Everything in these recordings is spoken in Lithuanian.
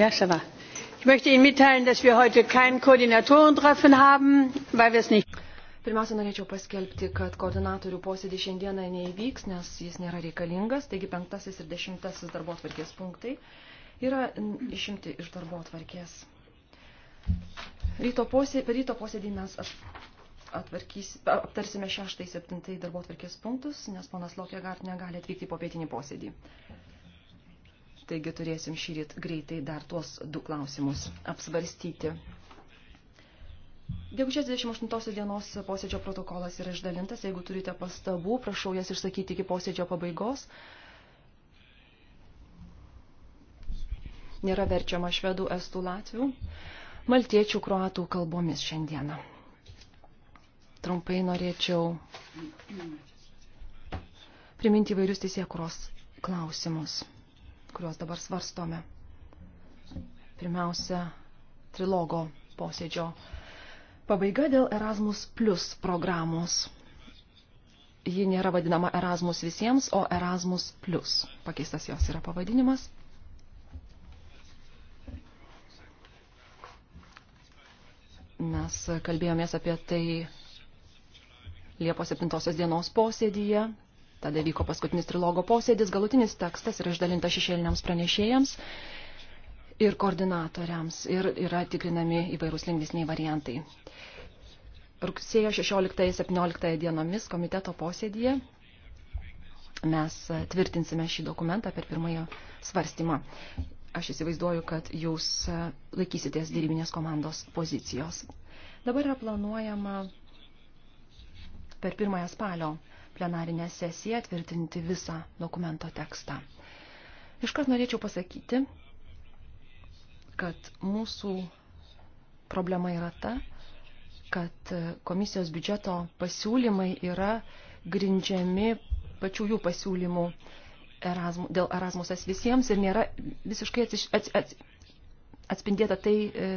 Ja, va. Ich möchte Ihnen mitteilen, dass wir heute kein Koordinatorentreffen haben, weil wir es nicht. Pirmiausia, norėčiau paskelbti, kad koordinatorių posėdį šiandieną neįvyks, nes jis nėra reikalingas, taigi penktasis ir dešimtasis darbo atvarkės punktai yra išimti iš darbo atvarkės. Ryto posėdį, per ryto posėdį mes atvarkys, aptarsime 6-7 darbo atvarkės punktus, nes ponas Lokėgart negali atvykti po pietinį posėdį. Taigi turėsim šį ryt greitai dar tuos du klausimus apsvarstyti. Gegužės 28 dienos posėdžio protokolas yra išdalintas. Jeigu turite pastabų, prašau jas išsakyti iki posėdžio pabaigos. Nėra verčiama švedų, estų, latvių, maltiečių, kroatų kalbomis šiandieną. Trumpai norėčiau priminti įvairius teisėkuros klausimus kuriuos dabar svarstome. Pirmiausia, trilogo posėdžio pabaiga dėl Erasmus Plus programos. Ji nėra vadinama Erasmus visiems, o Erasmus Plus. Pakeistas jos yra pavadinimas. Mes kalbėjomės apie tai Liepos 7 dienos posėdyje, Tada vyko paskutinis trilogo posėdis, galutinis tekstas yra išdalintas šešėliniams pranešėjams ir koordinatoriams ir yra tikrinami įvairūs lingvisniai variantai. Rugsėjo 16-17 dienomis komiteto posėdėje mes tvirtinsime šį dokumentą per pirmąją svarstymą. Aš įsivaizduoju, kad jūs laikysitės dėrybinės komandos pozicijos. Dabar yra planuojama per pirmąją spalio plenarinę sesiją tvirtinti visą dokumento tekstą. Iškart norėčiau pasakyti, kad mūsų problema yra ta, kad komisijos biudžeto pasiūlymai yra grindžiami pačių jų pasiūlymų Erasmus, dėl Erasmusas visiems ir nėra visiškai atsiž, ats, ats, atspindėta tai, e,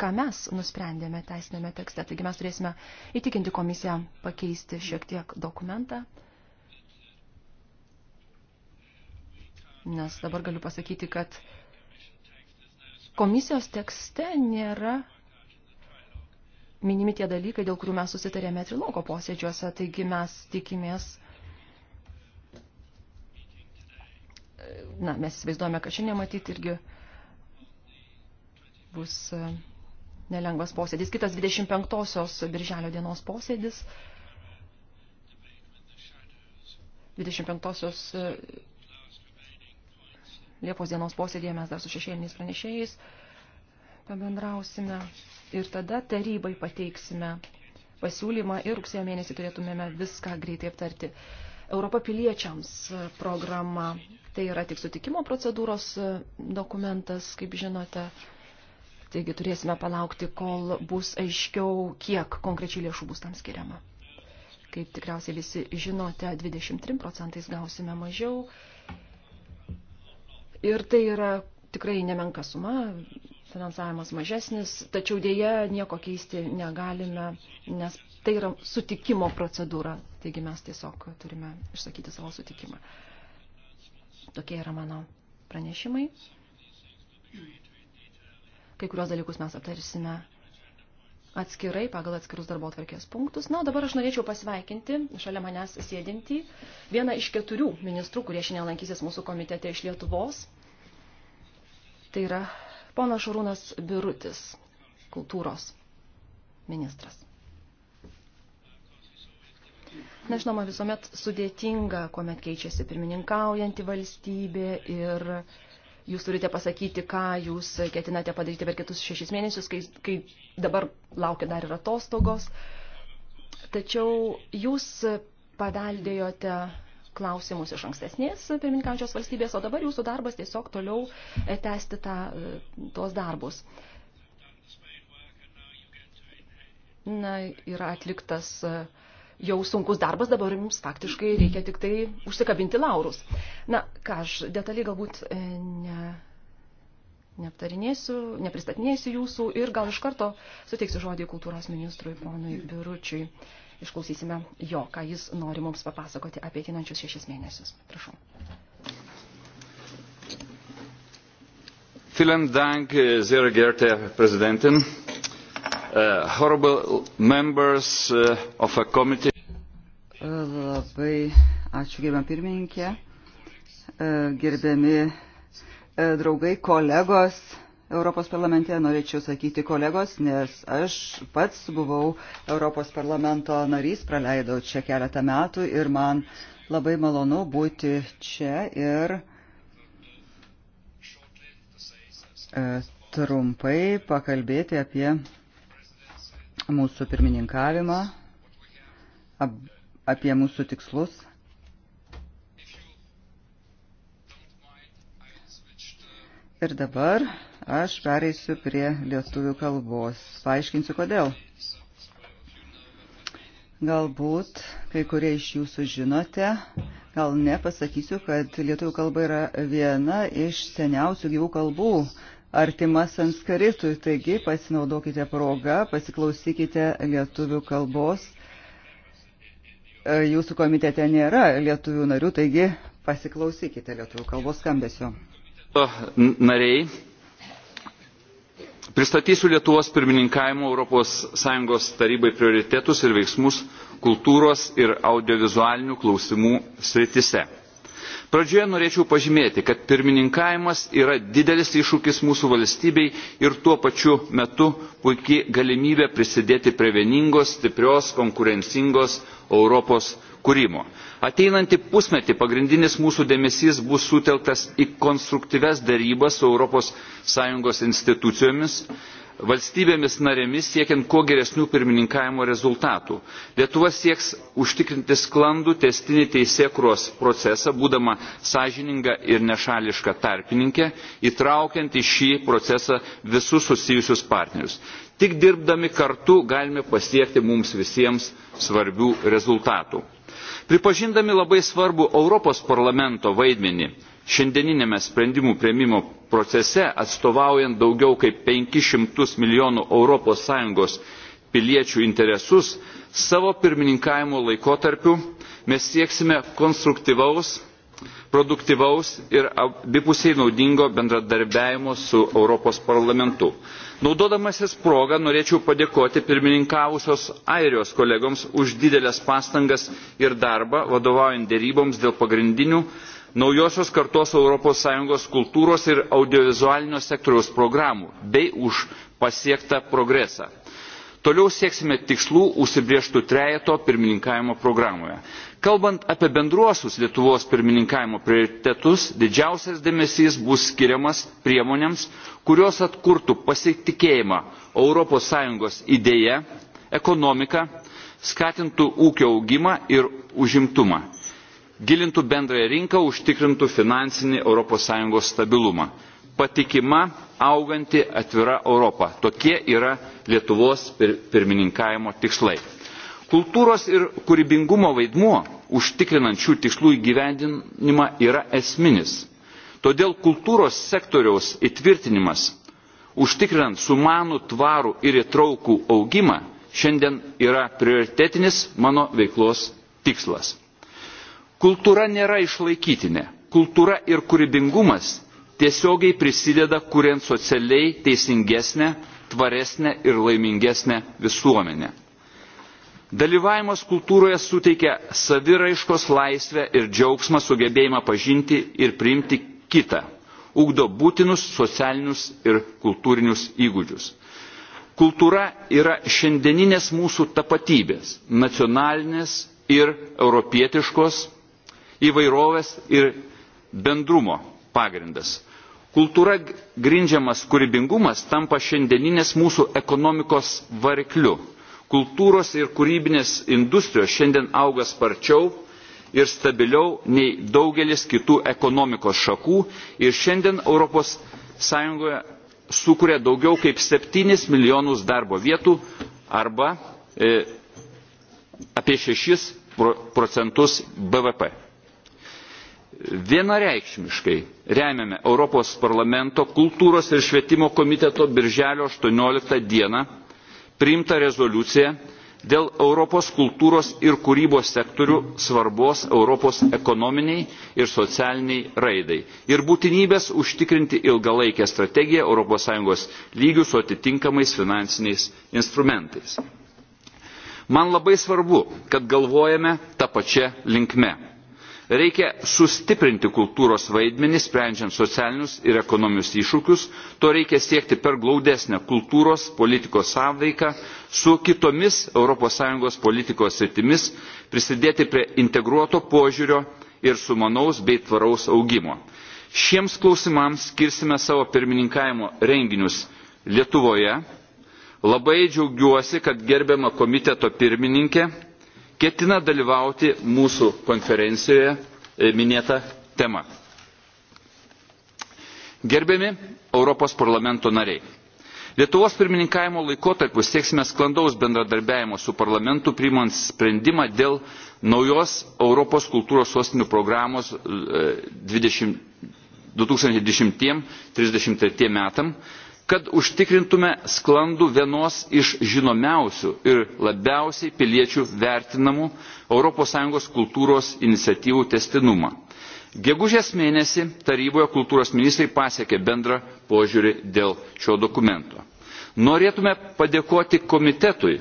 ką mes nusprendėme teisinėme tekste. Taigi mes turėsime įtikinti komisiją pakeisti šiek tiek dokumentą. Nes dabar galiu pasakyti, kad komisijos tekste nėra minimi tie dalykai, dėl kurių mes susitarėme triloko posėdžiuose. Taigi mes tikimės e, na, mes įsivaizduojame, kad šiandien matyti irgi bus e, nelengvas posėdis. Kitas 25-osios birželio dienos posėdis. 25-osios e, Liepos dienos posėdėje mes dar su šešėliniais pranešėjais pabendrausime ir tada tarybai pateiksime pasiūlymą ir rugsėjo mėnesį turėtumėme viską greitai aptarti. Europa piliečiams e, programa tai yra tik sutikimo procedūros dokumentas, kaip žinote, Taigi turėsime palaukti, kol bus aiškiau, kiek konkrečiai lėšų bus tam skiriama. Kaip tikriausiai visi žinote, 23 procentais gausime mažiau. Ir tai yra tikrai nemenka suma, finansavimas mažesnis, tačiau dėja nieko keisti negalime, nes tai yra sutikimo procedūra, taigi mes tiesiog turime išsakyti savo sutikimą. Tokie yra mano pranešimai. Kai kurios dalykus mes aptarsime atskirai pagal atskirus darbo atvarkės punktus. Na, dabar aš norėčiau pasveikinti šalia manęs sėdintį vieną iš keturių ministrų, kurie šiandien lankysis mūsų komitete iš Lietuvos. Tai yra ponas Šarūnas Birutis, kultūros ministras. Na, žinoma, visuomet sudėtinga, kuomet keičiasi pirmininkaujanti valstybė ir uh, jūs turite pasakyti, ką jūs ketinate padaryti per kitus šešis mėnesius, kai, kai dabar laukia dar ir atostogos. Tačiau jūs paveldėjote klausimus iš ankstesnės pirmininkančios valstybės, o dabar jūsų darbas tiesiog toliau e, tęsti tą, e, tuos darbus. Na, yra atliktas uh, jau sunkus darbas, dabar mums faktiškai reikia tik tai užsikabinti laurus. Na, ką aš detaliai galbūt e, ne, neaptarinėsiu, nepristatinėsiu jūsų ir gal iš karto suteiksiu žodį kultūros ministrui ponui Biručiui. Išklausysime jo, ką jis nori mums papasakoti apie atinančius šešis mėnesius. Prašau. Vielen Dank, sehr geehrte Präsidentin. Uh, honorable members uh, of a committee. Uh, labai ačiū gerbiam pirmininkė, gerbiami draugai, kolegos. Europos parlamente norėčiau sakyti kolegos, nes aš pats buvau Europos parlamento narys, praleidau čia keletą metų ir man labai malonu būti čia ir trumpai pakalbėti apie mūsų pirmininkavimą, apie mūsų tikslus. Ir dabar aš pereisiu prie lietuvių kalbos. Paaiškinsiu, kodėl. Galbūt kai kurie iš jūsų žinote, gal nepasakysiu, kad lietuvių kalba yra viena iš seniausių gyvų kalbų artima sanskaritui, taigi pasinaudokite progą, pasiklausykite lietuvių kalbos. E, jūsų komitete nėra lietuvių narių, taigi pasiklausykite lietuvių kalbos skambesio. Nariai, pristatysiu Lietuvos pirmininkavimo ES tarybai prioritetus ir veiksmus kultūros ir audiovizualinių klausimų sritise Pradžioje norėčiau pažymėti, kad pirmininkavimas yra didelis iššūkis mūsų valstybei ir tuo pačiu metu puikiai galimybė prisidėti prie vieningos, stiprios, konkurencingos Europos kūrimo. Ateinantį pusmetį pagrindinis mūsų dėmesys bus sutelktas į konstruktyves darybas su ES institucijomis, valstybėmis narėmis siekiant kuo geresnių pirmininkavimo rezultatų. Lietuva sieks užtikrinti sklandų testinį teisėkros procesą, būdama sąžininga ir nešališka tarpininkė, įtraukiant į šį procesą visus susijusius partnerius. Tik dirbdami kartu galime pasiekti mums visiems svarbių rezultatų. Pripažindami labai svarbu Europos parlamento vaidmenį, šiandieninėme sprendimų prieimimo procese atstovaujant daugiau kaip penkis šimtus milijonų europos sąjungos piliečių interesus savo pirmininkavimo laikotarpiu mes sieksime konstruktyvaus produktyvaus ir abipusiai naudingo bendradarbiavimo su europos parlamentu. naudodamasis proga norėčiau padėkoti pirmininkavusios airijos kolegoms už dideles pastangas ir darbą vadovaujant deryboms dėl pagrindinių naujosios kartos ES kultūros ir audiovizualinio sektoriaus programų bei už pasiektą progresą. Toliau sieksime tikslų užsibrieštų trejeto pirmininkavimo programoje. Kalbant apie bendruosius Lietuvos pirmininkavimo prioritetus, didžiausias dėmesys bus skiriamas priemonėms, kurios atkurtų pasitikėjimą ES idėja, ekonomika, skatintų ūkio augimą ir užimtumą gilintų bendrąją rinką, užtikrintų finansinį ES stabilumą. Patikima, auganti, atvira Europa. Tokie yra Lietuvos pirmininkavimo tikslai. Kultūros ir kūrybingumo vaidmuo užtikrinant šių tikslų įgyvendinimą yra esminis. Todėl kultūros sektoriaus įtvirtinimas, užtikrinant sumanų, tvarų ir įtraukų augimą, šiandien yra prioritetinis mano veiklos tikslas. Kultūra nėra išlaikytinė. Kultūra ir kūrybingumas tiesiogiai prisideda kuriant socialiai teisingesnę, tvaresnę ir laimingesnę visuomenę. Dalyvavimas kultūroje suteikia saviraiškos laisvę ir džiaugsmą sugebėjimą pažinti ir priimti kitą, ugdo būtinus socialinius ir kultūrinius įgūdžius. Kultūra yra šiandieninės mūsų tapatybės, nacionalinės ir europietiškos įvairovės ir bendrumo pagrindas. Kultūra grindžiamas kūrybingumas tampa šiandieninės mūsų ekonomikos varikliu. Kultūros ir kūrybinės industrijos šiandien auga sparčiau ir stabiliau nei daugelis kitų ekonomikos šakų ir šiandien ES sukuria daugiau kaip 7 milijonus darbo vietų arba e, apie 6 procentus BVP vienareikšmiškai remiame Europos parlamento kultūros ir švietimo komiteto birželio 18 dieną priimtą rezoliuciją dėl Europos kultūros ir kūrybos sektorių svarbos Europos ekonominiai ir socialiniai raidai ir būtinybės užtikrinti ilgalaikę strategiją ES lygių su atitinkamais finansiniais instrumentais. Man labai svarbu, kad galvojame tą pačią linkme Reikia sustiprinti kultūros vaidmenį, sprendžiant socialinius ir ekonominius iššūkius, to reikia siekti per glaudesnę kultūros politikos sąveiką su kitomis ES politikos sritimis, prisidėti prie integruoto požiūrio ir sumanaus bei tvaraus augimo. Šiems klausimams skirsime savo pirmininkavimo renginius Lietuvoje. Labai džiaugiuosi, kad gerbiama komiteto pirmininkė ketina dalyvauti mūsų konferencijoje e, minėta tema. Gerbiami Europos parlamento nariai. Lietuvos pirmininkavimo laikotarpiu sieksime sklandaus bendradarbiajimo su parlamentu priimant sprendimą dėl naujos Europos kultūros sostinių programos 2020-2033 e, metam kad užtikrintume sklandų vienos iš žinomiausių ir labiausiai piliečių vertinamų ES kultūros iniciatyvų testinumą. Gegužės mėnesį taryboje kultūros ministrai pasiekė bendrą požiūrį dėl šio dokumento. Norėtume padėkoti komitetui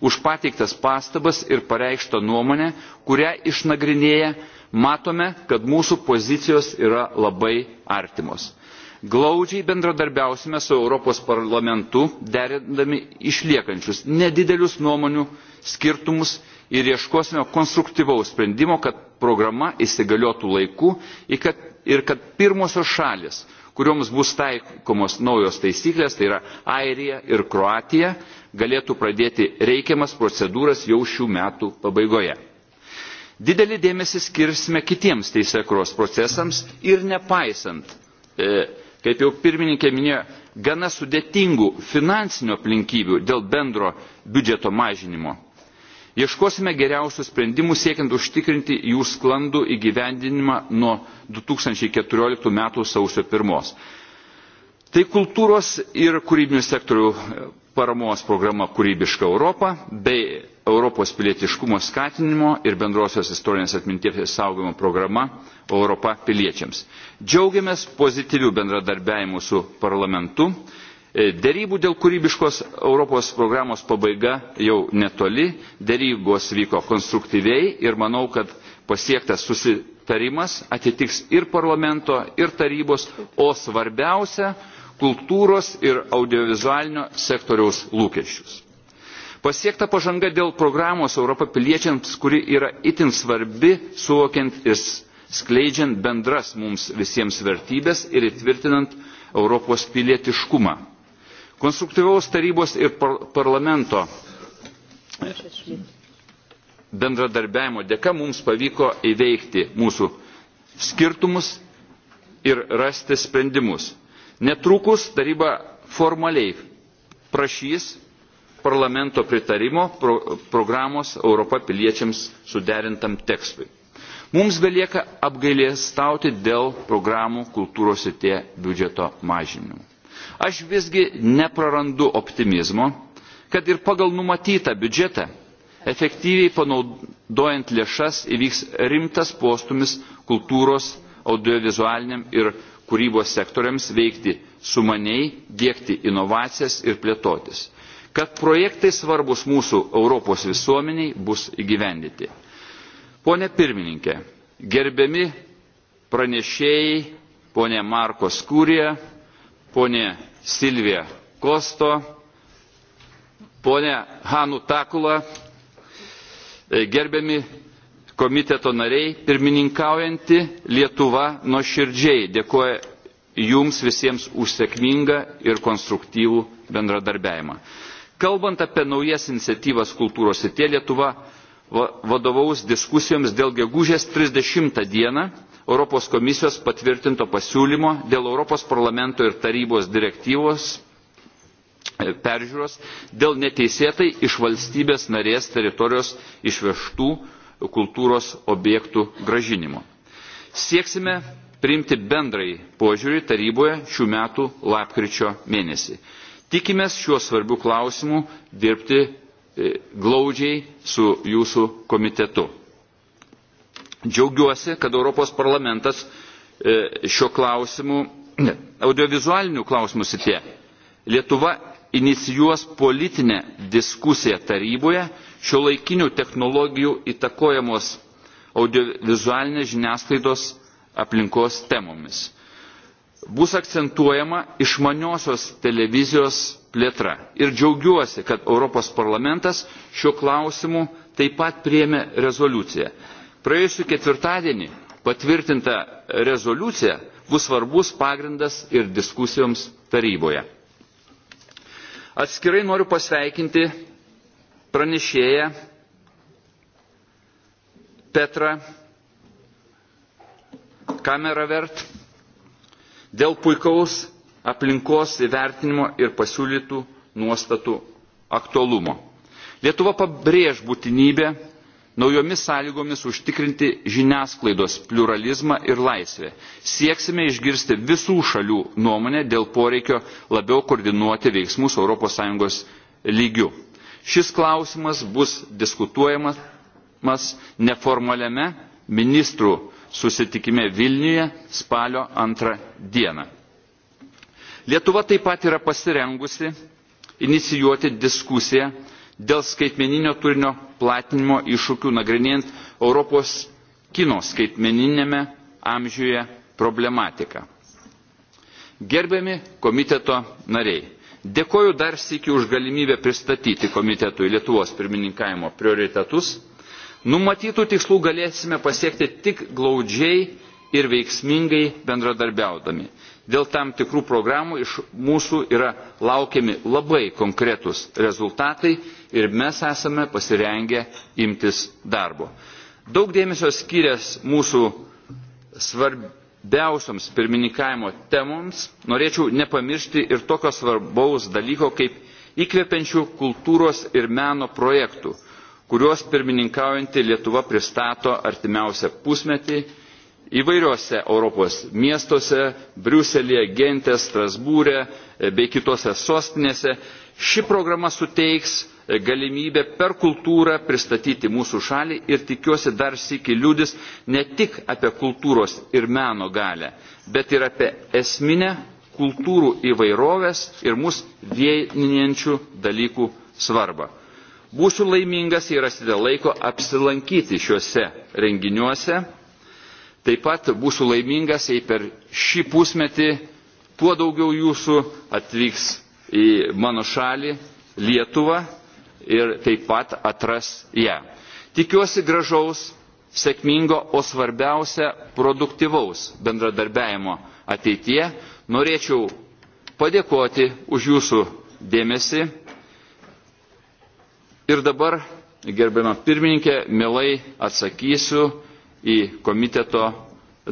už pateiktas pastabas ir pareikštą nuomonę, kurią išnagrinėję matome, kad mūsų pozicijos yra labai artimos glaudžiai bendradarbiausime su europos parlamentu derindami išliekančius nedidelius nuomonių skirtumus ir ieškosime konstruktyvaus sprendimo kad programa įsigaliotų laiku ir kad pirmosios šalys kurioms bus taikomos naujos taisyklės tai yra airija ir kroatija galėtų pradėti reikiamas procedūras jau šių metų pabaigoje. didelį dėmesį skirsime kitiems teisėkūros procesams ir nepaisant e, kaip jau pirmininkė minėjo, gana sudėtingų finansinių aplinkybių dėl bendro biudžeto mažinimo. Ieškosime geriausių sprendimų siekiant užtikrinti jų sklandų įgyvendinimą nuo 2014 m. sausio 1. Tai kultūros ir kūrybinių sektorių paramos programa Kūrybiška Europa bei Europos pilietiškumo skatinimo ir bendrosios istorinės atminties saugimo programa Europa piliečiams. Džiaugiamės pozityvių bendradarbiavimų su parlamentu. E, dėrybų dėl kūrybiškos Europos programos pabaiga jau netoli, dėrybos vyko konstruktyviai ir manau, kad pasiektas susitarimas atitiks ir parlamento, ir tarybos, o svarbiausia kultūros ir audiovizualinio sektoriaus lūkesčius. Pasiekta pažanga dėl programos Europą piliečiams, kuri yra itin svarbi, suvokiant ir skleidžiant bendras mums visiems vertybės ir įtvirtinant Europos pilietiškumą. Konstruktyvaus tarybos ir par parlamento bendradarbiavimo dėka mums pavyko įveikti mūsų skirtumus ir rasti sprendimus. Netrukus taryba formaliai prašys parlamento pritarimo pro, programos Europa piliečiams suderintam tekstui. Mums belieka apgailėstauti dėl programų kultūros įtie biudžeto mažinimų. Aš visgi neprarandu optimizmo, kad ir pagal numatytą biudžetą efektyviai panaudojant lėšas įvyks rimtas postumis kultūros, audiovizualiniam ir kūrybos sektoriams veikti sumaniai, dėkti inovacijas ir plėtotis kad projektai svarbus mūsų Europos visuomeniai bus įgyvendyti. Pone pirmininkė, gerbiami pranešėjai, ponė Marko Skūrė, ponė Silvija Kosto, ponė Hanu Takula, e, gerbiami komiteto nariai, pirmininkaujanti Lietuva nuoširdžiai dėkoja Jums visiems už sėkmingą ir konstruktyvų bendradarbiavimą. Kalbant apie naujas iniciatyvas kultūros srityje, Lietuva vadovaus diskusijoms dėl gegužės 30 dieną Europos komisijos patvirtinto pasiūlymo dėl Europos parlamento ir tarybos direktyvos e, peržiūros dėl neteisėtai iš valstybės narės teritorijos išvežtų kultūros objektų gražinimo. Sieksime priimti bendrai požiūrį taryboje šių metų lapkričio mėnesį. Tikimės šiuo svarbiu klausimu dirbti e, glaudžiai su jūsų komitetu. Džiaugiuosi, kad Europos parlamentas e, šio klausimu, audiovizualinių klausimų sitie, Lietuva inicijuos politinę diskusiją taryboje šio laikinių technologijų įtakojamos audiovizualinės žiniasklaidos aplinkos temomis bus akcentuojama išmaniosios televizijos plėtra. Ir džiaugiuosi, kad Europos parlamentas šiuo klausimu taip pat priėmė rezoliuciją. Praėjusiu ketvirtadienį patvirtinta rezoliucija bus svarbus pagrindas ir diskusijoms taryboje. Atskirai noriu pasveikinti pranešėją Petrą Kameravert dėl puikaus aplinkos įvertinimo ir pasiūlytų nuostatų aktualumo. Lietuva pabrėž būtinybę naujomis sąlygomis užtikrinti žiniasklaidos pluralizmą ir laisvę. Sieksime išgirsti visų šalių nuomonę dėl poreikio labiau koordinuoti veiksmus ES lygių. Šis klausimas bus diskutuojamas neformaliame ministrų susitikime Vilniuje spalio antrą dieną. Lietuva taip pat yra pasirengusi inicijuoti diskusiją dėl skaitmeninio turinio platinimo iššūkių nagrinėjant Europos kino skaitmeninėme amžiuje problematiką. Gerbiami komiteto nariai, dėkoju dar sėkiu už galimybę pristatyti komitetui Lietuvos pirmininkavimo prioritetus Numatytų tikslų galėsime pasiekti tik glaudžiai ir veiksmingai bendradarbiaudami. Dėl tam tikrų programų iš mūsų yra laukiami labai konkretus rezultatai ir mes esame pasirengę imtis darbo. Daug dėmesio skirias mūsų svarbiausioms pirmininkavimo temoms, norėčiau nepamiršti ir tokio svarbaus dalyko kaip įkvepiančių kultūros ir meno projektų kuriuos pirmininkaujantį Lietuva pristato artimiausią pusmetį įvairiuose Europos miestuose, Briuselėje, Gente, Strasbūrė e, bei kitose sostinėse, ši programa suteiks e, galimybę per kultūrą pristatyti mūsų šalį ir tikiuosi dar sėki liūdis ne tik apie kultūros ir meno galę, bet ir apie esminę kultūrų įvairovės ir mūsų vienijančių dalykų svarbą. Būsiu laimingas, jei rasite laiko apsilankyti šiuose renginiuose. Taip pat būsiu laimingas, jei per šį pusmetį kuo daugiau jūsų atvyks į mano šalį, Lietuvą ir taip pat atras ją. Tikiuosi gražaus, sėkmingo, o svarbiausia produktyvaus bendradarbiajimo ateitie. Norėčiau padėkoti už jūsų dėmesį Ir dabar, gerbiama pirmininkė, mielai atsakysiu į komiteto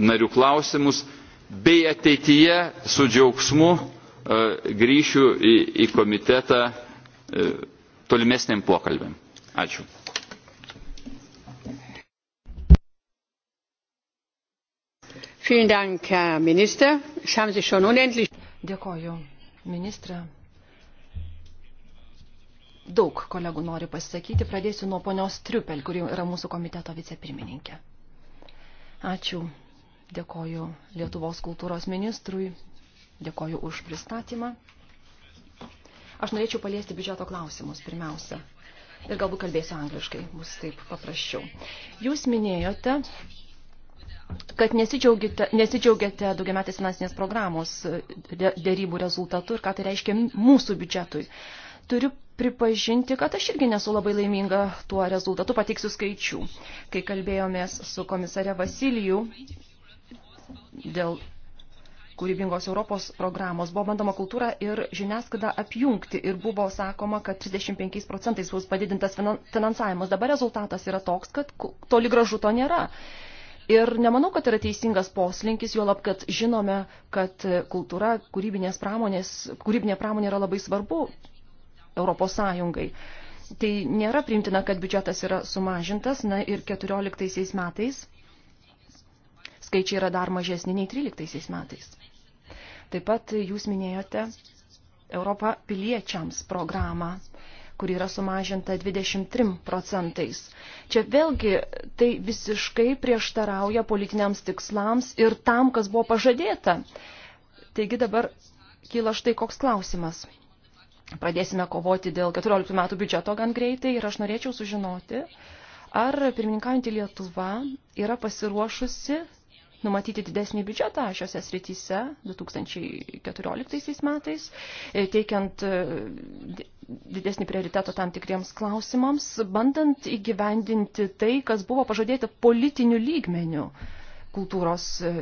narių klausimus, bei ateityje su džiaugsmu e, grįšiu į, į komitetą e, tolimesniam pokalbėm. Ačiū. Vielen Dank, Herr Minister. Ich habe Sie schon unendlich. Dėkoju, ministre. Daug kolegų nori pasisakyti. Pradėsiu nuo ponios Triupel, kuri yra mūsų komiteto vicepirmininkė. Ačiū. Dėkoju Lietuvos kultūros ministrui. Dėkoju už pristatymą. Aš norėčiau paliesti biudžeto klausimus pirmiausia. Ir galbūt kalbėsiu angliškai, bus taip paprasčiau. Jūs minėjote, kad nesidžiaugiate, nesidžiaugiate daugiametės finansinės programos e, dėrybų rezultatų ir ką tai reiškia mūsų biudžetui. Turiu pripažinti, kad aš irgi nesu labai laiminga tuo rezultatu, pateiksiu skaičių. Kai kalbėjomės su komisare Vasilijų dėl kūrybingos Europos programos, buvo bandoma kultūrą ir žiniasklaidą apjungti ir buvo sakoma, kad 35 procentais bus padidintas finansavimas. Dabar rezultatas yra toks, kad toli gražu to nėra. Ir nemanau, kad yra teisingas poslinkis, juolab, kad žinome, kad kultūra, kūrybinės pramonės, kūrybinė pramonė yra labai svarbu Europos Sąjungai. Tai nėra priimtina, kad biudžetas yra sumažintas, na ir 14 metais skaičiai yra dar mažesni nei 13 metais. Taip pat jūs minėjote Europą piliečiams programą, kuri yra sumažinta 23 procentais. Čia vėlgi tai visiškai prieštarauja politiniams tikslams ir tam, kas buvo pažadėta. Taigi dabar kyla štai koks klausimas pradėsime kovoti dėl 14 metų biudžeto gan greitai ir aš norėčiau sužinoti, ar pirmininkaujantį Lietuva yra pasiruošusi numatyti didesnį biudžetą šiose srityse 2014 metais, e, teikiant e, didesnį prioritetą tam tikriems klausimams, bandant įgyvendinti tai, kas buvo pažadėta politiniu lygmeniu kultūros e,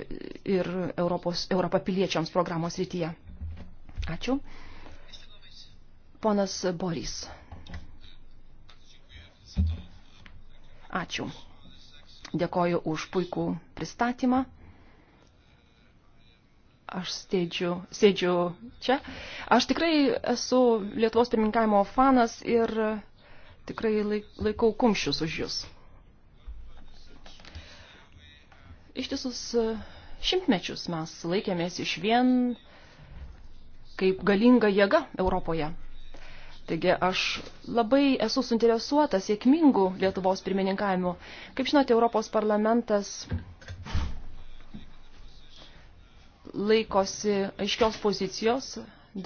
ir Europos, Europą piliečiams programos rytyje. Ačiū. Ponas Boris. Ačiū. Dėkoju už puikų pristatymą. Aš sėdžiu, sėdžiu čia. Aš tikrai esu Lietuvos pirmininkavimo fanas ir tikrai laikau kumščius už jūs. Ištisus šimtmečius mes laikėmės iš vien kaip galinga jėga Europoje. Taigi aš labai esu suinteresuota sėkmingų Lietuvos pirmininkavimų. Kaip žinote, Europos parlamentas laikosi aiškios pozicijos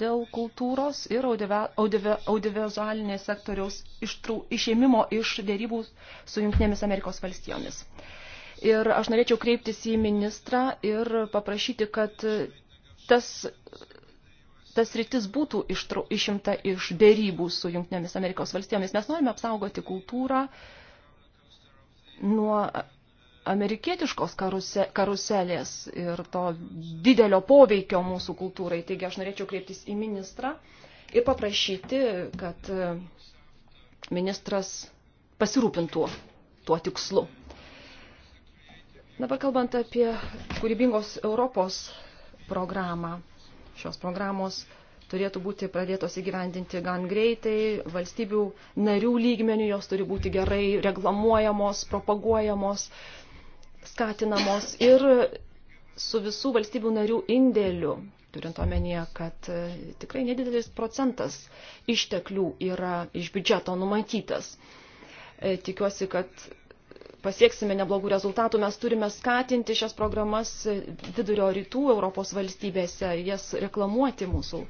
dėl kultūros ir audiovizualinės sektoriaus ištrau, išėmimo iš dėrybų su Junktinėmis Amerikos valstijomis. Ir aš norėčiau kreiptis į ministrą ir paprašyti, kad tas tas rytis būtų ištrau, išimta iš dėrybų su Junktinėmis Amerikos valstijomis. Mes norime apsaugoti kultūrą nuo amerikietiškos karuse, karuselės ir to didelio poveikio mūsų kultūrai. Taigi aš norėčiau kreiptis į ministrą ir paprašyti, kad e, ministras pasirūpintų tuo tikslu. Dabar kalbant apie kūrybingos Europos programą. Šios programos turėtų būti pradėtos įgyvendinti gan greitai, valstybių narių lygmenių jos turi būti gerai reglamuojamos, propaguojamos, skatinamos ir su visų valstybių narių indėliu, turint omenyje, kad e, tikrai nedidelis procentas išteklių yra iš biudžeto numatytas. E, tikiuosi, kad pasieksime neblogų rezultatų, mes turime skatinti šias programas vidurio rytų Europos valstybėse, jas reklamuoti mūsų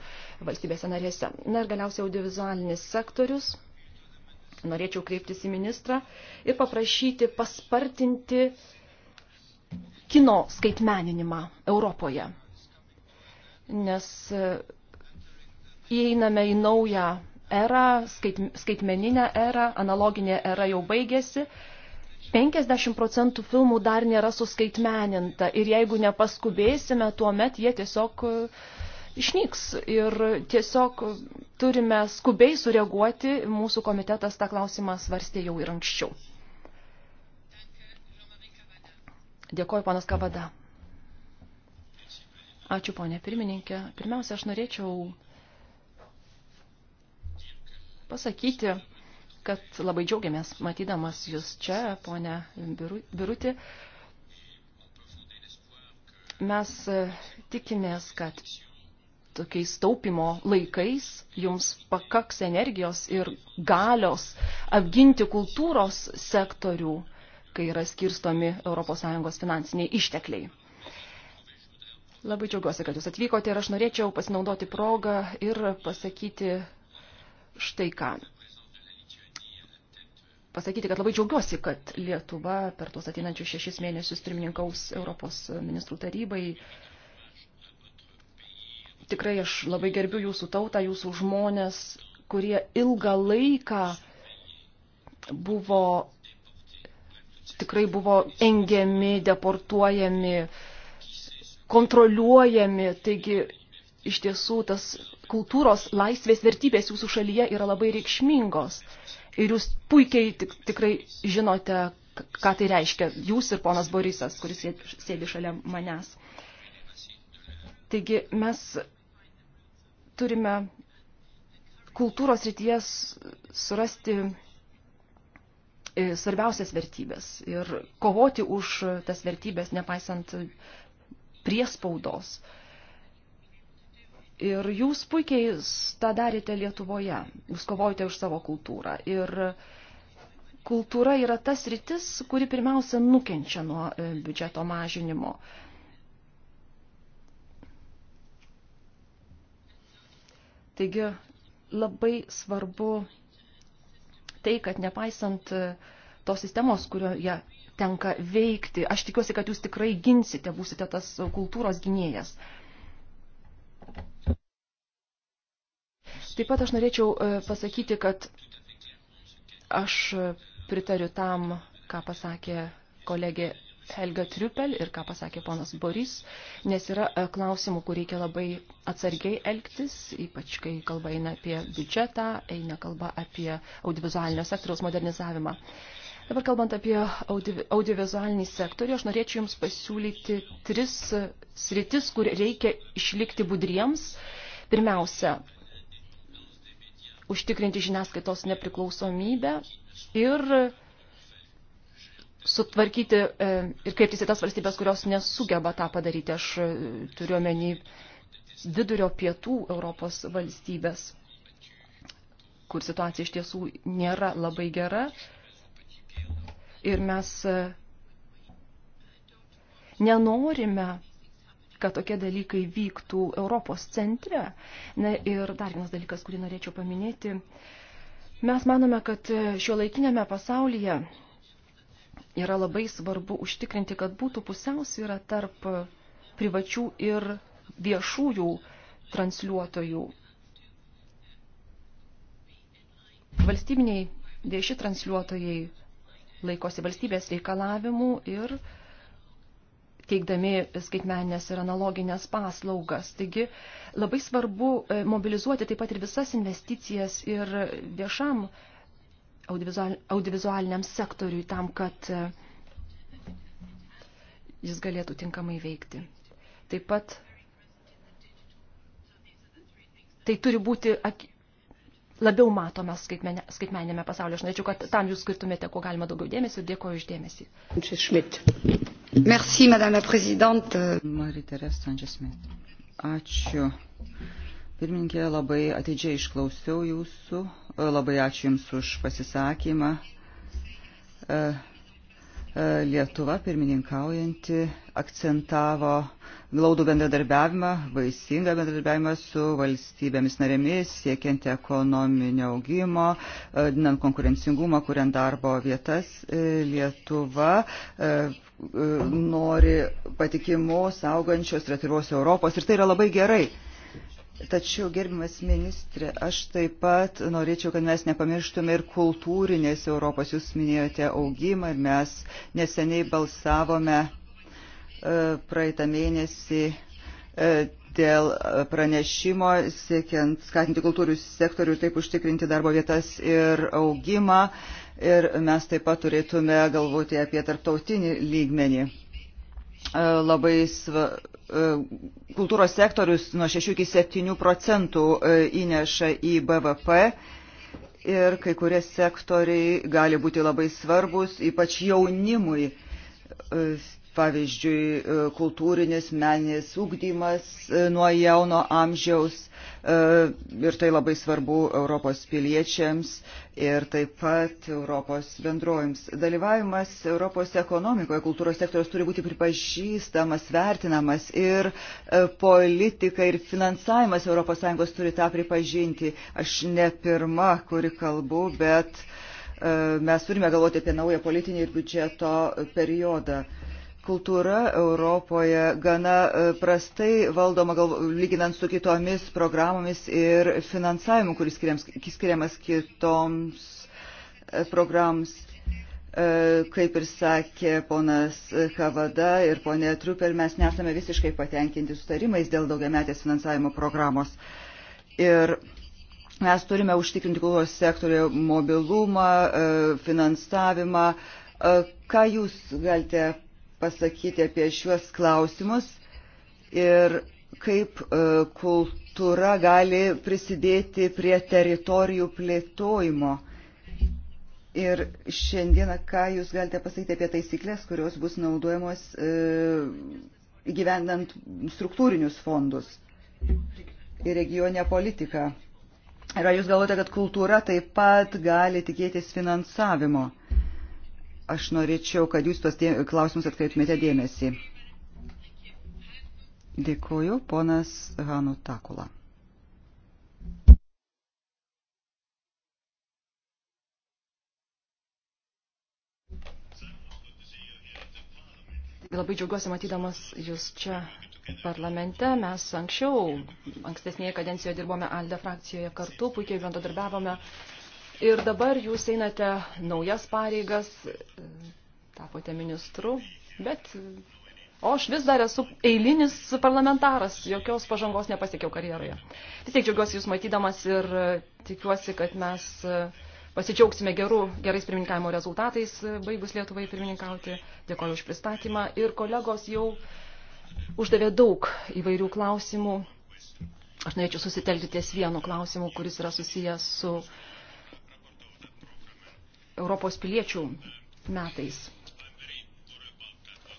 valstybėse narėse. Na ir galiausiai audiovizualinis sektorius. Norėčiau kreiptis į ministrą ir paprašyti paspartinti kino skaitmeninimą Europoje. Nes e, įeiname į naują erą, skaitmeninę erą, analoginė era jau baigėsi 50 procentų filmų dar nėra suskaitmeninta ir jeigu nepaskubėsime, tuomet jie tiesiog e, išnyks ir tiesiog turime skubiai sureaguoti, mūsų komitetas tą klausimą svarstė jau ir anksčiau. Dėkoju, panas Kavada. Ačiū, ponė pirmininkė. Pirmiausia, aš norėčiau pasakyti, kad labai džiaugiamės matydamas jūs čia, ponė Birutė. Mes e, tikimės, kad tokiais taupimo laikais jums pakaks energijos ir galios apginti kultūros sektorių, kai yra skirstomi ES finansiniai ištekliai. Labai džiaugiuosi, kad jūs atvykote ir aš norėčiau pasinaudoti progą ir pasakyti štai ką pasakyti, kad labai džiaugiuosi, kad Lietuva per tuos ateinančius šešis mėnesius pirmininkaus Europos ministrų tarybai. Tikrai aš labai gerbiu jūsų tautą, jūsų žmonės, kurie ilgą laiką buvo, tikrai buvo engiami, deportuojami, kontroliuojami. Taigi iš tiesų tas kultūros laisvės vertybės jūsų šalyje yra labai reikšmingos ir jūs puikiai tik, tikrai žinote, ką tai reiškia, jūs ir ponas Borisas, kuris sėdi šalia manęs. Taigi mes turime kultūros ryties surasti e, svarbiausias vertybės ir kovoti už tas vertybės, nepaisant priespaudos. spaudos Ir jūs puikiai tą darėte Lietuvoje, jūs kovojate už savo kultūrą. Ir kultūra yra tas rytis, kuri pirmiausia nukenčia nuo e, biudžeto mažinimo. Taigi labai svarbu tai, kad nepaisant e, tos sistemos, kurioje tenka veikti, aš tikiuosi, kad jūs tikrai ginsite, būsite tas kultūros gynėjas. Uh, Taip pat aš norėčiau e, pasakyti, kad aš e, pritariu tam, ką pasakė kolegė Helga Triupel ir ką pasakė ponas Boris, nes yra e, klausimų, kur reikia labai atsargiai elgtis, ypač kai kalba eina apie biudžetą, eina kalba apie audiovizualinio sektoriaus modernizavimą. Dabar kalbant apie audio, audiovizualinį sektorių, aš norėčiau Jums pasiūlyti tris sritis, kur reikia išlikti budriems. Pirmiausia, užtikrinti žiniasklaidos nepriklausomybę ir sutvarkyti e, ir kreiptis į tas valstybės, kurios nesugeba tą padaryti. Aš e, turiu omeny vidurio pietų Europos valstybės, kur situacija iš tiesų nėra labai gera. Ir mes e, nenorime kad tokie dalykai vyktų Europos centre. Na ir dar vienas dalykas, kurį norėčiau paminėti. Mes manome, kad šio laikinėme pasaulyje yra labai svarbu užtikrinti, kad būtų pusiausvyra tarp privačių ir viešųjų transliuotojų. Valstybiniai vieši transliuotojai laikosi valstybės reikalavimų ir uh, teikdami skaitmenės ir analoginės paslaugas. Taigi labai svarbu e, mobilizuoti taip pat ir visas investicijas ir viešam audiovizualiniam sektoriui tam, kad e, jis galėtų tinkamai veikti. Taip pat tai turi būti labiau matomas skaitmenė, skaitmenėme pasaulyje. Aš norėčiau, kad tam jūs skirtumėte, kuo galima daugiau dėmesio. Dėkoju iš dėmesį. Merci, Madame la Prezidente. Ačiū. Pirminkė, labai atidžiai išklausiau jūsų, labai ačiū Jums už pasisakymą. Uh, E, Lietuva pirmininkaujanti akcentavo glaudų bendradarbiavimą, vaisingą bendradarbiavimą su valstybėmis narėmis, siekiant ekonominio augimo, e, dinant konkurencingumą, kuriant darbo vietas. E, Lietuva nori patikimos, augančios, retyros Europos ir tai yra labai gerai. Tačiau, gerbimas ministrė, aš taip pat norėčiau, kad mes nepamirštume ir kultūrinės Europos. Jūs minėjote augimą ir mes neseniai balsavome e, praeitą mėnesį e, dėl pranešimo siekiant skatinti kultūrių sektorių ir taip užtikrinti darbo vietas ir augimą. Ir mes taip pat turėtume galvoti apie tarptautinį lygmenį. E, labai sva, e, kultūros sektorius nuo 6 iki 7 procentų e, įneša į BVP ir kai kurie sektoriai gali būti labai svarbus, ypač jaunimui pavyzdžiui, e, kultūrinis, meninis ūkdymas e, nuo jauno amžiaus e, ir tai labai svarbu Europos piliečiams ir taip pat Europos bendrojams. Dalyvavimas Europos ekonomikoje, kultūros sektoriaus turi būti pripažįstamas, vertinamas ir politika ir finansavimas ES turi tą pripažinti. Aš ne pirma, kuri kalbu, bet mes turime galvoti apie naują politinį ir biudžeto periodą kultūra Europoje gana e, prastai valdoma, gal, lyginant su kitomis programomis ir finansavimu, kuris skiriamas kitoms e, programs. E, kaip ir sakė ponas Kavada ir ponė Truper, mes nesame visiškai patenkinti sutarimais dėl daugiametės finansavimo programos. Ir mes turime užtikrinti kultūros sektorių mobilumą, finansavimą, Ką Jūs galite pasakyti apie šiuos klausimus ir kaip e, kultūra gali prisidėti prie teritorijų plėtojimo. Ir šiandieną, ką Jūs galite pasakyti apie taisyklės, kurios bus naudojamos e, įgyvendant struktūrinius fondus ir regionę politiką. Ir ar Jūs galvote, kad kultūra taip pat gali tikėtis finansavimo? Aš norėčiau, kad jūs tos klausimus atkreiptumėte dėmesį. Dėkuoju, ponas Hanu Takula. Labai džiaugiuosi matydamas jūs čia parlamente. Mes anksčiau, ankstesnėje kadencijoje dirbome ALDE frakcijoje kartu, puikiai bendradarbiavome Ir dabar jūs einate naujas pareigas, tapote ministru, bet o aš vis dar esu eilinis parlamentaras, jokios pažangos nepasiekiau karjeroje. Vis tiek džiaugiuosi jūs matydamas ir e, tikiuosi, kad mes e, pasidžiaugsime gerų, gerais pirmininkavimo rezultatais, e, baigus Lietuvai pirmininkauti. Dėkoju už pristatymą. Ir kolegos jau uždavė daug įvairių klausimų. Aš norėčiau susitelkti ties vienu klausimu, kuris yra susijęs su Europos piliečių metais.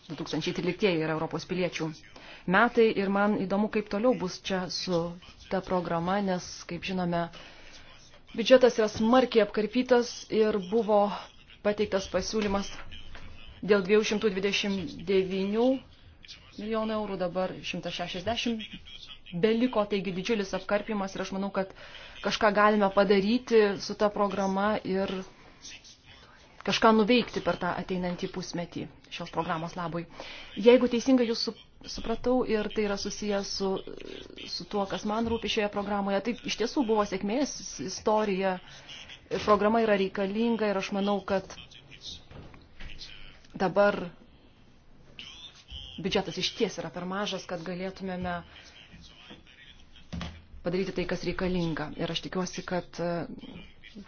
2013 yra Europos piliečių metai ir man įdomu, kaip toliau bus čia su ta programa, nes, kaip žinome, biudžetas yra smarkiai apkarpytas ir buvo pateiktas pasiūlymas dėl 229 milijonų eurų, dabar 160 beliko, taigi didžiulis apkarpimas ir aš manau, kad kažką galime padaryti su ta programa ir kažką nuveikti per tą ateinantį pusmetį šios programos labui. Jeigu teisingai jūs supratau ir tai yra susijęs su, su tuo, kas man rūpi šioje programoje, tai iš tiesų buvo sėkmės istorija, programa yra reikalinga ir aš manau, kad dabar biudžetas iš ties yra per mažas, kad galėtumėme padaryti tai, kas reikalinga. Ir aš tikiuosi, kad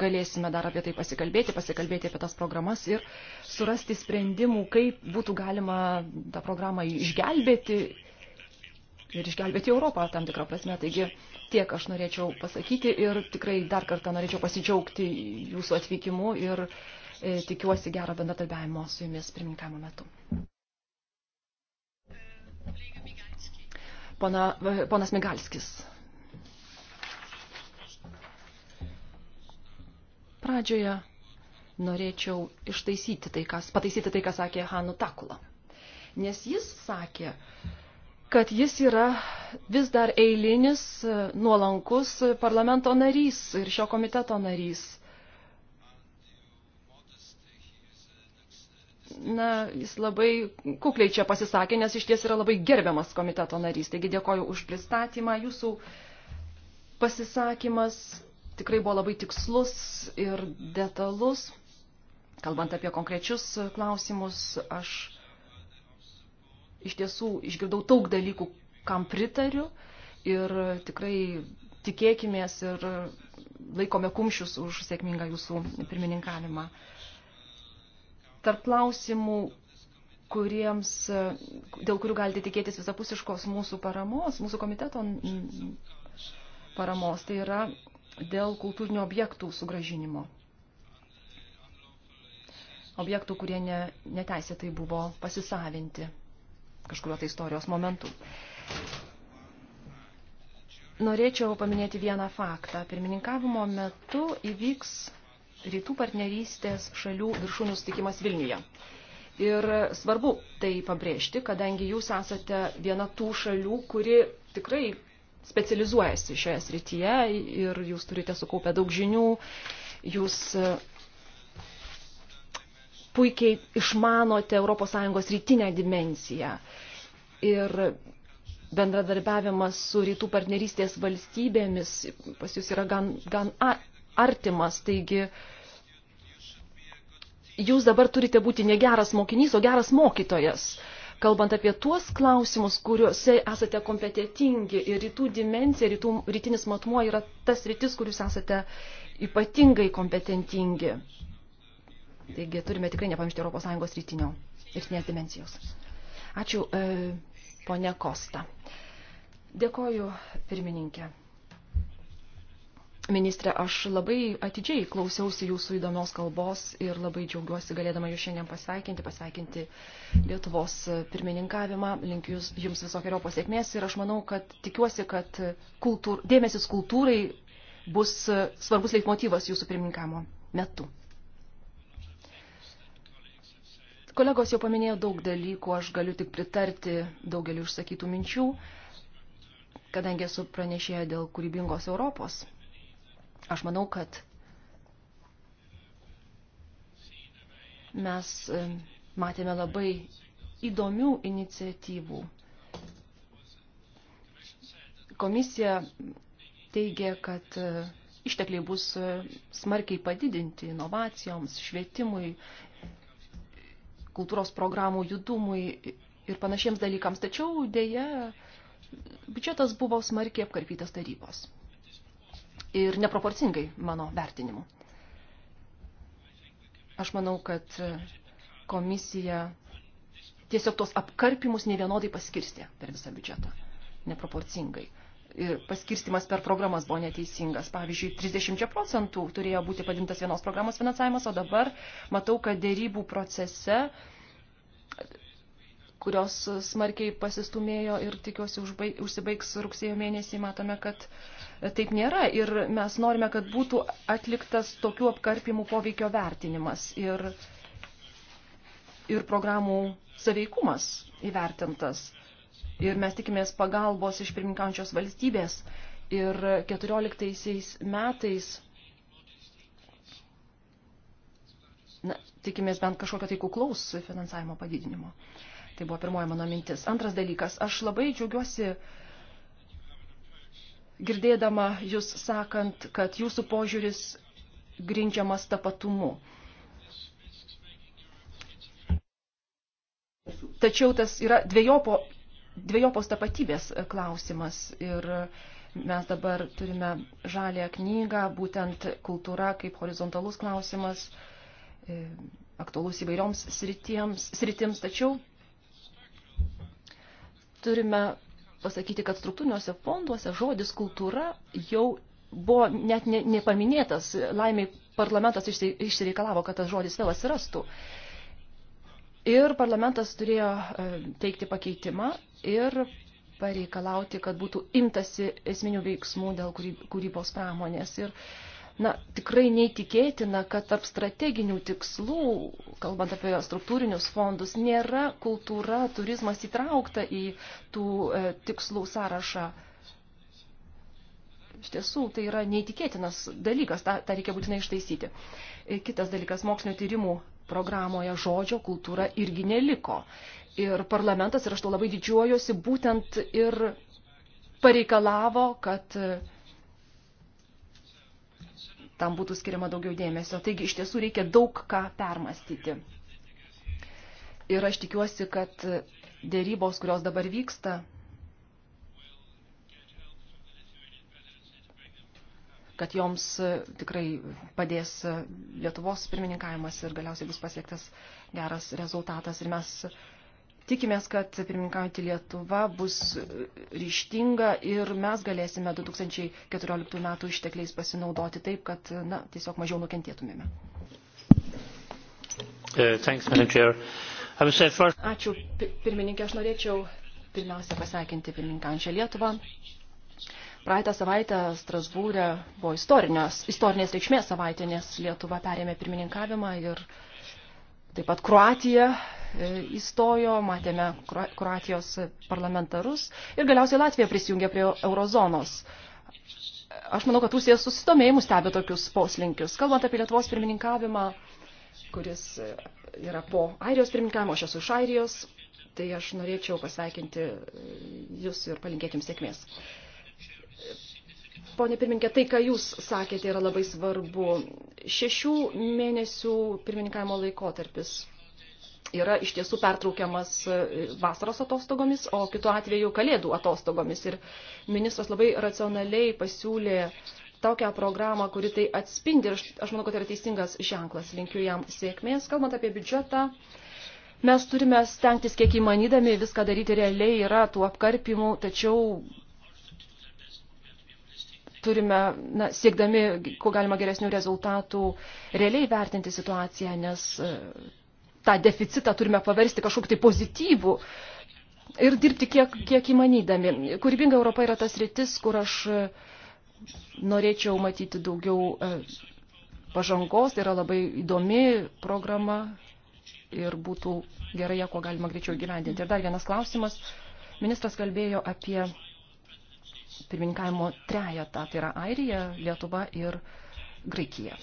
galėsime dar apie tai pasikalbėti, pasikalbėti apie tas programas ir surasti sprendimų, kaip būtų galima tą programą išgelbėti ir išgelbėti Europą tam tikrą prasme. Taigi tiek aš norėčiau pasakyti ir tikrai dar kartą norėčiau pasidžiaugti jūsų atvykimu ir e, tikiuosi gero bendradarbiavimo su jumis pirmininkavimo metu. Pona, e, ponas Migalskis. Pradžioje norėčiau ištaisyti tai, kas, pataisyti tai, ką sakė Hanu Takula. Nes jis sakė, kad jis yra vis dar eilinis, e, nuolankus parlamento narys ir šio komiteto narys. Na, jis labai kukliai čia pasisakė, nes iš ties yra labai gerbiamas komiteto narys. Taigi dėkoju už pristatymą. Jūsų pasisakymas tikrai buvo labai tikslus ir detalus. Kalbant apie konkrečius klausimus, aš iš tiesų išgirdau daug dalykų, kam pritariu ir tikrai tikėkimės ir laikome kumščius už sėkmingą jūsų pirmininkavimą. Tarp klausimų, kuriems, dėl kurių galite tikėtis visapusiškos mūsų paramos, mūsų komiteto paramos, tai yra dėl kultūrinių objektų sugražinimo. Objektų, kurie ne, neteisėtai buvo pasisavinti kažkurio tai istorijos momentu. Norėčiau paminėti vieną faktą. Pirmininkavimo metu įvyks rytų partnerystės šalių viršūnių sutikimas Vilniuje. Ir svarbu tai pabrėžti, kadangi jūs esate viena tų šalių, kuri tikrai specializuojasi šioje srityje ir jūs turite sukaupę daug žinių, jūs e, puikiai išmanote ES rytinę dimensiją. Ir bendradarbiavimas su rytų partnerystės valstybėmis pas jūs yra gan, gan artimas, taigi jūs dabar turite būti ne geras mokinys, o geras mokytojas. Uh, kalbant apie tuos klausimus, kuriuose esate kompetitingi ir rytų dimencija, rytų, rytinis matmuo yra tas rytis, kuriuos esate ypatingai kompetentingi. Taigi turime tikrai nepamiršti ES rytinio rytinės dimensijos. Ačiū, e, ponė Kosta. Dėkoju, pirmininkė. Ministrė, aš labai atidžiai klausiausi jūsų įdomios kalbos ir labai džiaugiuosi galėdama jūs šiandien pasveikinti, pasveikinti Lietuvos pirmininkavimą. Linkiu jūs, jums visokiojo pasiekmės ir aš manau, kad tikiuosi, kad kultūr, dėmesis kultūrai bus svarbus leitmotyvas jūsų pirmininkamo metu. Kolegos jau paminėjo daug dalykų, aš galiu tik pritarti daugeliu išsakytų minčių, kadangi esu pranešėję dėl kūrybingos Europos Aš manau, kad mes e, matėme labai įdomių iniciatyvų. Komisija teigia, kad e, ištekliai bus e, smarkiai padidinti inovacijoms, švietimui, kultūros programų judumui ir panašiems dalykams. Tačiau dėja, biudžetas buvo smarkiai apkarpytas tarybos ir neproporcingai mano vertinimu. Aš manau, kad komisija tiesiog tos apkarpimus nevienodai paskirstė per visą biudžetą, neproporcingai. Ir paskirstimas per programas buvo neteisingas. Pavyzdžiui, 30 procentų turėjo būti padintas vienos programos finansavimas, o dabar matau, kad dėrybų procese kurios smarkiai pasistumėjo ir tikiuosi užbaig, užsibaigs rugsėjo mėnesį, matome, kad uh, taip nėra ir mes norime, kad būtų atliktas tokių apkarpimų poveikio vertinimas ir, ir programų saveikumas įvertintas. Ir mes tikimės pagalbos iš pirmininkančios valstybės. Ir 14 metais na, tikimės bent kažkokio tai kuklaus finansavimo padidinimo. Tai buvo pirmoji mano mintis. Antras dalykas, aš labai džiaugiuosi uh, girdėdama jūs sakant, kad jūsų požiūris grindžiamas tapatumu. Tačiau tas yra dviejopo, dviejopos tapatybės klausimas ir mes dabar turime žalę knygą, būtent kultūra kaip horizontalus klausimas, e, aktualus įvairioms sritims, sritims tačiau turime pasakyti, kad struktūriniuose fonduose žodis kultūra jau buvo net ne, nepaminėtas. Laimiai parlamentas išsireikalavo, kad tas žodis vėl atsirastų. Ir parlamentas turėjo e, teikti pakeitimą ir pareikalauti, kad būtų imtasi esminių veiksmų dėl kūrybos pramonės. Ir uh, Na, tikrai neįtikėtina, kad tarp strateginių tikslų, kalbant apie struktūrinius fondus, nėra kultūra, turizmas įtraukta į tų e, tikslų sąrašą. Iš tiesų, tai yra neįtikėtinas dalykas, tą, tą reikia būtinai ištaisyti. E, kitas dalykas, mokslinio tyrimų programoje žodžio kultūra irgi neliko. Ir parlamentas, ir aš to labai didžiuojuosi, būtent ir pareikalavo, kad e, tam būtų skiriama daugiau dėmesio. Taigi iš tiesų reikia daug ką permastyti. Ir aš tikiuosi, kad dėrybos, kurios dabar vyksta, kad joms tikrai padės Lietuvos pirmininkavimas ir galiausiai bus pasiektas geras rezultatas. Ir mes Tikimės, kad pirmininkaujantį Lietuva bus ryštinga ir mes galėsime 2014 metų ištekliais pasinaudoti taip, kad na, tiesiog mažiau nukentėtumėme. Uh, Ačiū, pirmininkė, aš norėčiau pirmiausia pasveikinti pirmininkančią Lietuvą. Praeitą savaitę Strasbūrė buvo istorinės, istorinės reikšmės savaitė, nes Lietuva perėmė pirmininkavimą ir taip pat Kroatija E, įstojo, matėme Kroatijos parlamentarus ir galiausiai Latvija prisijungė prie eurozonos. Aš manau, kad Rusija susidomėjimus stebi tokius poslinkius. Kalbant apie Lietuvos pirmininkavimą, kuris yra po Airijos pirmininkavimo, aš esu iš Airijos, tai aš norėčiau pasveikinti jūs ir palinkėti jums sėkmės. Pone pirmininkė, tai, ką Jūs sakėte, yra labai svarbu. Šešių mėnesių pirmininkavimo laikotarpis yra iš tiesų pertraukiamas e, vasaros atostogomis, o kitu atveju kalėdų atostogomis. Ir ministras labai racionaliai pasiūlė tokią programą, kuri tai atspindi ir aš manau, kad tai yra teisingas ženklas. Linkiu jam sėkmės. Kalbant apie biudžetą, mes turime stengtis kiek įmanydami viską daryti realiai, yra tų apkarpimų, tačiau turime, na, siekdami, kuo galima geresnių rezultatų, realiai vertinti situaciją, nes e, tą deficitą turime paversti kažkokį tai pozityvų ir dirbti kiek, kiek įmanydami. Kūrybinga Europa yra tas rytis, kur aš e, norėčiau matyti daugiau e, pažangos, tai yra labai įdomi programa ir būtų gerai ją kuo galima greičiau gyvendinti. Ir dar vienas klausimas. Ministras kalbėjo apie pirmininkavimo trejetą, tai yra Airija, Lietuva ir Graikija.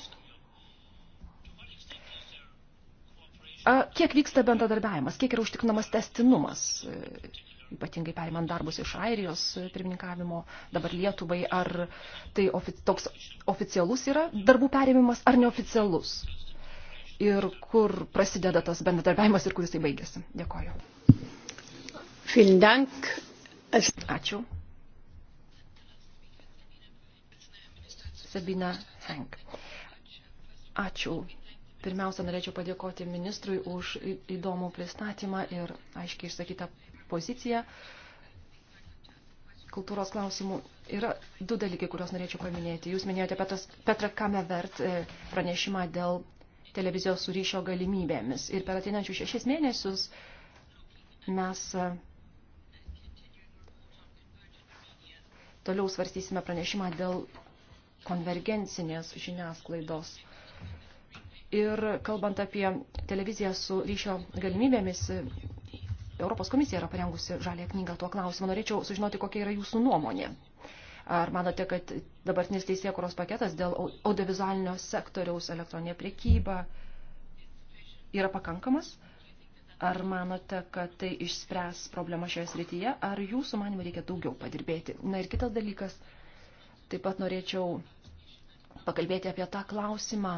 Kiek vyksta bendradarbiavimas, kiek yra užtikrinamas testinumas, e, ypatingai perimant darbus iš Airijos e, pirmininkavimo, dabar Lietuvai, ar tai ofi toks oficialus yra darbų perėmimas ar neoficialus? Ir kur prasideda tas bendradarbiavimas ir kur jisai baigėsi? Dėkoju. Ačiū. Sabina Henk. Ačiū Pirmiausia, norėčiau padėkoti ministrui už įdomų pristatymą ir aiškiai išsakytą poziciją kultūros klausimų. Yra du dalykai, kuriuos norėčiau paminėti. Jūs minėjote Petras, Petra Kamevert e, pranešimą dėl televizijos su ryšio galimybėmis. Ir per ateinančius šešis mėnesius mes e, toliau svarstysime pranešimą dėl konvergencinės žiniasklaidos. Ir kalbant apie televiziją su ryšio galimybėmis, Europos komisija yra parengusi žalę knygą tuo klausimu. Norėčiau sužinoti, kokia yra jūsų nuomonė. Ar manote, kad dabartinis teisėkuros paketas dėl audiovizualinio sektoriaus elektroninė priekyba yra pakankamas? Ar manote, kad tai išspręs problemą šioje srityje, ar jūsų manimo reikia daugiau padirbėti? Na ir kitas dalykas, taip pat norėčiau pakalbėti apie tą klausimą,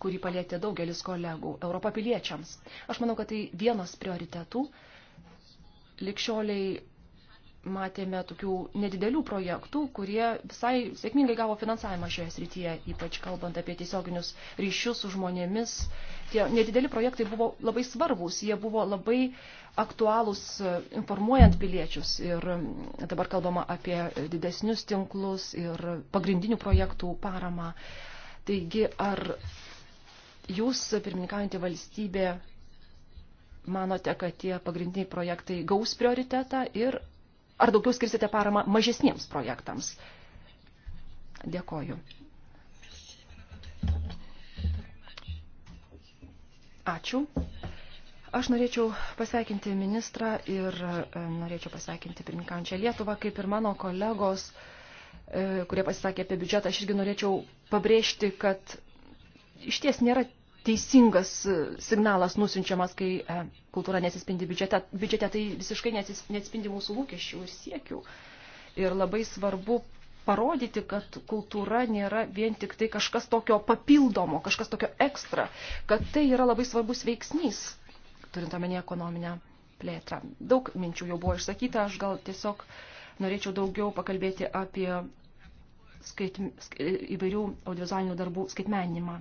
kurį palėtė daugelis kolegų, Europą piliečiams. Aš manau, kad tai vienas prioritetų. Likščioliai matėme tokių nedidelių projektų, kurie visai sėkmingai gavo finansavimą šioje srityje, ypač kalbant apie tiesioginius ryšius su žmonėmis. Tie nedideli projektai buvo labai svarbus, jie buvo labai aktualūs e, informuojant piliečius ir dabar kalbama apie didesnius tinklus ir pagrindinių projektų paramą. Taigi, ar Jūs, pirmininkaujantį valstybę, manote, kad tie pagrindiniai projektai gaus prioritetą ir ar daugiau skirsite paramą mažesniems projektams? Dėkoju. Ačiū. Aš norėčiau pasveikinti ministrą ir e, norėčiau pasveikinti pirmininkančią Lietuvą, kaip ir mano kolegos, e, kurie pasisakė apie biudžetą. Aš irgi norėčiau pabrėžti, kad iš ties nėra teisingas e, signalas nusinčiamas, kai e, kultūra nesispindi biudžete. Biudžete tai visiškai neatspindi mūsų lūkesčių ir siekių. Ir labai svarbu parodyti, kad kultūra nėra vien tik tai kažkas tokio papildomo, kažkas tokio ekstra, kad tai yra labai svarbus veiksnys, turint omenyje ekonominę plėtrą. Daug minčių jau buvo išsakyta, aš gal tiesiog norėčiau daugiau pakalbėti apie skaitim, įvairių audiovizualinių darbų skaitmeninimą.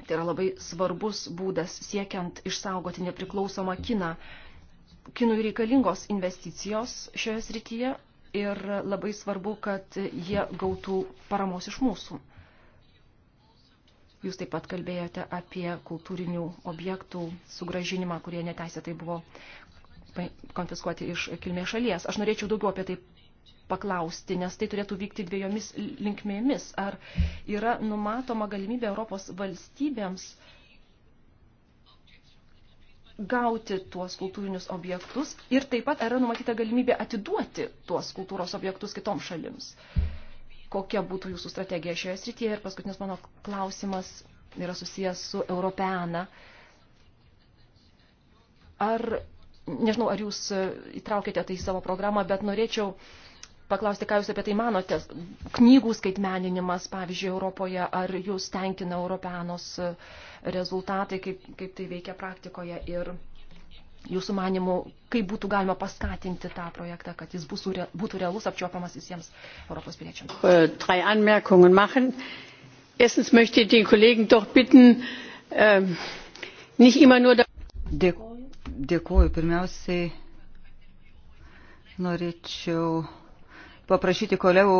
Tai yra labai svarbus būdas siekiant išsaugoti nepriklausomą kiną. Kinui reikalingos investicijos šioje srityje ir labai svarbu, kad jie gautų paramos iš mūsų. Jūs taip pat kalbėjote apie kultūrinių objektų sugražinimą, kurie neteisėtai buvo konfiskuoti iš kilmės šalies. Aš norėčiau daugiau apie tai paklausti, nes tai turėtų vykti dviejomis linkmėmis. Ar yra numatoma galimybė Europos valstybėms gauti tuos kultūrinius objektus ir taip pat yra numatyta galimybė atiduoti tuos kultūros objektus kitoms šalims. Kokia būtų jūsų strategija šioje srityje? Ir paskutinis mano klausimas yra susijęs su Europeana. Ar, nežinau, ar jūs įtraukėte tai į savo programą, bet norėčiau uh, paklausti, ką Jūs apie tai manote. Knygų skaitmeninimas, pavyzdžiui, Europoje, ar Jūs tenkina Europeanos e, rezultatai, kaip, kaip tai veikia praktikoje ir Jūsų manimų, kaip būtų galima paskatinti tą projektą, kad jis būsų, būtų realus apčiuopiamas visiems Europos piliečiams. Äh, Erstens möchte ich den Kollegen doch bitten, ähm, nicht immer nur. Dėkuoju. Pirmiausiai norėčiau paprašyti kolegų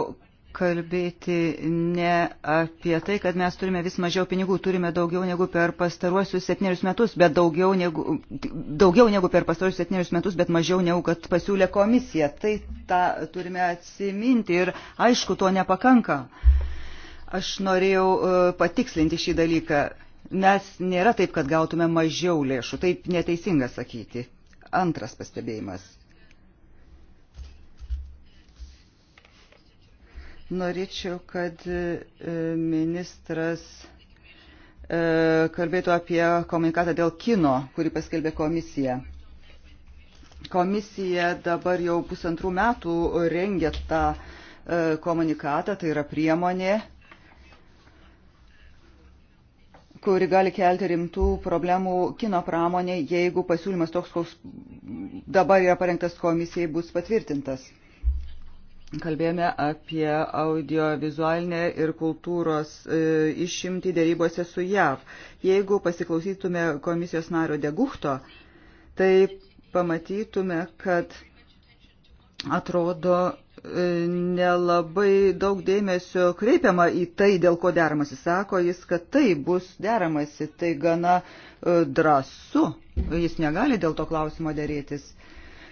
kalbėti ne apie tai, kad mes turime vis mažiau pinigų, turime daugiau negu per pastaruosius septynerius metus, bet daugiau negu, daugiau negu per pastaruosius septynerius metus, bet mažiau negu kad pasiūlė komisija. Tai tą turime atsiminti ir aišku, to nepakanka. Aš norėjau e, patikslinti šį dalyką. Mes nėra taip, kad gautume mažiau lėšų. Taip neteisinga sakyti. Antras pastebėjimas – Norėčiau, kad e, ministras e, kalbėtų apie komunikatą dėl kino, kurį paskelbė komisija. Komisija dabar jau pusantrų metų rengia tą e, komunikatą, tai yra priemonė, kuri gali kelti rimtų problemų kino pramonė, jeigu pasiūlymas toks, koks dabar yra parengtas komisijai, bus patvirtintas. Kalbėjome apie audiovizualinę ir kultūros e, išimti dėrybose su JAV. Jeigu pasiklausytume komisijos nario Degukto, tai pamatytume, kad atrodo e, nelabai daug dėmesio kreipiama į tai, dėl ko deramasi. Sako jis, kad tai bus deramasi, tai gana e, drąsu. Jis negali dėl to klausimo dėrėtis.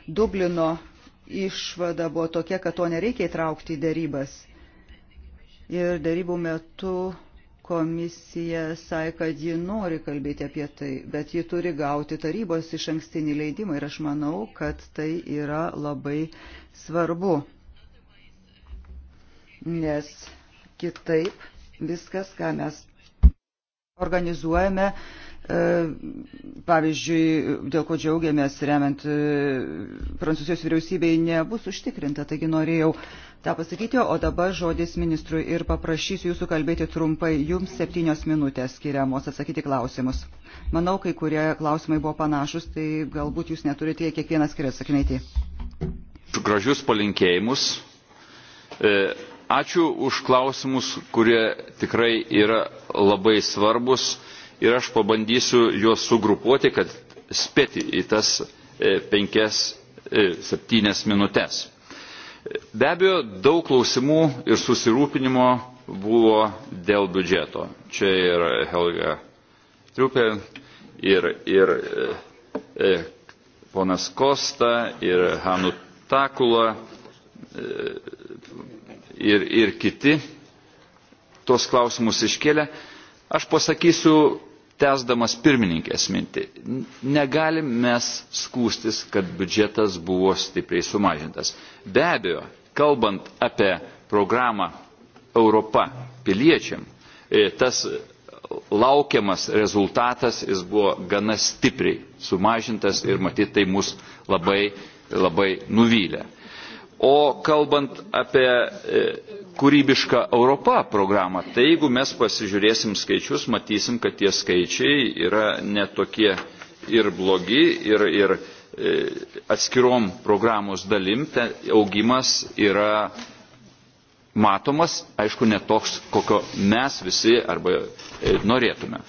Dublino išvada buvo tokia, kad to nereikia įtraukti į darybas. Ir darybų metu komisija sakė, kad ji nori kalbėti apie tai, bet ji turi gauti tarybos iš ankstinį leidimą ir aš manau, kad tai yra labai svarbu, nes kitaip viskas, ką mes organizuojame, uh, E, pavyzdžiui, dėl ko džiaugiamės remiant e, Prancūzijos vyriausybei, nebus užtikrinta. Taigi norėjau tą pasakyti, o dabar žodis ministrui ir paprašysiu jūsų kalbėti trumpai. Jums septynios minutės skiriamos atsakyti klausimus. Manau, kai kurie klausimai buvo panašus, tai galbūt jūs neturite kiekvieną skirę atsakinėti. Gražius palinkėjimus. E, ačiū už klausimus, kurie tikrai yra labai svarbus ir aš pabandysiu juos sugrupuoti, kad spėti į tas e, penkias, e, septynes minutės. Be abejo, daug klausimų ir susirūpinimo buvo dėl biudžeto. Čia ir Helga Triupė, ir, ir e, e ponas Kosta, ir Hanu Takula, e, ir, ir kiti tuos klausimus iškėlė. Aš pasakysiu Tesdamas pirmininkės mintį, negalim mes skūstis, kad biudžetas buvo stipriai sumažintas. Be abejo, kalbant apie programą Europa piliečiam, e, tas laukiamas rezultatas jis buvo gana stipriai sumažintas ir matyt tai mus labai, labai nuvylė. O kalbant apie e, kūrybišką Europą programą, tai jeigu mes pasižiūrėsim skaičius, matysim, kad tie skaičiai yra netokie ir blogi, ir, ir e, atskirom programos dalim augimas yra matomas, aišku, netoks, kokio mes visi arba e, norėtume.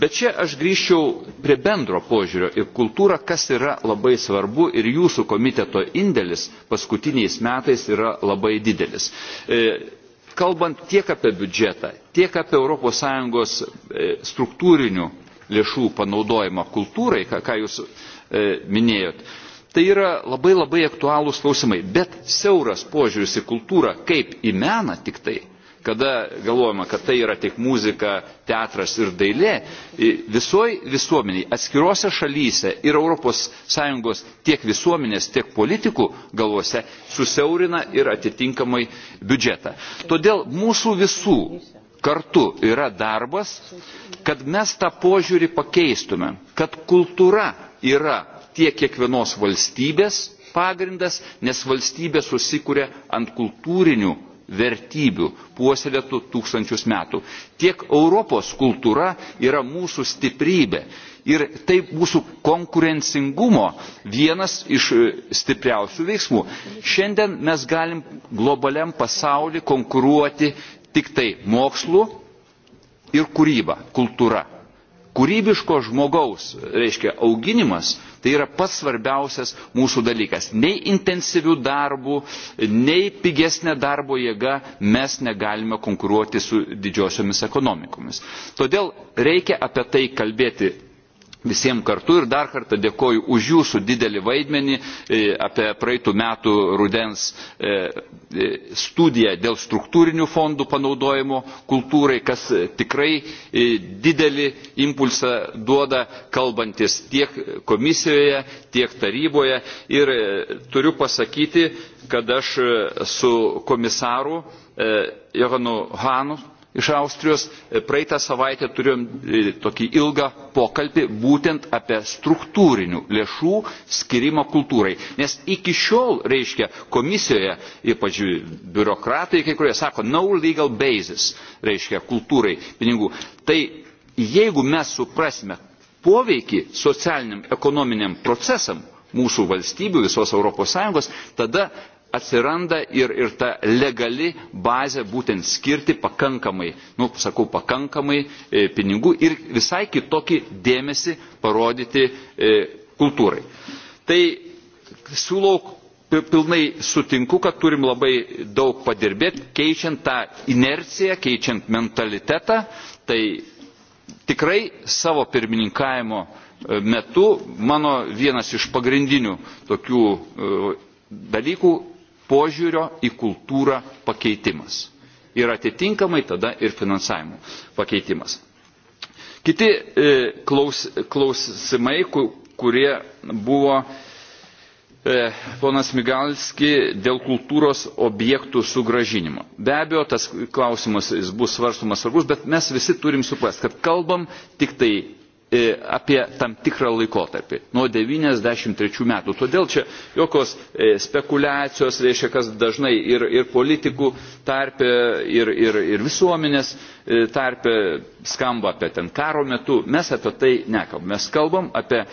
Bet čia aš grįžčiau prie bendro požiūrio ir kultūra, kas yra labai svarbu ir jūsų komiteto indėlis paskutiniais metais yra labai didelis. E, kalbant tiek apie biudžetą, tiek apie ES e, struktūrinių lėšų panaudojimą kultūrai, ką jūs minėjot, Tai yra labai labai aktualūs klausimai, bet siauras požiūris į kultūrą kaip į meną tik tai, kada galvojama, kad tai yra tik muzika, teatras ir dailė, visoji visuomeniai, atskiruose šalyse ir ES tiek visuomenės, tiek politikų galvose susiaurina ir atitinkamai biudžetą. Todėl mūsų visų kartu yra darbas, kad mes tą požiūrį pakeistume, kad kultūra yra tiek kiekvienos valstybės pagrindas, nes valstybė susikuria ant kultūrinių vertybių puoselėtų tūkstančius metų. Tiek Europos kultūra yra mūsų stiprybė ir tai mūsų konkurencingumo vienas iš e, stipriausių veiksmų. Šiandien mes galim globaliam pasaulį konkuruoti tik tai mokslu ir kūryba, kultūra kūrybiško žmogaus, reiškia, auginimas, tai yra pats svarbiausias mūsų dalykas. Nei intensyvių darbų, nei pigesnė darbo jėga mes negalime konkuruoti su didžiosiomis ekonomikomis. Todėl reikia apie tai kalbėti visiems kartu ir dar kartą dėkoju už jūsų didelį vaidmenį e, apie praeitų metų rudens e, e, studiją dėl struktūrinių fondų panaudojimo kultūrai, kas tikrai didelį impulsą duoda, kalbantis tiek komisijoje, tiek taryboje. Ir turiu pasakyti, kad aš su komisaru Johanu Hanu iš Austrijos. E, praeitą savaitę turėjom e, tokį ilgą pokalbį būtent apie struktūrinių lėšų skirimą kultūrai. Nes iki šiol, reiškia, komisijoje, ypač biurokratai kai kurie sako, no legal basis, reiškia, kultūrai pinigų. Tai jeigu mes suprasime poveikį socialiniam ekonominiam procesam, mūsų valstybių, visos ES, tada atsiranda ir, ir ta legali bazė būtent skirti pakankamai, nu, sakau, pakankamai e, pinigų ir visai kitokį dėmesį parodyti e, kultūrai. Tai siūlau, pilnai sutinku, kad turim labai daug padirbėti, keičiant tą inerciją, keičiant mentalitetą, tai tikrai savo pirmininkavimo e, metu mano vienas iš pagrindinių tokių e, dalykų požiūrio į kultūrą pakeitimas. Ir atitinkamai tada ir finansavimo pakeitimas. Kiti e, klaus, klausimai, kurie buvo e, ponas Migalski dėl kultūros objektų sugražinimo. Be abejo, tas klausimas bus svarstumas svarbus, bet mes visi turim suprasti, kad kalbam tik tai E, apie tam tikrą laikotarpį nuo 93 metų. Todėl čia jokios e, spekulacijos, reiškia, kas dažnai ir, ir politikų tarpe, ir, ir, ir visuomenės e, tarpe skamba apie ten karo metu, mes apie tai nekalbam. Mes kalbam apie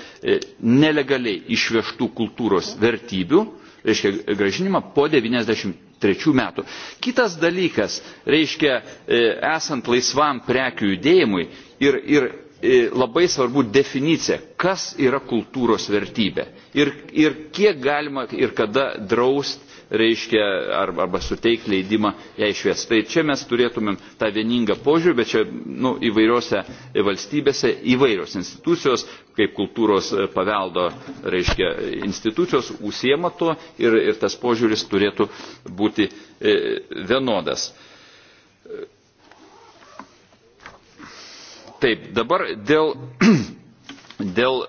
nelegaliai išvežtų kultūros vertybių, reiškia, gražinimą po 93 metų. Kitas dalykas, reiškia, esant laisvam prekių judėjimui ir, ir E, labai svarbu definicija, kas yra kultūros vertybė ir, ir kiek galima ir kada draust, reiškia, arba, arba suteikti leidimą ją išvies. Tai čia mes turėtumėm tą vieningą požiūrį, bet čia nu, įvairiose valstybėse įvairios institucijos, kaip kultūros paveldo, reiškia, institucijos užsiema tuo ir, ir tas požiūris turėtų būti e, vienodas. Taip, dabar dėl, dėl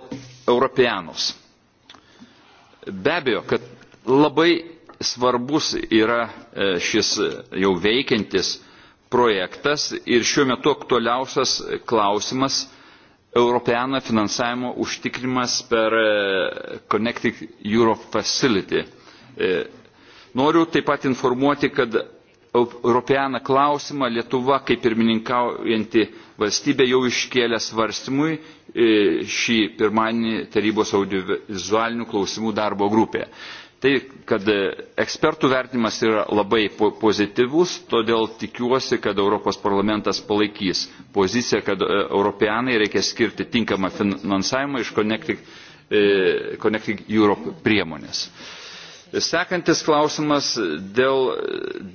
europeanos. Be abejo, kad labai svarbus yra e, šis e, jau veikiantis projektas ir šiuo metu aktualiausias klausimas europeano finansavimo užtikrimas per e, Connecting Europe Facility. Noriu taip pat informuoti, kad Europeaną klausimą Lietuva kaip pirmininkaujanti valstybė jau iškėlė svarstymui e, šį pirmanį tarybos audiovizualinių klausimų darbo grupėje. Tai, kad e, ekspertų vertimas yra labai pozityvus, todėl tikiuosi, kad Europos parlamentas palaikys poziciją, kad e, Europeanai reikia skirti tinkamą finansavimą iš Connecting, Connecting Europe priemonės. E, Sekantis klausimas dėl,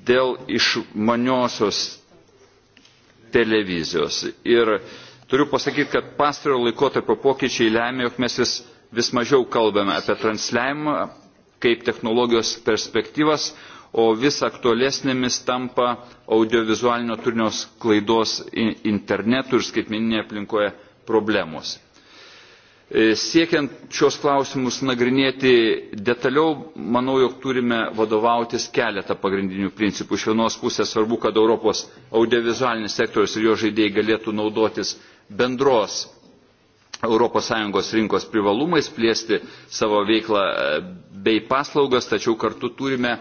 dėl išmaniosios televizijos. Ir turiu pasakyti, kad pastarojo laikotarpio pokyčiai lemia, jog mes vis, vis mažiau kalbame apie transliavimą kaip technologijos perspektyvas, o vis aktualesnėmis tampa audiovizualinio turinio klaidos internetu ir skaitmeninėje aplinkoje problemos. E, siekiant šios klausimus nagrinėti detaliau, manau, jog turime vadovautis keletą pagrindinių principų. Iš vienos pusės svarbu, kad Europos audiovizualinis sektorius ir jo žaidėjai galėtų naudotis bendros ES rinkos privalumais, plėsti savo veiklą e, bei paslaugas, tačiau kartu turime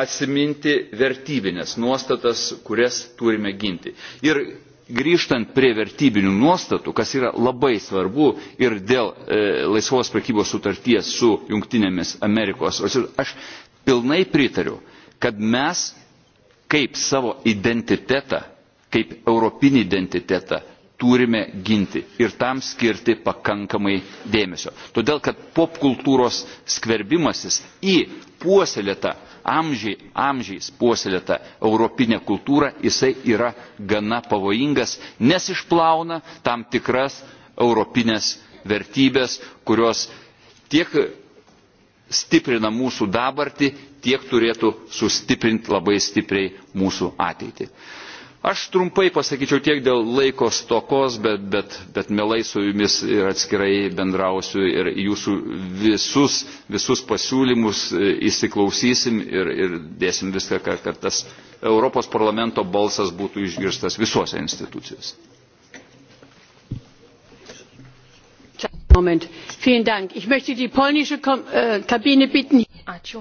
atsiminti vertybinės nuostatas, kurias turime ginti. Ir grįžtant prie vertybinių nuostatų, kas yra labai svarbu ir dėl e, laisvos prekybos sutarties su Junktinėmis Amerikos, aš pilnai pritariu, kad mes kaip savo identitetą, kaip europinį identitetą turime ginti ir tam skirti pakankamai dėmesio. Todėl, kad popkultūros skverbimasis į puoselėtą amžiai, amžiais puoselėta europinė kultūra, jisai yra gana pavojingas, nes išplauna tam tikras europinės vertybės, kurios tiek stiprina mūsų dabartį, tiek turėtų sustiprinti labai stipriai mūsų ateitį. Aš trumpai pasakyčiau tiek dėl laiko stokos, bet, bet, bet melai su jumis ir atskirai bendrausiu ir jūsų visus, visus pasiūlymus e, įsiklausysim ir, ir dėsim viską, kad, kad tas Europos parlamento balsas būtų išgirstas visose institucijose. ich möchte die polnische äh, kabine bitten. Ačiū.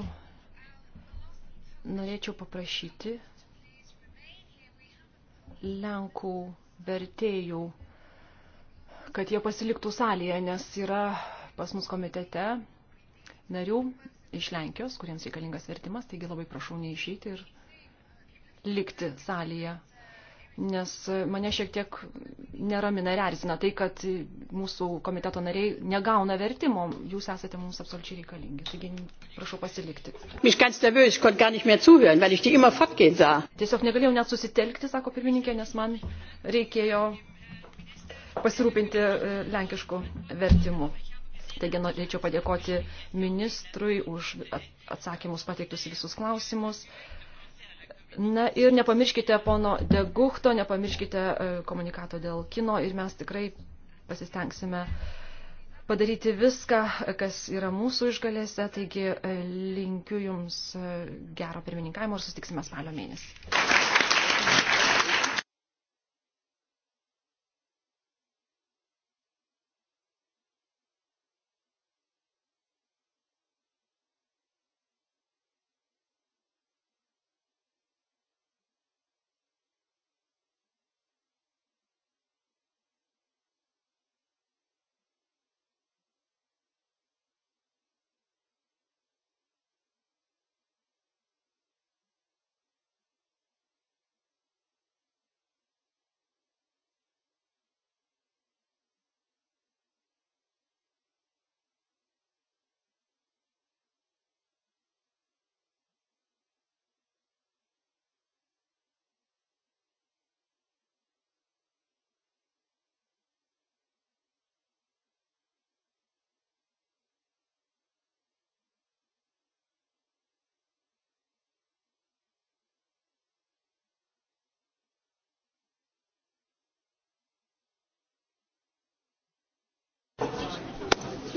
Norėčiau paprašyti Lenkų vertėjų, kad jie pasiliktų salėje, nes yra pas mus komitete narių iš Lenkijos, kuriems reikalingas vertimas, taigi labai prašau neišeiti ir likti salėje nes mane šiek tiek neramina ir erzina tai, kad mūsų komiteto nariai negauna vertimo, jūs esate mums absoliučiai reikalingi, taigi prašau pasilikti. Tiesiog negalėjau net susitelkti, sako pirmininkė, nes man reikėjo pasirūpinti e, lenkišku vertimu. Taigi norėčiau padėkoti ministrui už atsakymus pateiktus į visus klausimus. Na ir nepamirškite pono Degukto, nepamirškite e, komunikato dėl kino ir mes tikrai pasistengsime padaryti viską, kas yra mūsų išgalėse. Taigi e, linkiu Jums e, gero pirmininkavimo ir sustiksime spalio mėnesį.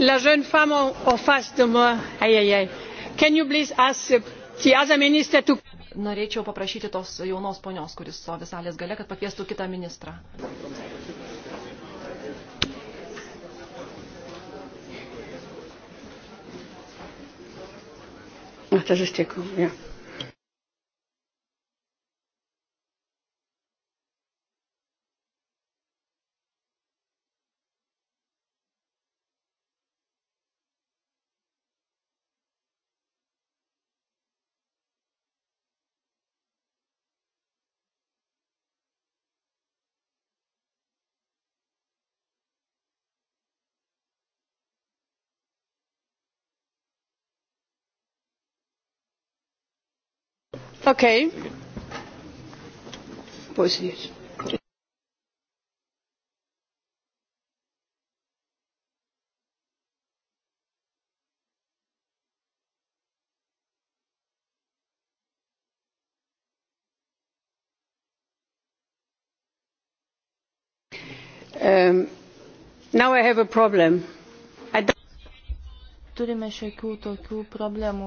la jeune femme en face de moi. Ai, ai, ai. Can you please ask the other minister to... Norėčiau paprašyti tos jaunos ponios, kuris stovi salės gale, kad pakviestų kitą ministrą. Ach, das ist der Kuh, ja. Okay. Positiv. Um, now i have a problem turime šiokių tokių problemų.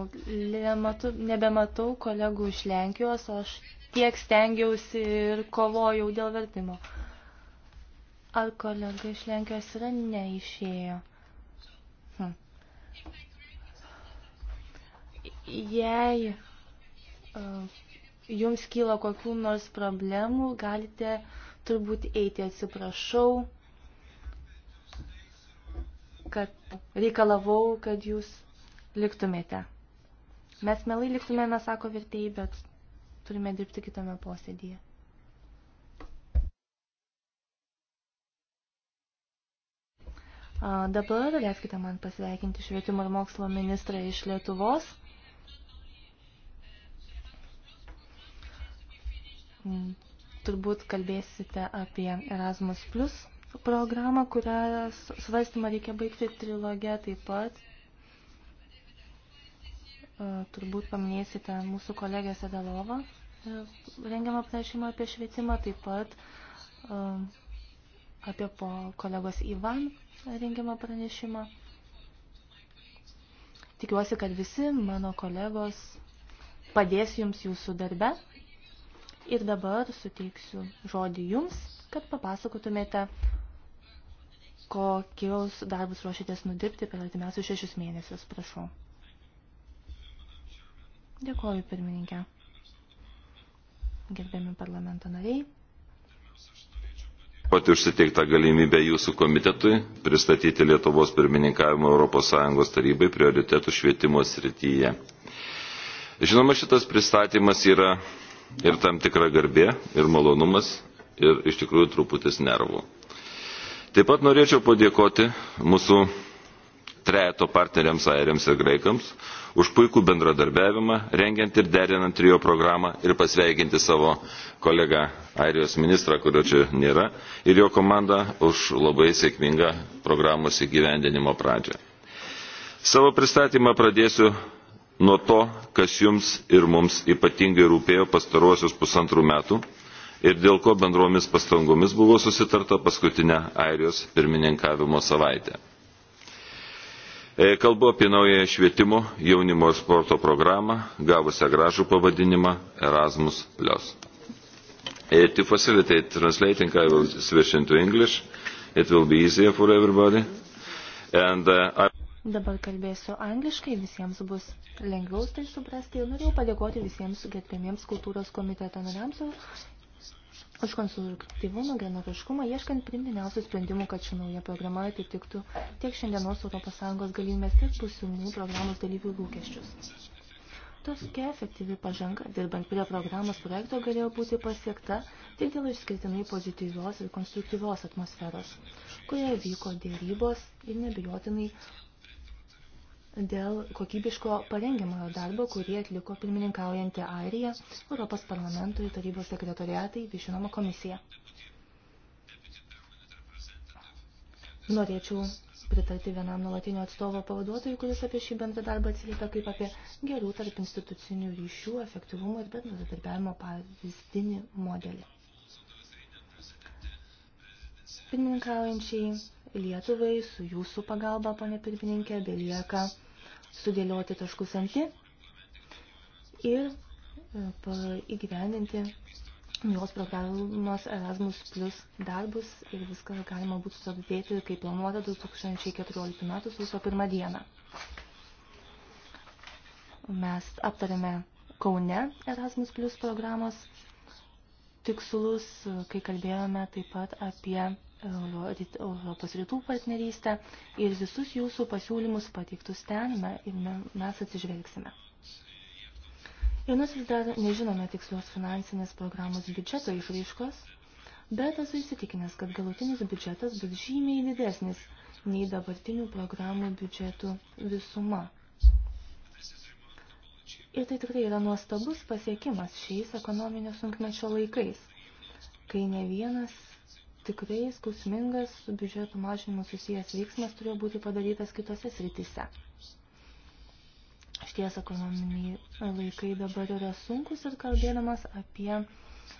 Lematu, nebematau kolegų iš Lenkijos, aš tiek stengiausi ir kovojau dėl vertimo. Ar kolega iš Lenkijos yra neišėjo? Hm. Jei uh, jums kyla kokių nors problemų, galite turbūt eiti, atsiprašau, kad reikalavau, kad jūs liktumėte. Mes melai liktumėme, sako vertėjai, bet turime dirbti kitame posėdyje. Dabar leiskite man pasveikinti švietimo ir mokslo ministrą iš Lietuvos. Mm, turbūt kalbėsite apie Erasmus Plus programą, kurią svarstymą reikia baigti trilogę taip pat. E, turbūt paminėsite mūsų kolegę Sedalovą e, rengiamą prašymą apie švietimą, taip pat e, apie po kolegos Ivan rengiamą pranešimą. Tikiuosi, kad visi mano kolegos padės jums jūsų darbe. Ir dabar suteiksiu žodį jums, kad papasakotumėte kokius darbus ruošitės nudirbti per artimiausius šešius mėnesius, prašau. Dėkoju, pirmininkė. Gerbiami parlamento nariai. Pat užsiteiktą galimybę jūsų komitetui pristatyti Lietuvos pirmininkavimo ES tarybai prioritetų švietimo srityje. Žinoma, šitas pristatymas yra ir tam tikra garbė, ir malonumas, ir iš tikrųjų truputis nervų. Taip pat norėčiau padėkoti mūsų trejeto partneriams airiams ir graikams už puikų bendradarbiavimą, rengiant ir derinant trio programą ir pasveikinti savo kolegą airijos ministrą, kurio čia nėra, ir jo komandą už labai sėkmingą programos įgyvendinimo pradžią. Savo pristatymą pradėsiu nuo to, kas jums ir mums ypatingai rūpėjo pastaruosius pusantrų metų ir dėl ko bendromis pastangomis buvo susitarta paskutinę Airijos pirmininkavimo savaitę. E, kalbu apie naują švietimo, jaunimo ir sporto programą, gavusią gražų pavadinimą Erasmus. E, to facilitate translating, I will switch into English. It will be easier for everybody. And, uh, I... Dabar kalbėsiu angliškai, visiems bus lengviau tai suprasti ir norėjau padėkoti visiems gerbėmiems kultūros komiteto nariams už konstruktyvumą, genoviškumą, ieškant primtiniausių sprendimų, kad ši nauja programa atitiktų tiek šiandienos ES galimybės, tiek būsimų programos dalyvių lūkesčius. Tokia efektyvi pažanga, dirbant prie programos projekto, galėjo būti pasiekta tik dėl išskirtinai pozityvios ir konstruktyvios atmosferos, kurioje vyko dėrybos ir nebijotinai dėl kokybiško parengiamojo darbo, kurį atliko pirmininkaujantį Airiją, Europos parlamento ir tarybos sekretoriatai bei žinoma komisija. Norėčiau pritarti vienam nuolatinio atstovo pavaduotojui, kuris apie šį bendrą darbą atsiliepia kaip apie gerų tarp institucinių ryšių, efektyvumo ir bendradarbiavimo pavyzdinį modelį. Pirmininkaujančiai Lietuvai su jūsų pagalba, ponė pirmininkė, belieka lieka sudėlioti taškus ant i ir e, įgyveninti jos programos Erasmus plus darbus ir viską galima būtų sudėti, kaip planuota 2014 metų sausio pirmą dieną. Mes aptarėme Kaune Erasmus plus programos tikslus, kai kalbėjome taip pat apie Europos rytų partnerystę ir visus jūsų pasiūlymus pateiktus ten ir mes atsižvelgsime. Ir nors vis dar nežinome tikslios finansinės programos biudžeto išraiškos, bet esu įsitikinęs, kad galutinis biudžetas bus žymiai didesnis nei dabartinių programų biudžetų visuma. Ir tai tikrai yra nuostabus pasiekimas šiais ekonominio sunkmečio laikais, kai ne vienas tikrai skausmingas su biudžeto mažinimu susijęs veiksmas turėjo būti padarytas kitose srityse. Šties ekonominiai laikai dabar yra sunkus ir kalbėdamas apie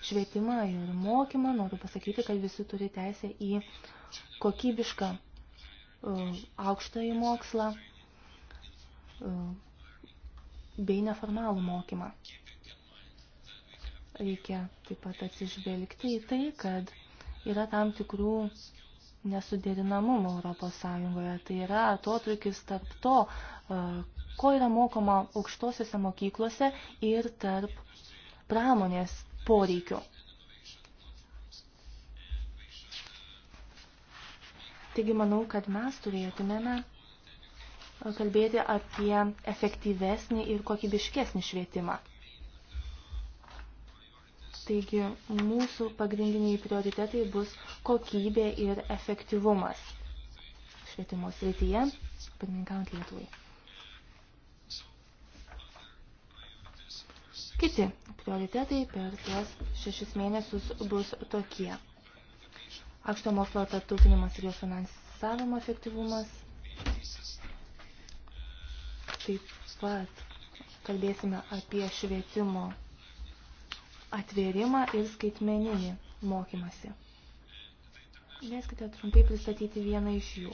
švietimą ir mokymą noriu pasakyti, kad visi turi teisę į kokybišką uh, aukštąjį mokslą uh, bei neformalų mokymą. Reikia taip pat atsižvelgti į tai, kad yra tam tikrų nesuderinamumų Europos Sąjungoje. Tai yra atotrukis tarp to, e, ko yra mokoma aukštosiuose mokyklose ir tarp pramonės poreikių. Taigi manau, kad mes turėtumėme kalbėti apie efektyvesnį ir kokybiškesnį švietimą. Taigi mūsų pagrindiniai prioritetai bus kokybė ir efektyvumas švietimo srityje, pirmininkant Lietuvai. Kiti prioritetai per tuos šešis mėnesius bus tokie. Aukšto mokslo tarptautinimas ir jo finansavimo efektyvumas. Taip pat kalbėsime apie švietimo atvėrimą ir skaitmeninį mokymasi. Leiskite trumpai pristatyti vieną iš jų.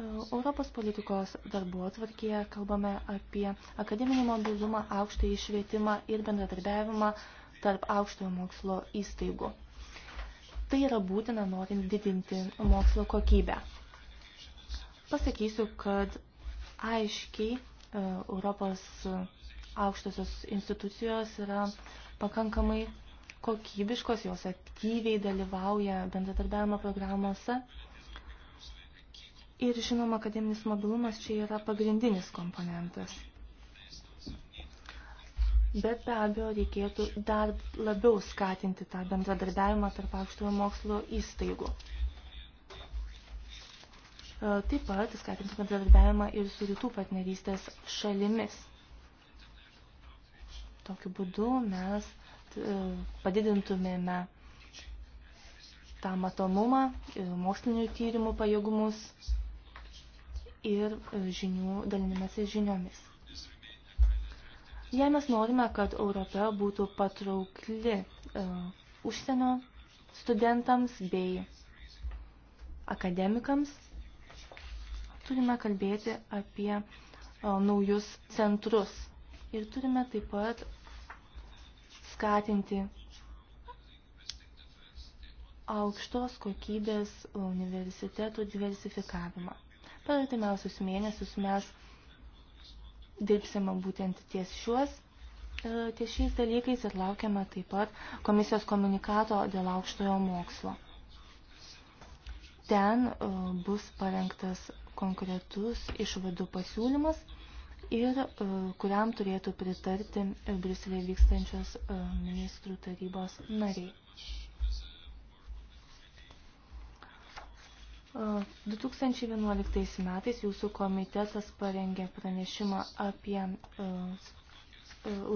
Europos politikos darbuotvarkėje kalbame apie akademinį mobilumą, aukštąjį švietimą ir bendradarbiavimą tarp aukštojo mokslo įstaigų. Tai yra būtina norint didinti mokslo kokybę. Pasakysiu, kad aiškiai e, Europos aukštosios institucijos yra pakankamai kokybiškos, jos aktyviai dalyvauja bendradarbiavimo programuose. Ir žinoma, akademinis mobilumas čia yra pagrindinis komponentas. Bet be abejo reikėtų dar labiau skatinti tą bendradarbiavimą tarp aukštojo mokslo įstaigų. Taip pat skatinti bendradarbiavimą ir su rytų partnerystės šalimis. Tokiu būdu mes e, padidintumėme tą matomumą, e, mokslinių tyrimų pajėgumus ir e, žinių dalinimasi žiniomis. Jei mes norime, kad Europa būtų patraukli uh, užsienio studentams bei akademikams, turime kalbėti apie uh, naujus centrus ir turime taip pat skatinti aukštos kokybės universitetų diversifikavimą. Per artimiausius mėnesius mes dirbsime būtent ties šiuos e, ties šiais dalykais ir laukiame taip pat komisijos komunikato dėl aukštojo mokslo. Ten e, bus parengtas konkretus išvadų pasiūlymas ir e, kuriam turėtų pritarti e, Briselėje vykstančios e, ministrų tarybos nariai. 2011 metais jūsų komitetas parengė pranešimą apie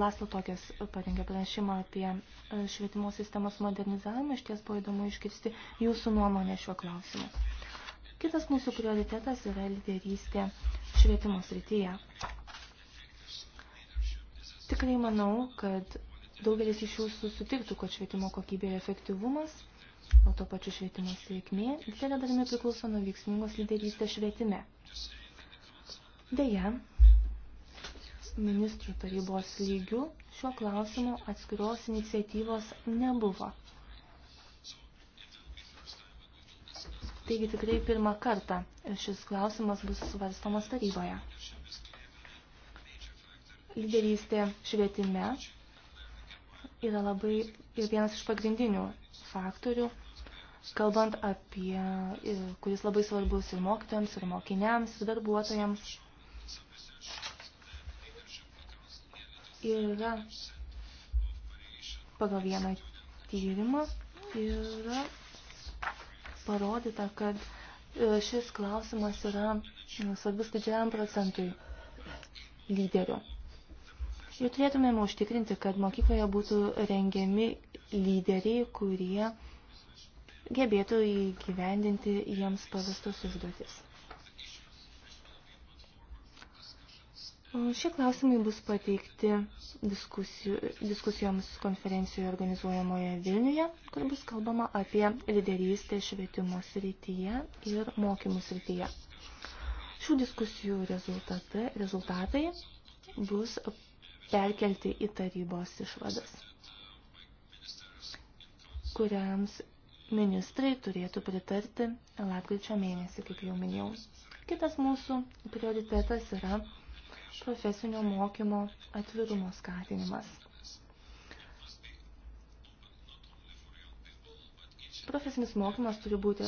Laslo tokias parengė pranešimą apie švietimo sistemos modernizavimą. Iš ties buvo įdomu iškirsti jūsų nuomonę šiuo klausimu. Kitas mūsų prioritetas yra lyderystė švietimo srityje. Tikrai manau, kad daugelis iš jūsų sutiktų, kad švietimo kokybė ir efektyvumas, o to pačiu švietimo sėkmė, didelė dalimi priklauso nuo veiksmingos lyderystės švietime. Deja, ministrų tarybos lygių šiuo klausimu atskiros iniciatyvos nebuvo. Taigi tikrai pirmą kartą šis klausimas bus svarstomas taryboje. Lyderystė švietime yra labai ir vienas iš pagrindinių faktorių, kalbant apie, kuris labai svarbus ir mokytojams, ir mokiniams, ir darbuotojams. Ir yra pagal vieną tyrimą yra parodyta, kad e, šis klausimas yra svarbus didžiajam procentui lyderio. Ir turėtumėm užtikrinti, kad mokykloje būtų rengiami lyderiai, kurie gebėtų įgyvendinti jiems pavestus užduotis. Šie klausimai bus pateikti diskusijoms konferencijoje organizuojamoje Vilniuje, kur bus kalbama apie lyderystę švietimo srityje ir mokymų srityje. Šių diskusijų rezultatai, rezultatai bus perkelti į tarybos išvadas, kuriams ministrai turėtų pritarti lapkričio mėnesį, kaip jau minėjau. Kitas mūsų prioritetas yra profesinio mokymo atvirumo skatinimas. Profesinis mokymas turi būti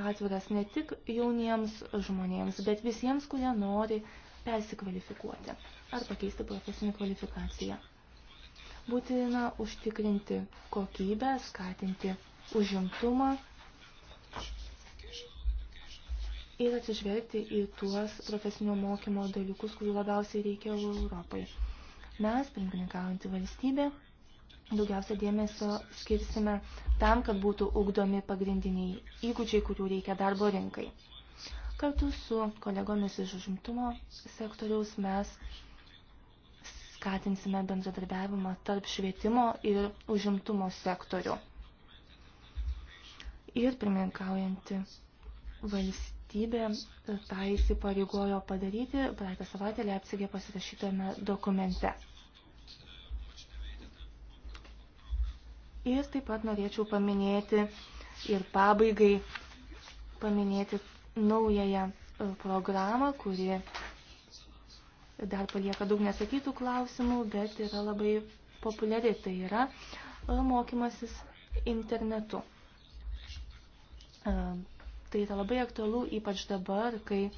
atviras ne tik jauniems žmonėms, bet visiems, kurie nori persikvalifikuoti ar pakeisti profesinį kvalifikaciją. Būtina užtikrinti kokybę, skatinti užimtumą ir atsižvelgti į tuos profesinio mokymo dalykus, kurių labiausiai reikia Europai. Mes, pirmininkaujantį valstybę, daugiausia dėmesio skirsime tam, kad būtų ugdomi pagrindiniai įgūdžiai, kurių reikia darbo rinkai. Kartu su kolegomis iš užimtumo sektoriaus mes skatinsime bendradarbiavimą tarp švietimo ir užimtumo sektorių. Ir pirmininkaujantį valstybę valstybė tą įsipareigojo padaryti, praeitą savaitę Leipzigė pasirašytame dokumente. Ir taip pat norėčiau paminėti ir pabaigai paminėti naująją e, programą, kuri dar palieka daug nesakytų klausimų, bet yra labai populiari. Tai yra e, mokymasis internetu. E, Tai yra labai aktualu ypač dabar, kai e,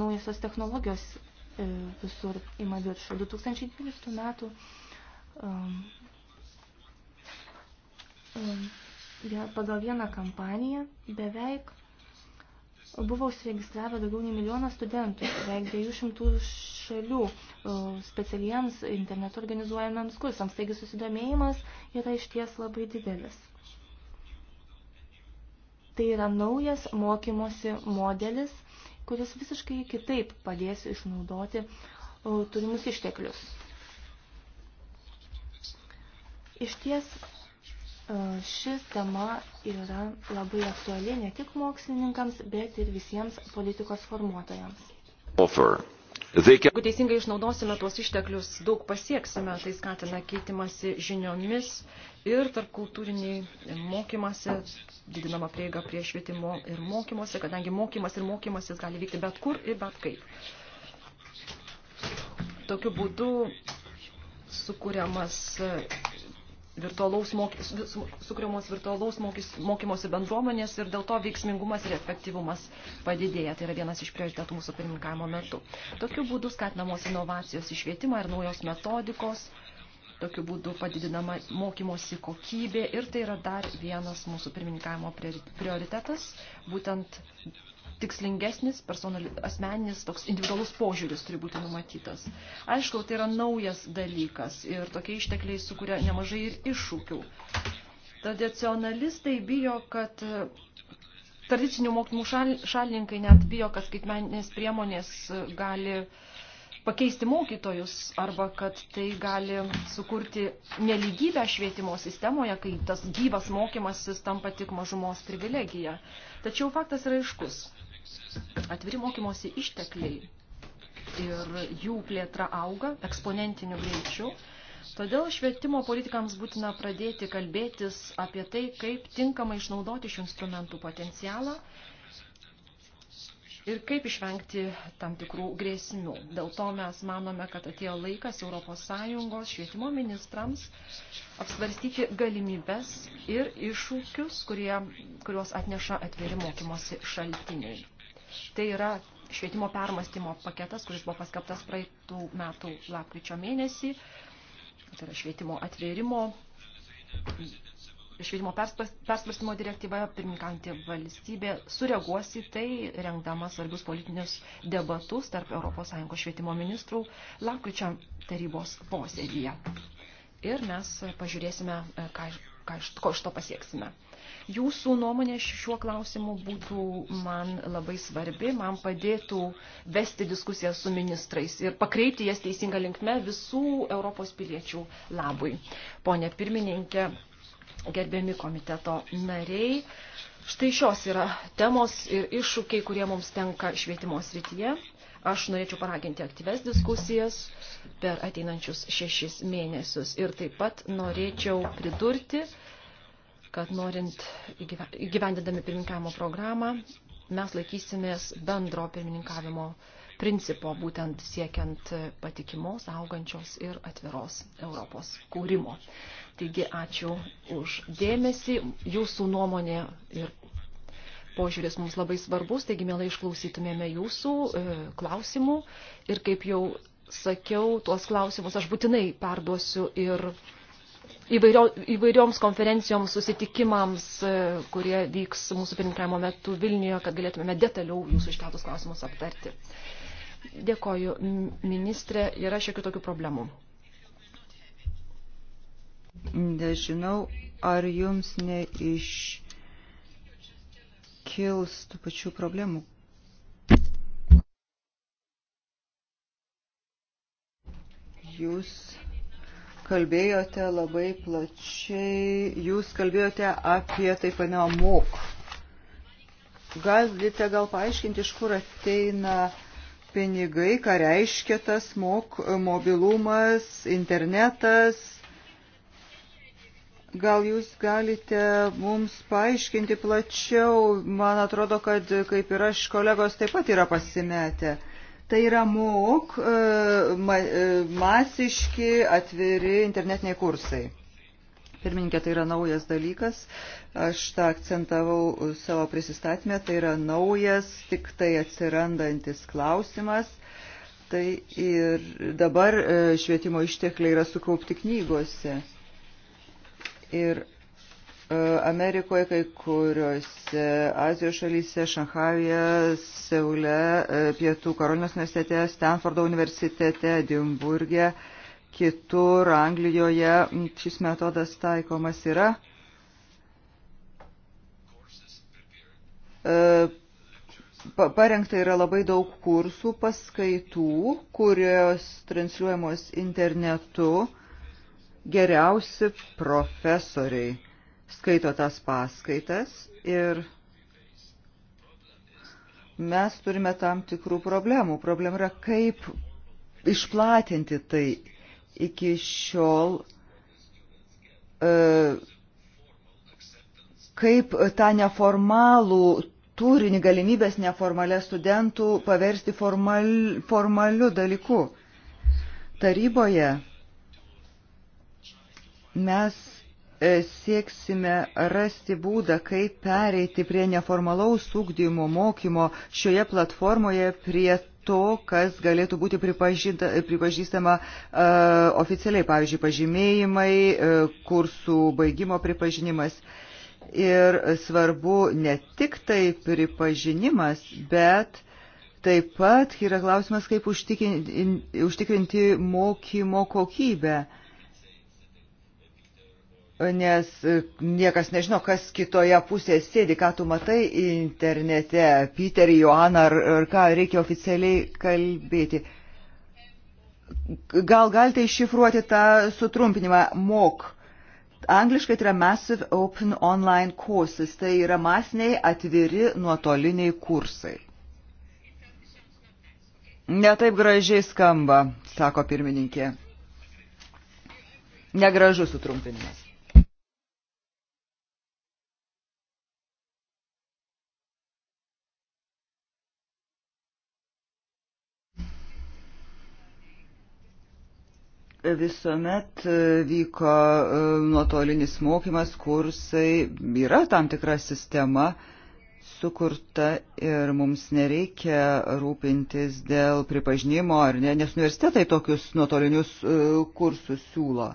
naujasios technologijos e, visur ima viršų. 2012 metų pagal vieną kampaniją beveik buvo užsiregistravę daugiau nei milijoną studentų, beveik 200 šalių e, specialiems internetu organizuojamiems kursams. Taigi susidomėjimas yra išties labai didelis. Tai yra naujas mokymosi modelis, kuris visiškai kitaip padės išnaudoti e, turimus išteklius. Iš ties e, ši tema yra labai aktuali ne tik mokslininkams, bet ir visiems politikos formuotojams. Offer. Jeigu teisingai išnaudosime tuos išteklius, daug pasieksime, tai skatina keitimasi žiniomis ir tarp kultūriniai mokymasi, didinama prieiga prie švietimo ir mokymosi, kadangi mokymas ir mokymasis gali vykti bet kur ir bet kaip. Tokiu būdu sukūriamas virtualaus mokys, sukuriamos virtualaus mokys, mokymosi bendruomenės ir dėl to veiksmingumas ir efektyvumas padidėja. Tai yra vienas iš prioritetų mūsų pirmininkavimo metu. Tokiu būdu skatinamos inovacijos išvietimą ir naujos metodikos, tokiu būdu padidinama mokymosi kokybė ir tai yra dar vienas mūsų pirmininkavimo prioritetas, būtent tikslingesnis, asmeninis, toks individualus požiūris turi būti numatytas. Aišku, tai yra naujas dalykas ir tokie ištekliai sukuria nemažai ir iššūkių. Tradicionalistai bijo, kad tradicinių mokymų šalininkai net bijo, kad skaitmeninės priemonės gali pakeisti mokytojus arba kad tai gali sukurti neligybę švietimo sistemoje, kai tas gyvas mokymasis tampa tik mažumos privilegija. Tačiau faktas yra iškus. Atviri mokymosi ištekliai ir jų plėtra auga eksponentiniu greičiu. Todėl švietimo politikams būtina pradėti kalbėtis apie tai, kaip tinkamai išnaudoti šių instrumentų potencialą ir kaip išvengti tam tikrų grėsmių. Dėl to mes manome, kad atėjo laikas ES švietimo ministrams apsvarstyti galimybes ir iššūkius, kurie, kuriuos atneša atviri mokymosi šaltiniai. Tai yra švietimo permastymo paketas, kuris buvo paskelbtas praeitų metų lapkričio mėnesį. Tai yra švietimo atvėrimo, švietimo persvarstymo direktyva, pirmininkantė valstybė sureaguos į tai, rengdama svarbius politinius debatus tarp ES švietimo ministrų lapkričio tarybos posėdyje. Ir mes pažiūrėsime, ką, ką, ko iš to pasieksime. Jūsų nuomonė šiuo klausimu būtų man labai svarbi, man padėtų vesti diskusiją su ministrais ir pakreipti jas teisingą linkme visų Europos piliečių labui. Pone pirmininkė, gerbiami komiteto nariai, štai šios yra temos ir iššūkiai, kurie mums tenka švietimo srityje aš norėčiau paraginti aktyves diskusijas per ateinančius šešis mėnesius. Ir taip pat norėčiau pridurti, kad norint įgyvendindami pirmininkavimo programą, mes laikysimės bendro pirmininkavimo principo, būtent siekiant patikimos, augančios ir atviros Europos kūrimo. Taigi ačiū už dėmesį, jūsų nuomonė ir požiūris mums labai svarbus, taigi mielai išklausytumėme jūsų e, klausimų ir kaip jau sakiau, tuos klausimus aš būtinai perduosiu ir įvairio, įvairioms konferencijoms, susitikimams, e, kurie vyks mūsų pirmininkavimo metu Vilniuje, kad galėtumėme detaliau jūsų iškeltus klausimus aptarti. Dėkoju, ministrė, yra šiek tiek tokių problemų. Nežinau, ar jums neiškils tų pačių problemų. Jūs kalbėjote labai plačiai, jūs kalbėjote apie taip vadinamą mok. Galite gal paaiškinti, iš kur ateina pinigai, ką reiškia tas mok, mobilumas, internetas. Gal jūs galite mums paaiškinti plačiau, man atrodo, kad kaip ir aš kolegos taip pat yra pasimetę. Tai yra MOOC e, e, masiški atviri internetiniai kursai. Pirmininkė, tai yra naujas dalykas. Aš tą akcentavau savo prisistatymę. Tai yra naujas, tik tai atsirandantis klausimas. Tai ir dabar e, švietimo ištekliai yra sukaupti knygose. Ir E, Amerikoje, kai kuriuose Azijos šalyse, Šanhajuje, Seule, e, Pietų Karolinos universitete, Stanfordo universitete, Edimburgė, kitur Anglijoje šis metodas taikomas yra. E, parengta yra labai daug kursų, paskaitų, kurios transliuojamos internetu geriausi profesoriai skaito tas paskaitas ir mes turime tam tikrų problemų. Problema yra, kaip išplatinti tai iki šiol, e, kaip tą neformalų turinį galimybės neformalę studentų paversti formal, formaliu dalyku. Taryboje mes E, sieksime rasti būdą, kaip pereiti prie neformalaus ūkdymo mokymo šioje platformoje prie to, kas galėtų būti pripažįstama uh, oficialiai, pavyzdžiui, pažymėjimai, uh, kursų baigimo pripažinimas. Ir svarbu ne tik tai pripažinimas, bet taip pat yra klausimas, kaip užtikrinti, užtikrinti mokymo kokybę. Uh, nes e, niekas nežino, kas kitoje pusėje sėdi, ką tu matai internete, Piterį, Joaną ar, ar ką reikia oficialiai kalbėti. Gal galite iššifruoti tą sutrumpinimą MOK? Angliškai tai yra Massive Open Online Courses, tai yra masiniai atviri nuotoliniai kursai. Netaip gražiai skamba, sako pirmininkė. Negražus sutrumpinimas. Visuomet e, vyko e, nuotolinis mokymas, kursai, yra tam tikra sistema sukurta ir mums nereikia rūpintis dėl pripažinimo ar ne, nes universitetai tokius nuotolinius e, kursus siūlo.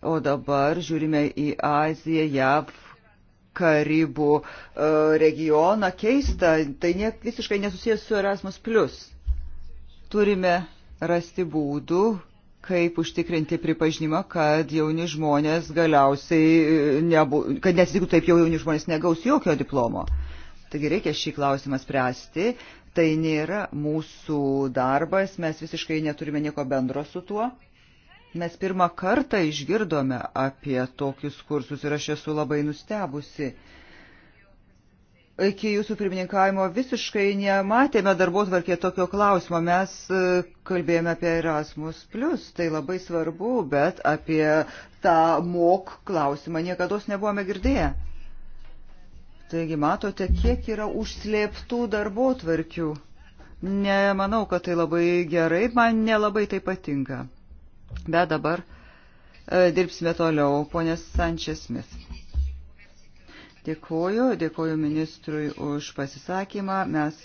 O dabar žiūrime į Aziją, JAV, Karibų regioną. Keista, tai ne, visiškai nesusijęs su Erasmus. Turime rasti būdų, kaip užtikrinti pripažinimą, kad jauni žmonės galiausiai, e, nebu, kad nesitiktų taip jau jauni žmonės negaus jokio diplomo. Taigi reikia šį klausimą spręsti. Tai nėra mūsų darbas, mes visiškai neturime nieko bendro su tuo. Mes pirmą kartą išgirdome apie tokius kursus ir aš esu labai nustebusi. Uh, iki jūsų pirmininkavimo visiškai nematėme darbo tvarkė tokio klausimo. Mes e, kalbėjome apie Erasmus, tai labai svarbu, bet apie tą mok klausimą niekada nebuvome girdėję. Taigi matote, kiek yra užslėptų darbo tvarkių. Nemanau, kad tai labai gerai, man nelabai tai patinka. Bet dabar e, dirbsime toliau, ponės Sančias Smith. Dėkuoju, dėkuoju ministrui už pasisakymą. Mes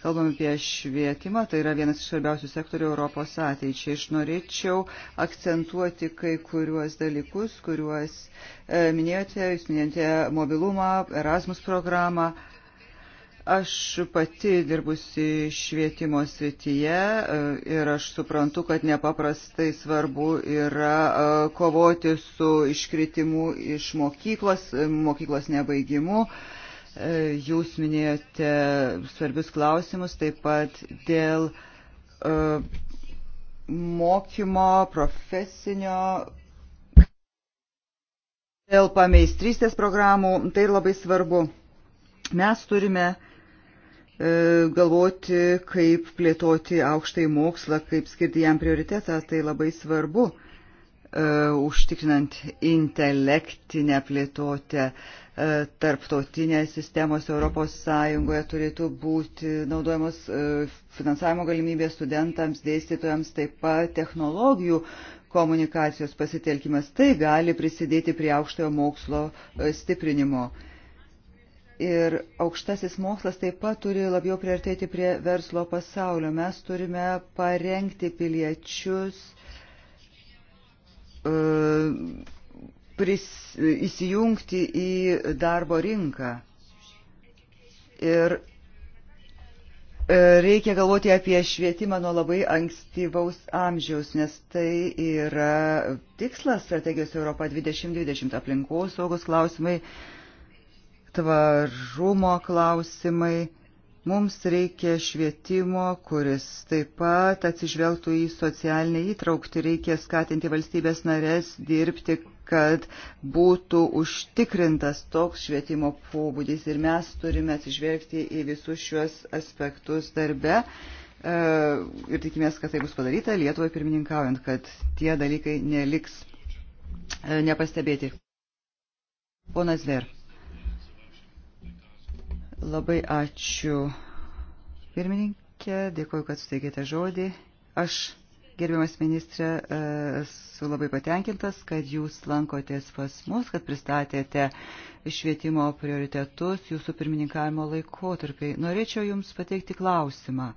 kalbam apie švietimą, tai yra vienas iš svarbiausių sektorių Europos ateičiai. Aš norėčiau akcentuoti kai kuriuos dalykus, kuriuos e, minėjote, jūs minėjote mobilumą, Erasmus programą. E, Aš pati dirbusi švietimo srityje e, ir aš suprantu, kad nepaprastai svarbu yra e, kovoti su iškritimu iš mokyklos, e, mokyklos nebaigimu. Jūs minėjote svarbius klausimus taip pat dėl mokymo profesinio dėl pameistrystės programų, tai labai svarbu. Mes turime E, galvoti, kaip plėtoti aukštai mokslą, kaip skirti jam prioritetą, tai labai svarbu e, užtikrinant intelektinę plėtotę e, tarptautinės sistemos ES turėtų būti naudojamos finansavimo galimybės studentams, dėstytojams, taip pat technologijų komunikacijos pasitelkimas. Tai gali prisidėti prie aukštojo mokslo stiprinimo ir aukštasis mokslas taip pat turi labiau priartėti prie verslo pasaulio. Mes turime parengti piliečius e, pris, įsijungti į darbo rinką. Ir e, reikia galvoti apie švietimą nuo labai ankstyvaus amžiaus, nes tai yra tikslas strategijos Europa 2020 aplinkos saugos klausimai tvarumo klausimai. Mums reikia švietimo, kuris taip pat atsižvelgtų į socialinę įtraukti, reikia skatinti valstybės narės dirbti, kad būtų užtikrintas toks švietimo pobūdis ir mes turime atsižvelgti į visus šiuos aspektus darbe e, ir tikimės, kad tai bus padaryta Lietuvai pirmininkaujant, kad tie dalykai neliks e, nepastebėti. Ponas Ver. Labai ačiū pirmininkė, dėkuoju, kad suteikėte žodį. Aš, gerbiamas ministrė, e, esu labai patenkintas, kad jūs lankotės pas mus, kad pristatėte švietimo prioritetus jūsų pirmininkavimo laikotarpiai. Norėčiau jums pateikti klausimą.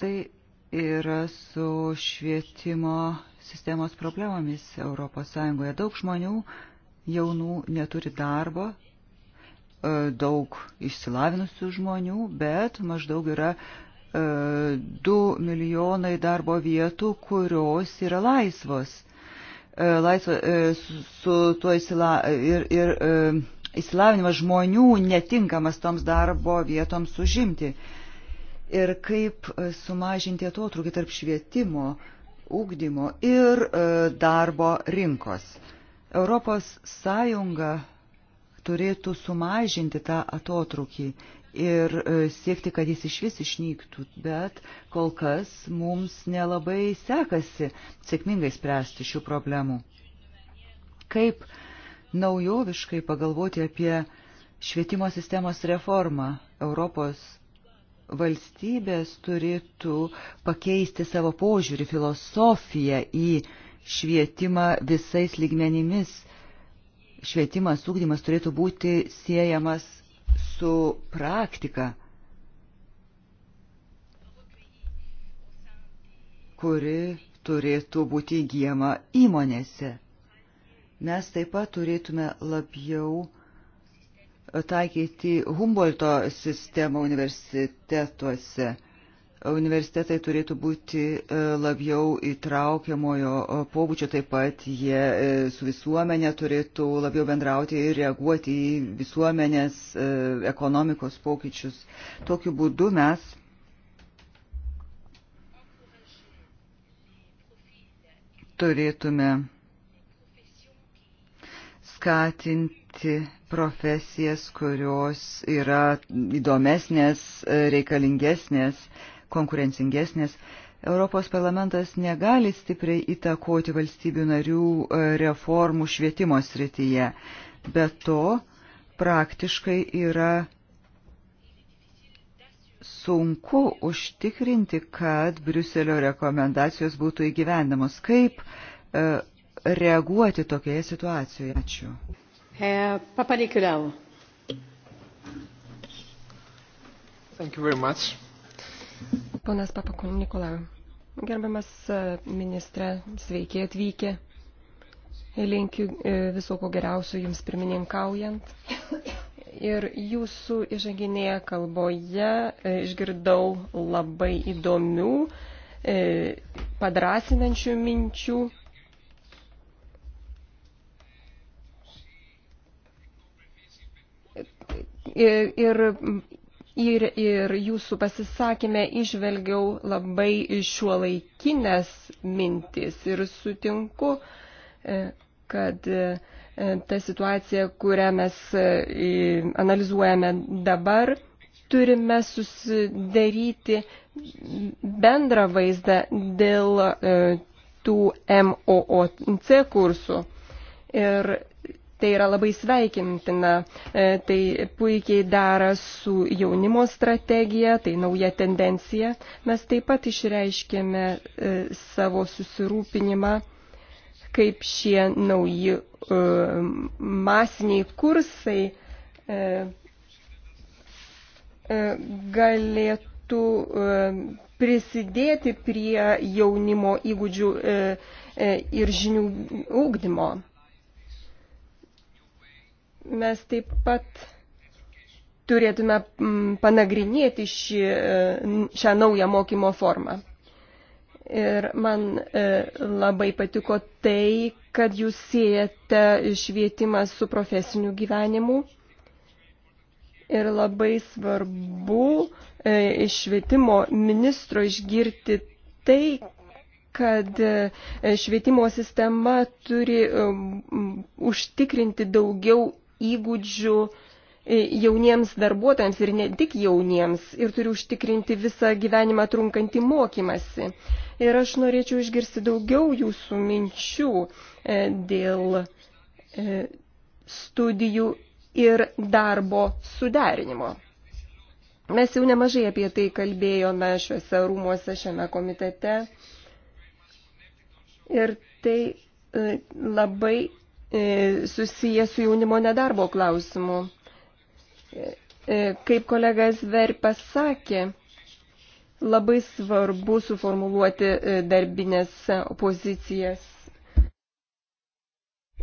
tai yra su švietimo sistemos problemomis ES. Daug žmonių jaunų neturi darbo, e, daug išsilavinusių žmonių, bet maždaug yra 2 e, milijonai darbo vietų, kurios yra laisvos. E, laisva, su tuo įsila, ir, ir įsilavinimas žmonių netinkamas toms darbo vietoms užimti. Ir kaip sumažinti atotrukį tarp švietimo, ūkdymo ir darbo rinkos. Europos Sąjunga turėtų sumažinti tą atotrukį ir e, siekti, kad jis iš vis išnyktų, bet kol kas mums nelabai sekasi sėkmingai spręsti šių problemų. Kaip naujoviškai pagalvoti apie švietimo sistemos reformą Europos valstybės turėtų pakeisti savo požiūrį, filosofiją į švietimą visais lygmenimis. Švietimas, ūkdymas turėtų būti siejamas su praktika, kuri turėtų būti įgyjama įmonėse. Mes taip pat turėtume labiau taikyti Humboldto sistemą universitetuose universitetai turėtų būti e, labiau įtraukiamojo e, pobūdžio, taip pat jie e, su visuomenė turėtų labiau bendrauti ir reaguoti į visuomenės ekonomikos pokyčius. Tokiu būdu mes turėtume skatinti profesijas, kurios yra įdomesnės, reikalingesnės konkurencingesnės. Europos parlamentas negali stipriai įtakoti valstybių narių e, reformų švietimo srityje. Be to, praktiškai yra sunku užtikrinti, kad Briuselio rekomendacijos būtų įgyvendamos. Kaip e, reaguoti tokioje situacijoje? Ačiū. E, Papa Nikolau. Thank you very much. Ponas Papakul Nikolau, gerbiamas e, ministre, sveiki atvykę. Linkiu e, viso ko geriausio jums pirmininkaujant. Ir jūsų įžanginėje kalboje e, išgirdau labai įdomių, padrasinančių minčių. Ir ir, ir jūsų pasisakymę išvelgiau labai šiuolaikinės mintis ir sutinku, e, kad e, ta situacija, kurią mes e, analizuojame dabar, turime susidaryti bendrą vaizdą dėl tų MOOC kursų. Ir Tai yra labai sveikintina, e, tai puikiai dera su jaunimo strategija, tai nauja tendencija. Mes taip pat išreiškėme e, savo susirūpinimą, kaip šie nauji e, masiniai kursai galėtų prisidėti prie jaunimo įgūdžių ir žinių ūkdymo. Mes taip pat turėtume mm, panagrinėti šį, e, šią naują mokymo formą. Ir man e, labai patiko tai, kad jūs siejate švietimą su profesiniu gyvenimu. Ir labai svarbu e, iš švietimo ministro išgirti tai, kad švietimo sistema turi užtikrinti daugiau įgūdžių e, jauniems darbuotojams ir ne tik jauniems ir turi užtikrinti visą gyvenimą trunkantį mokymasi. Ir aš norėčiau išgirsti daugiau jūsų minčių e, dėl e, studijų ir darbo suderinimo. Mes jau nemažai apie tai kalbėjome šiuose rūmuose, šiame komitete. Ir tai labai E, susiję su jaunimo nedarbo klausimu. E, e, kaip kolegas Ver pasakė, labai svarbu suformuluoti darbinės pozicijas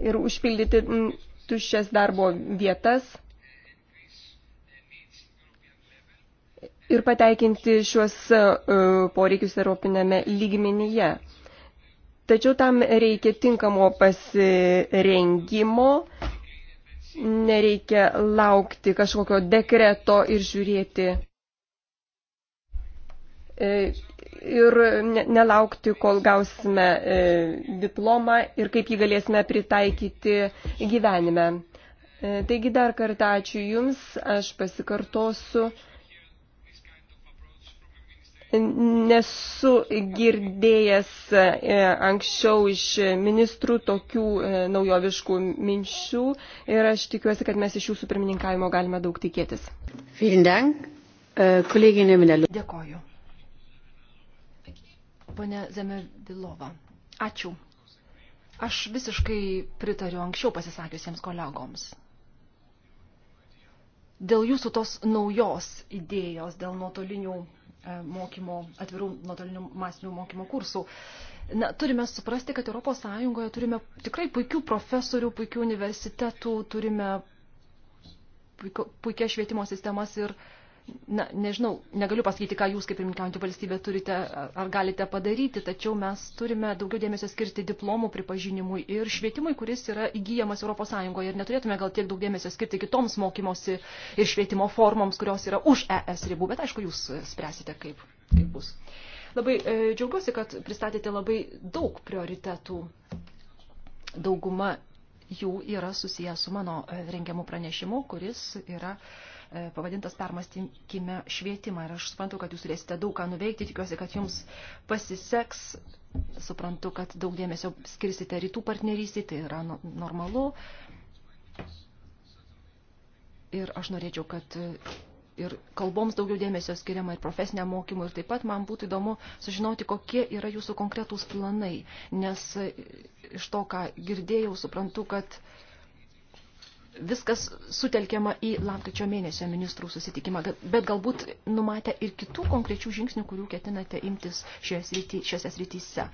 ir užpildyti tuščias darbo vietas ir pateikinti šiuos poreikius Europinėme lygmenyje. Tačiau tam reikia tinkamo pasirengimo, nereikia laukti kažkokio dekreto ir žiūrėti e, ir nelaukti, kol gausime e, diplomą ir kaip jį galėsime pritaikyti gyvenime. E, taigi dar kartą ačiū Jums, aš pasikartosiu nesu girdėjęs e, anksčiau iš ministrų tokių e, naujoviškų minčių ir aš tikiuosi, kad mes iš jūsų pirmininkavimo galime daug tikėtis. Äh, Dėkoju. Pone Zemedilova, ačiū. Aš visiškai pritariu anksčiau pasisakiusiems kolegoms dėl jūsų tos naujos idėjos, dėl nuotolinių E, mokymo, atvirų nuotolinių masinių mokymo kursų. Na, turime suprasti, kad ES turime tikrai puikių profesorių, puikių universitetų, turime puikia švietimo sistemas ir uh, na, nežinau, negaliu pasakyti, ką jūs kaip pirmininkaujantį valstybę turite ar galite padaryti, tačiau mes turime daugiau dėmesio skirti diplomų pripažinimui ir švietimui, kuris yra įgyjamas ES ir neturėtume gal tiek daug dėmesio skirti kitoms mokymosi ir švietimo formoms, kurios yra už ES ribų, bet aišku, jūs spręsite, kaip, kaip bus. Labai e, džiaugiuosi, kad pristatėte labai daug prioritetų. Dauguma jų yra susijęs su mano e, rengiamu pranešimu, kuris yra e, E, pavadintas permastykime švietimą. Ir aš suprantu, kad jūs turėsite daug ką nuveikti, tikiuosi, kad jums pasiseks. Suprantu, kad daug dėmesio skirsite rytų partnerystį, tai yra normalu. Ir aš norėčiau, kad e, ir kalboms daugiau dėmesio skiriama ir profesiniam mokymui. Ir taip pat man būtų įdomu sužinoti, kokie yra jūsų konkretūs planai. Nes e, iš to, ką girdėjau, suprantu, kad uh, viskas sutelkiama į lapkričio mėnesio ministrų susitikimą, bet galbūt numatę ir kitų konkrečių žingsnių, kurių ketinate imtis srity, šiose srityse.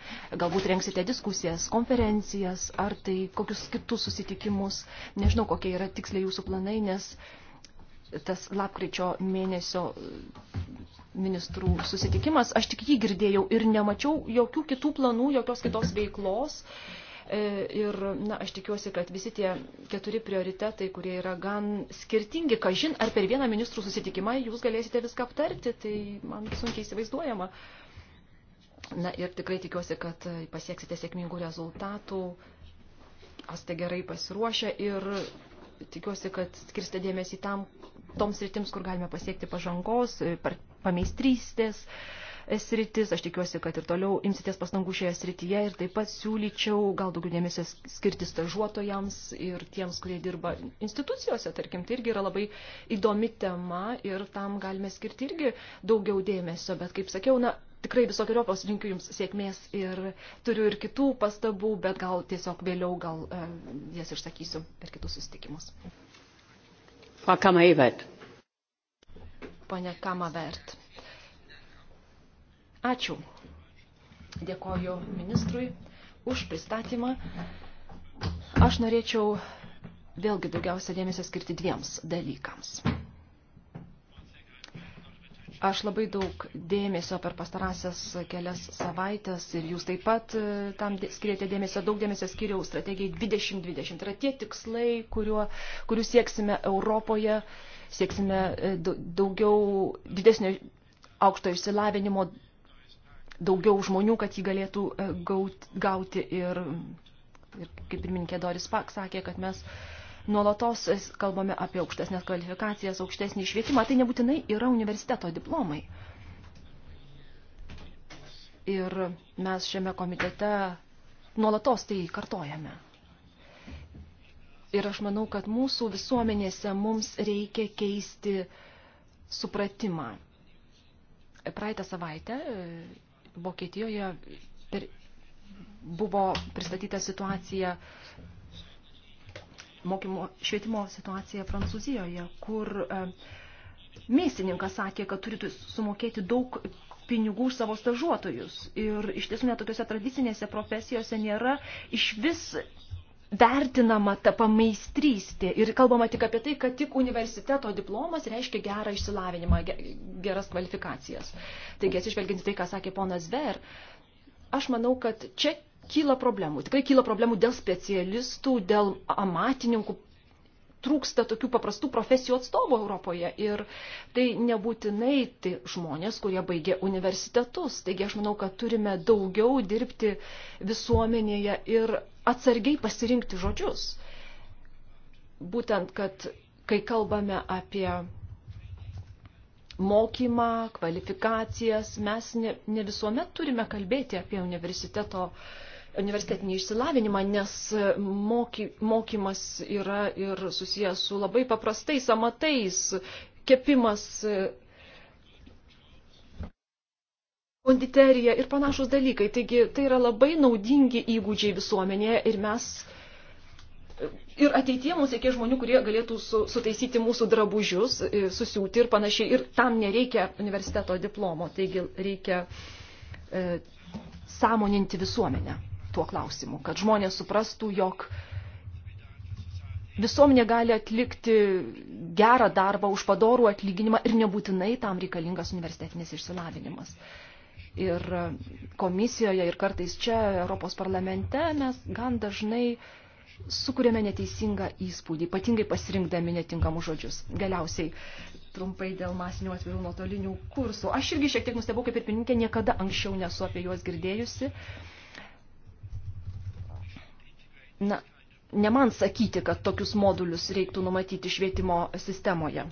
Galbūt rengsite diskusijas, konferencijas, ar tai kokius kitus susitikimus. Nežinau, kokie yra tiksliai jūsų planai, nes tas lapkričio mėnesio e, ministrų susitikimas, aš tik jį girdėjau ir nemačiau jokių kitų planų, jokios kitos veiklos. Uh, E, ir na, aš tikiuosi, kad visi tie keturi prioritetai, kurie yra gan skirtingi, kažin ar per vieną ministrų susitikimą jūs galėsite viską aptarti, tai man sunkiai įsivaizduojama. Na ir tikrai tikiuosi, kad pasieksite sėkmingų rezultatų, esate gerai pasiruošę ir tikiuosi, kad skirsite dėmesį tam, toms rytims, kur galime pasiekti pažangos, pameistrystės. Par sritis. Aš tikiuosi, kad ir toliau imsitės pastangų šioje srityje ir taip pat siūlyčiau gal daugiau dėmesio skirti stažuotojams ir tiems, kurie dirba institucijose, tarkim, tai irgi yra labai įdomi tema ir tam galime skirti irgi daugiau dėmesio, bet kaip sakiau, na, tikrai visokiojopos linkiu Jums sėkmės ir turiu ir kitų pastabų, bet gal tiesiog vėliau gal e, jas išsakysiu per kitus susitikimus. Frau Kammerevert. Pane Kammerevert. Ačiū. Dėkoju ministrui už pristatymą. Aš norėčiau vėlgi daugiausia dėmesio skirti dviems dalykams. Aš labai daug dėmesio per pastarąsias kelias savaitės ir jūs taip pat e, tam skirėte dėmesio, daug dėmesio skiriau strategijai 2020. Yra tie tikslai, kuriuo, kurių sieksime Europoje, sieksime e, daugiau didesnio aukšto išsilavinimo, daugiau žmonių, kad jį galėtų e, gauti. Ir, ir kaip pirmininkė Doris Pak sakė, kad mes nuolatos kalbame apie aukštesnės kvalifikacijas, aukštesnį švietimą. Tai nebūtinai yra universiteto diplomai. Ir mes šiame komitete nuolatos tai kartojame. Ir aš manau, kad mūsų visuomenėse mums reikia keisti supratimą. Praeitą savaitę Vokietijoje per, buvo pristatyta situacija, mokymo, švietimo situacija Prancūzijoje, kur e, mėsininkas sakė, kad turi sumokėti daug pinigų už savo stažuotojus. Ir iš tiesų netokiose tradicinėse profesijose nėra iš vis vertinama ta pameistrystė ir kalbama tik apie tai, kad tik universiteto diplomas reiškia gerą išsilavinimą, geras kvalifikacijas. Taigi, atsižvelgiant tai, ką sakė ponas Ver, aš manau, kad čia kyla problemų. Tikrai kyla problemų dėl specialistų, dėl amatininkų trūksta tokių paprastų profesijų atstovų Europoje. Ir tai nebūtinai tai žmonės, kurie baigė universitetus. Taigi aš manau, kad turime daugiau dirbti visuomenėje ir atsargiai pasirinkti žodžius. Būtent, kad kai kalbame apie mokymą, kvalifikacijas, mes ne, ne visuomet turime kalbėti apie universiteto uh, universitetinį išsilavinimą, nes moky, mokymas yra ir susijęs su labai paprastais amatais, kepimas, konditerija ir panašus dalykai. Taigi tai yra labai naudingi įgūdžiai visuomenėje ir mes ir ateitie mums reikia žmonių, kurie galėtų su, sutaisyti mūsų drabužius, e, susiūti ir panašiai. Ir tam nereikia universiteto diplomo, taigi reikia e, sąmoninti visuomenę tuo klausimu, kad žmonės suprastų, jog visuomenė gali atlikti gerą darbą už padorų atlyginimą ir nebūtinai tam reikalingas universitetinis išsilavinimas. Ir komisijoje ir kartais čia Europos parlamente mes gan dažnai sukūrėme neteisingą įspūdį, ypatingai pasirinkdami netinkamus žodžius. Galiausiai trumpai dėl masinių atvirų nuotolinių kursų. Aš irgi šiek tiek nustebau, kaip ir pirmininkė, niekada anksčiau nesu apie juos girdėjusi. Uh, na, ne man sakyti, kad tokius modulius reiktų numatyti švietimo sistemoje.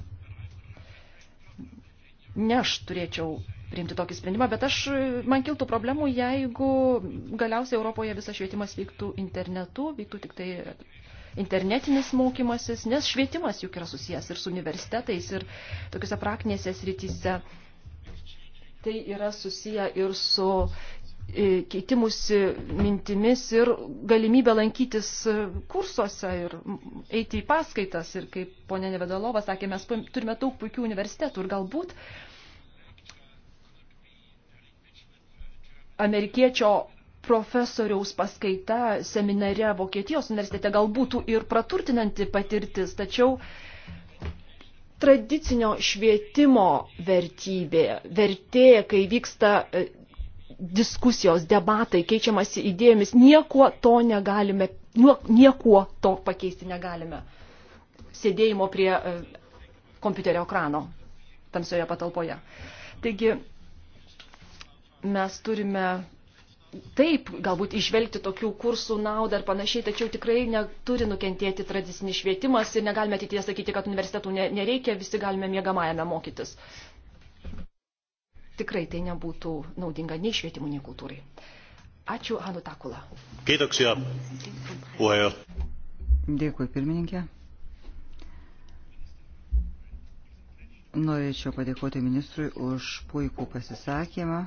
Ne aš turėčiau priimti tokį sprendimą, bet aš, man kiltų problemų, jeigu galiausiai Europoje visas švietimas vyktų internetu, vyktų tik tai internetinis mokymasis, nes švietimas juk yra susijęs ir su universitetais, ir tokiuose praktinėse srityse. Tai yra susiję ir su keitimus mintimis ir galimybę lankytis kursuose ir eiti į paskaitas. Ir kaip ponė Nevedalova sakė, mes turime daug puikių universitetų ir galbūt amerikiečio profesoriaus paskaita seminare Vokietijos universitete gal būtų ir praturtinanti patirtis, tačiau tradicinio švietimo vertybė, vertė, kai vyksta diskusijos, debatai, keičiamasi idėjomis, nieko to negalime, nieko to pakeisti negalime. Sėdėjimo prie e, kompiuterio ekrano tamsioje patalpoje. Taigi mes turime taip, galbūt išvelgti tokių kursų naudą ir panašiai, tačiau tikrai neturi nukentėti tradicinis švietimas ir negalime ateityje sakyti, kad universitetų nereikia, visi galime miegamajame mokytis tikrai tai nebūtų naudinga nei švietimui, nei kultūrai. Ačiū, Hanu Takula. Kiitoksia, puheenjohtaja. Dėkui, pirmininkė. Norėčiau padėkoti ministrui už puikų pasisakymą.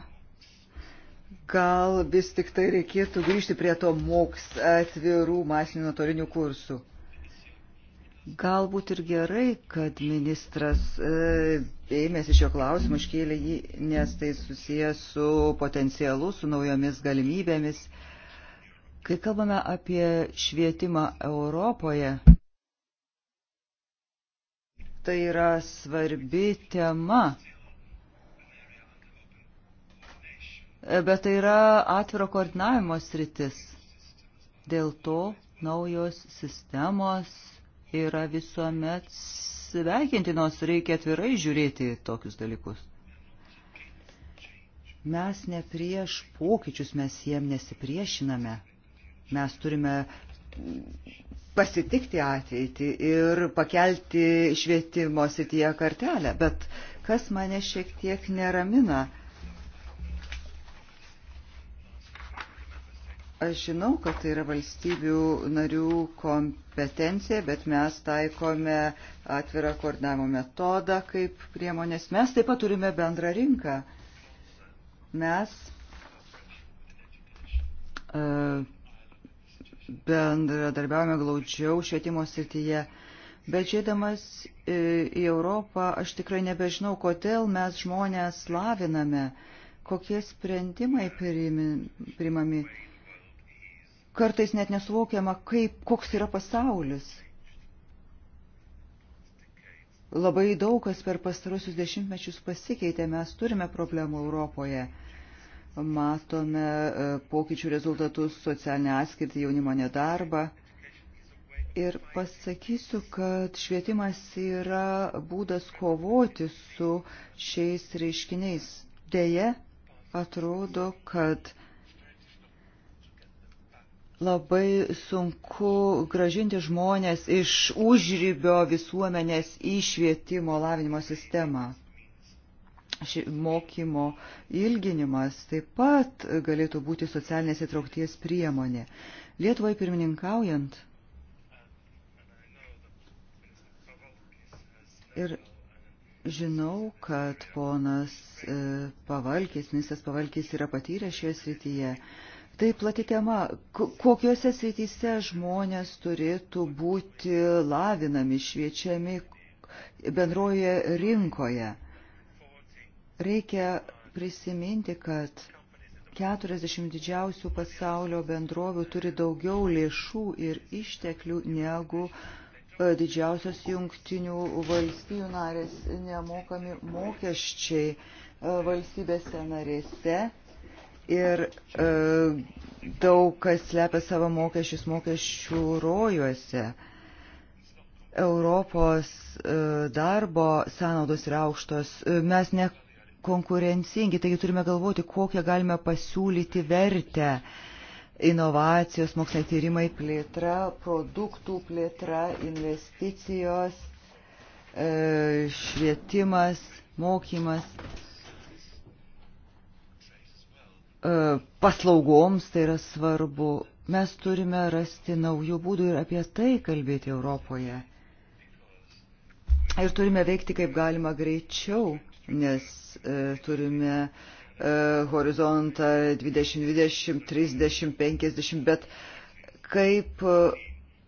Gal vis tik tai reikėtų grįžti prie to moks atvirų masinių nuotolinių kursų. Galbūt ir gerai, kad ministras e, ėmėsi šio klausimo, iškėlė jį, nes tai susijęs su potencialu, su naujomis galimybėmis. Kai kalbame apie švietimą Europoje, tai yra svarbi tema. E, bet tai yra atviro koordinavimo sritis. Dėl to naujos sistemos yra visuomet sveikintinos, reikia atvirai žiūrėti tokius dalykus. Mes ne prieš pokyčius, mes jiem nesipriešiname. Mes turime pasitikti ateitį ir pakelti švietimo srityje kartelę. Bet kas mane šiek tiek neramina – Aš žinau, kad tai yra valstybių narių kompetencija, bet mes taikome atvirą koordinavimo metodą kaip priemonės. Mes taip pat turime bendrą rinką. Mes e, bendradarbiavome glaudžiau švietimo srityje. Bet žiūrėdamas e, į Europą, aš tikrai nebežinau, kodėl mes žmonės laviname, kokie sprendimai primami. Pirimi, kartais net nesuvokiama, kaip, koks yra pasaulis. Labai daug kas per pastarusius dešimtmečius pasikeitė, mes turime problemų Europoje. Matome e, pokyčių rezultatus, socialinę atskirtį, jaunimo nedarbą. Ir pasakysiu, kad švietimas yra būdas kovoti su šiais reiškiniais. Deja, atrodo, kad uh, labai sunku gražinti žmonės iš užrybio visuomenės į švietimo lavinimo sistemą. Ši mokymo ilginimas taip pat galėtų būti socialinės įtraukties priemonė. Lietuvai pirmininkaujant ir žinau, kad ponas e, Pavalkis, ministras Pavalkis yra patyręs šioje srityje. E, tai plati tema. Kokiuose srityse žmonės turėtų būti lavinami, šviečiami bendroje rinkoje? Reikia prisiminti, kad 40 didžiausių pasaulio bendrovių turi daugiau lėšų ir išteklių negu e, didžiausios jungtinių valstybių narės nemokami mokesčiai e, valstybėse narėse ir e, daug kas slepia savo mokesčius mokesčių rojuose. Europos e, darbo sąnaudos yra aukštos. E, mes ne konkurencingi, taigi turime galvoti, kokią galime pasiūlyti vertę. Inovacijos, moksliniai tyrimai, plėtra, produktų plėtra, investicijos, e, švietimas, mokymas E, paslaugoms tai yra svarbu. Mes turime rasti naujų būdų ir apie tai kalbėti Europoje. Ir turime veikti kaip galima greičiau, nes e, turime e, horizontą 20, 20, 30, 50, bet kaip e,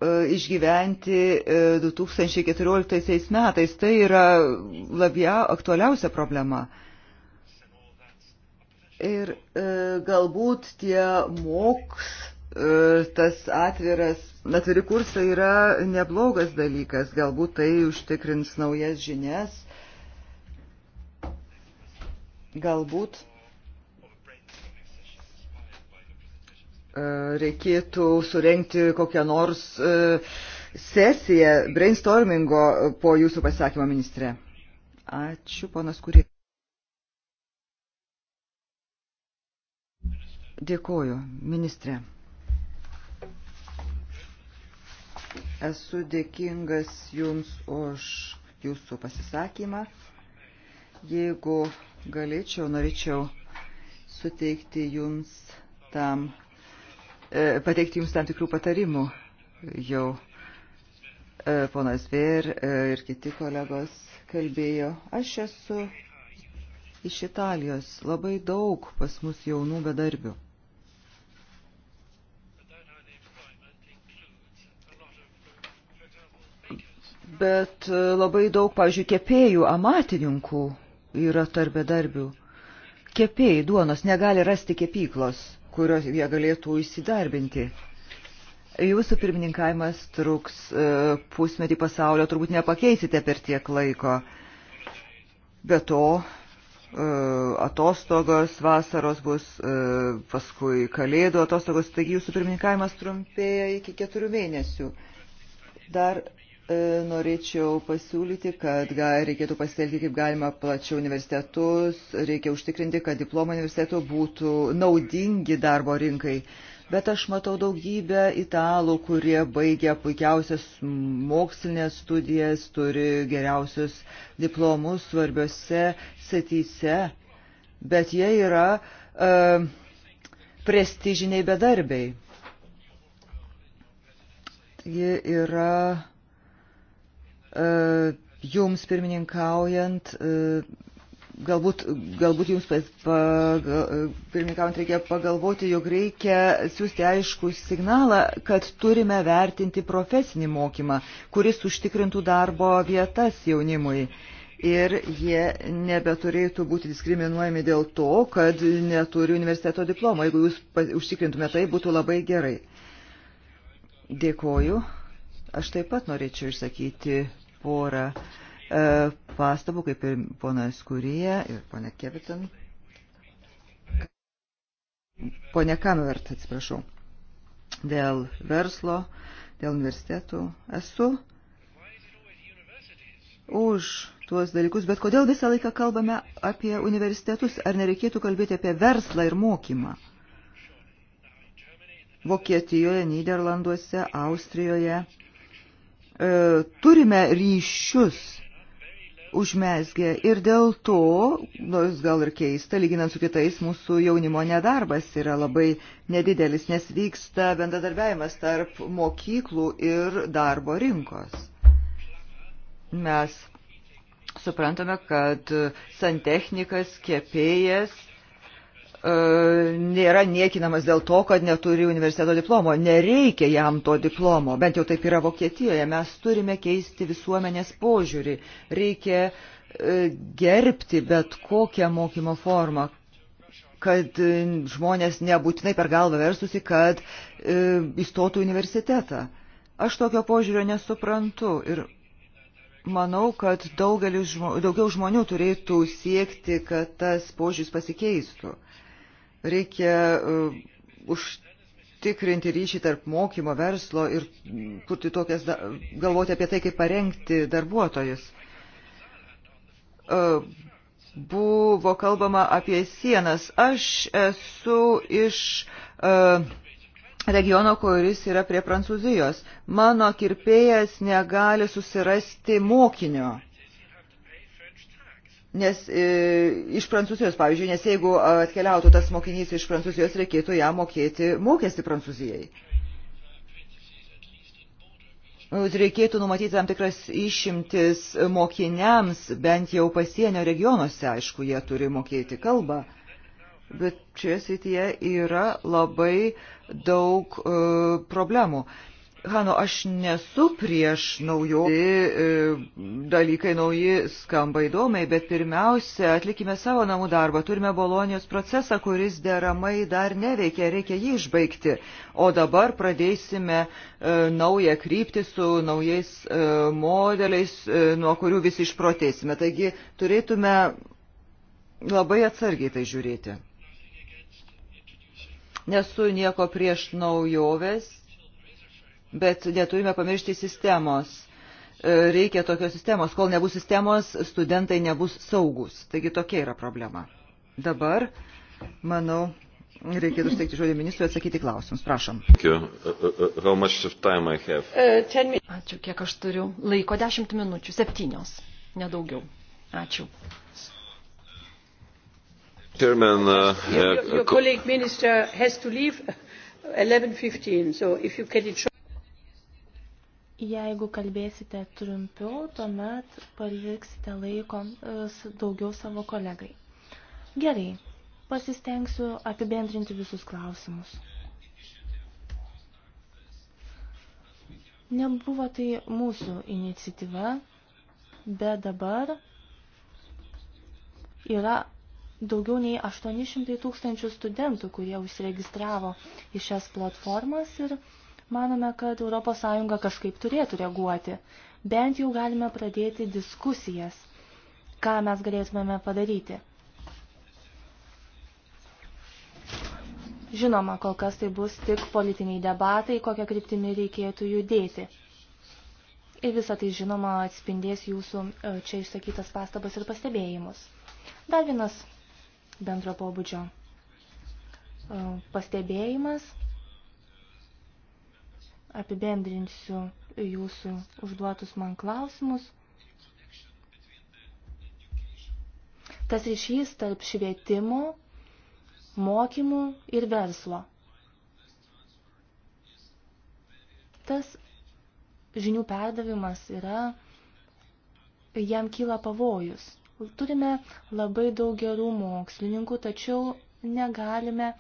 e išgyventi e, 2014 metais, tai yra labia aktualiausia problema. E, Ir e, galbūt tie moks, e, tas atviras, atviri kursai yra neblogas dalykas, galbūt tai užtikrins naujas žinias, galbūt e, reikėtų surenkti kokią nors e, sesiją brainstormingo po jūsų pasakymo ministre. Ačiū, ponas Kurį. Dėkoju, ministrė. Esu dėkingas Jums už Jūsų pasisakymą. Jeigu galėčiau, norėčiau suteikti Jums tam, e, pateikti Jums tam tikrų patarimų jau e, ponas Vėr e, ir kiti kolegos kalbėjo. Aš esu iš Italijos labai daug pas mus jaunų bedarbių. bet e, labai daug, pavyzdžiui, kepėjų, amatininkų yra tarp bedarbių. Kepėjai duonos negali rasti kepyklos, kurios jie galėtų įsidarbinti. Jūsų pirmininkavimas truks e, pusmetį pasaulio, turbūt nepakeisite per tiek laiko. Be to, e, atostogos, vasaros bus, paskui kalėdų atostogos, taigi jūsų pirmininkavimas trumpėja iki keturių mėnesių. Dar E, norėčiau pasiūlyti, kad reikėtų pasitelkti kaip galima plačiau universitetus, reikia užtikrinti, kad diplomai universitetų būtų naudingi darbo rinkai. Bet aš matau daugybę italų, kurie baigia puikiausias mokslinės studijas, turi geriausius diplomus svarbiose setyse, bet jie yra uh, prestižiniai bedarbiai. Ji yra E, jums pirmininkaujant, e, galbūt, galbūt jums pagal, e, pirmininkaujant reikia pagalvoti, jog reikia siūsti aišku signalą, kad turime vertinti profesinį mokymą, kuris užtikrintų darbo vietas jaunimui ir jie nebeturėtų būti diskriminuojami dėl to, kad neturi universiteto diplomo. Jeigu jūs užtikrintume tai, būtų labai gerai. Dėkoju. Aš taip pat norėčiau išsakyti porą e, pastabų, kaip ir ponas Kurija ir ponė Kevitin. Pone Kamvert, atsiprašau, dėl verslo, dėl universitetų esu už tuos dalykus, bet kodėl visą laiką kalbame apie universitetus, ar nereikėtų kalbėti apie verslą ir mokymą? Vokietijoje, Niderlanduose, Austrijoje E, turime ryšius užmesgę ir dėl to, nors gal ir keista, lyginant su kitais, mūsų jaunimo nedarbas yra labai nedidelis, nes vyksta bendradarbiavimas tarp mokyklų ir darbo rinkos. Mes suprantame, kad santechnikas, kepėjas E, nėra niekinamas dėl to, kad neturi universiteto diplomo. Nereikia jam to diplomo, bent jau taip yra Vokietijoje. Mes turime keisti visuomenės požiūrį. Reikia e, gerbti bet kokią mokymo formą, kad e, žmonės nebūtinai per galvą versusi, kad įstotų universitetą. Aš tokio požiūrio nesuprantu ir manau, kad daugelis, daugiau žmonių turėtų siekti, kad tas požiūris pasikeistų. Uh, Reikia e, užtikrinti ryšį tarp mokymo, verslo ir kurti tokias, galvoti apie tai, kaip parengti darbuotojus. E, buvo kalbama apie sienas. Aš esu iš e, regiono, kuris yra prie Prancūzijos. Mano kirpėjas negali susirasti mokinio Nes e, iš Prancūzijos, pavyzdžiui, nes jeigu atkeliautų tas mokinys iš Prancūzijos, reikėtų ją mokėti mokestį Prancūzijai. Reikėtų numatyti tam tikras išimtis mokiniams, bent jau pasienio regionuose, aišku, jie turi mokėti kalbą. Bet šioje srityje yra labai daug e, problemų. E, Hano, aš nesu prieš naujo. E, dalykai nauji skamba įdomiai, bet pirmiausia, atlikime savo namų darbą. Turime Bolonijos procesą, kuris deramai dar neveikia, reikia jį išbaigti. O dabar pradėsime e, naują kryptį su naujais e, modeliais, nuo kurių visi išprotėsime. Taigi turėtume labai atsargiai tai žiūrėti. Nesu nieko prieš naujoves bet neturime pamiršti sistemos. E, reikia tokios sistemos. Kol nebus sistemos, studentai nebus saugus. Taigi tokia yra problema. Dabar, manau, Reikėtų suteikti žodį ministrui atsakyti klausimus. Prašom. Uh, uh, uh, e, Ačiū, kiek aš turiu. Laiko 10 minučių, 7, nedaugiau. Ačiū. Chairman, uh, your, your colleague minister has to leave 11.15, so if you can... Jeigu kalbėsite trumpiau, tuomet paliksite laiko e, daugiau savo kolegai. Gerai, pasistengsiu apibendrinti visus klausimus. Nebuvo tai mūsų iniciatyva, bet dabar yra daugiau nei 800 tūkstančių studentų, kurie užsiregistravo į šias platformas ir platformas Manome, kad ES kažkaip turėtų reaguoti. Bent jau galime pradėti diskusijas, ką mes galėtumėme padaryti. Žinoma, kol kas tai bus tik politiniai debatai, kokią kryptimį reikėtų judėti. Ir visą tai, žinoma, atspindės jūsų e, čia išsakytas pastabas ir pastebėjimus. Dar vienas bendro pobūdžio e, pastebėjimas – apibendrinsiu jūsų užduotus man klausimus. Tas ryšys tarp švietimo, mokymų ir verslo. Tas žinių perdavimas yra, jam kyla pavojus. Turime labai daug gerų mokslininkų, tačiau negalime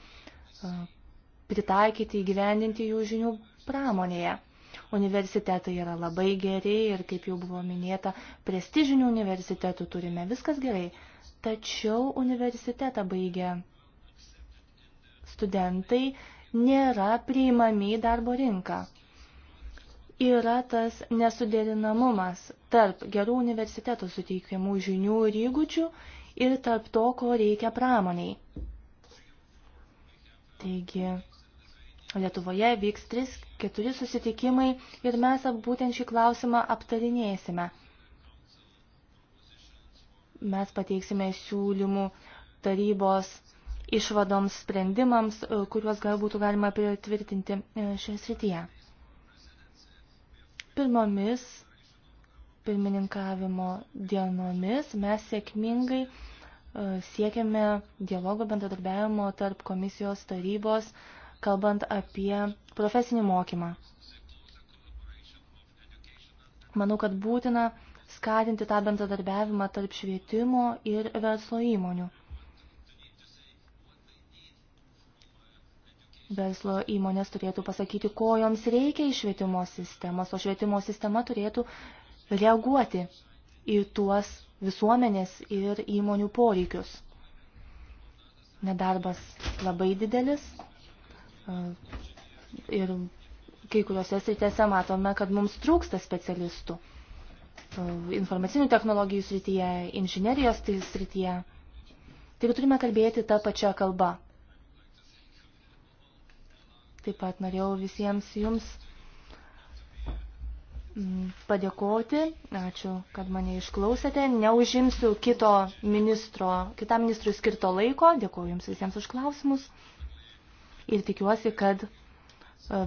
pritaikyti, įgyvendinti jų žinių pramonėje. Universitetai yra labai geri ir, kaip jau buvo minėta, prestižinių universitetų turime, viskas gerai. Tačiau universitetą baigę studentai nėra priimami į darbo rinką yra tas nesuderinamumas tarp gerų universitetų suteikiamų žinių ir įgūdžių ir tarp to, ko reikia pramoniai. Taigi, Lietuvoje vyks 3-4 susitikimai ir mes būtent šį klausimą aptarinėsime. Mes pateiksime siūlymų tarybos išvadoms sprendimams, e, kuriuos gal būtų galima pritvirtinti e, šioje srityje. Pirmomis pirmininkavimo dienomis mes sėkmingai e, siekiame dialogo bendradarbiavimo tarp komisijos tarybos, uh, kalbant apie profesinį mokymą. Manau, kad būtina skatinti tą bendradarbiavimą tarp švietimo ir verslo įmonių. Verslo įmonės turėtų pasakyti, ko joms reikia iš švietimo sistemos, o švietimo sistema turėtų reaguoti į tuos visuomenės ir įmonių poreikius. Nedarbas labai didelis, Ir kai kuriuose srityse matome, kad mums trūksta specialistų. Informacinių technologijų srityje, inžinerijos tai srityje. Taigi turime kalbėti tą pačią kalbą. Taip pat norėjau visiems jums mm, padėkoti. Ačiū, kad mane išklausėte. Neužimsiu kito ministro, kitam ministrui skirto laiko. Dėkuoju jums visiems už klausimus ir tikiuosi, kad e,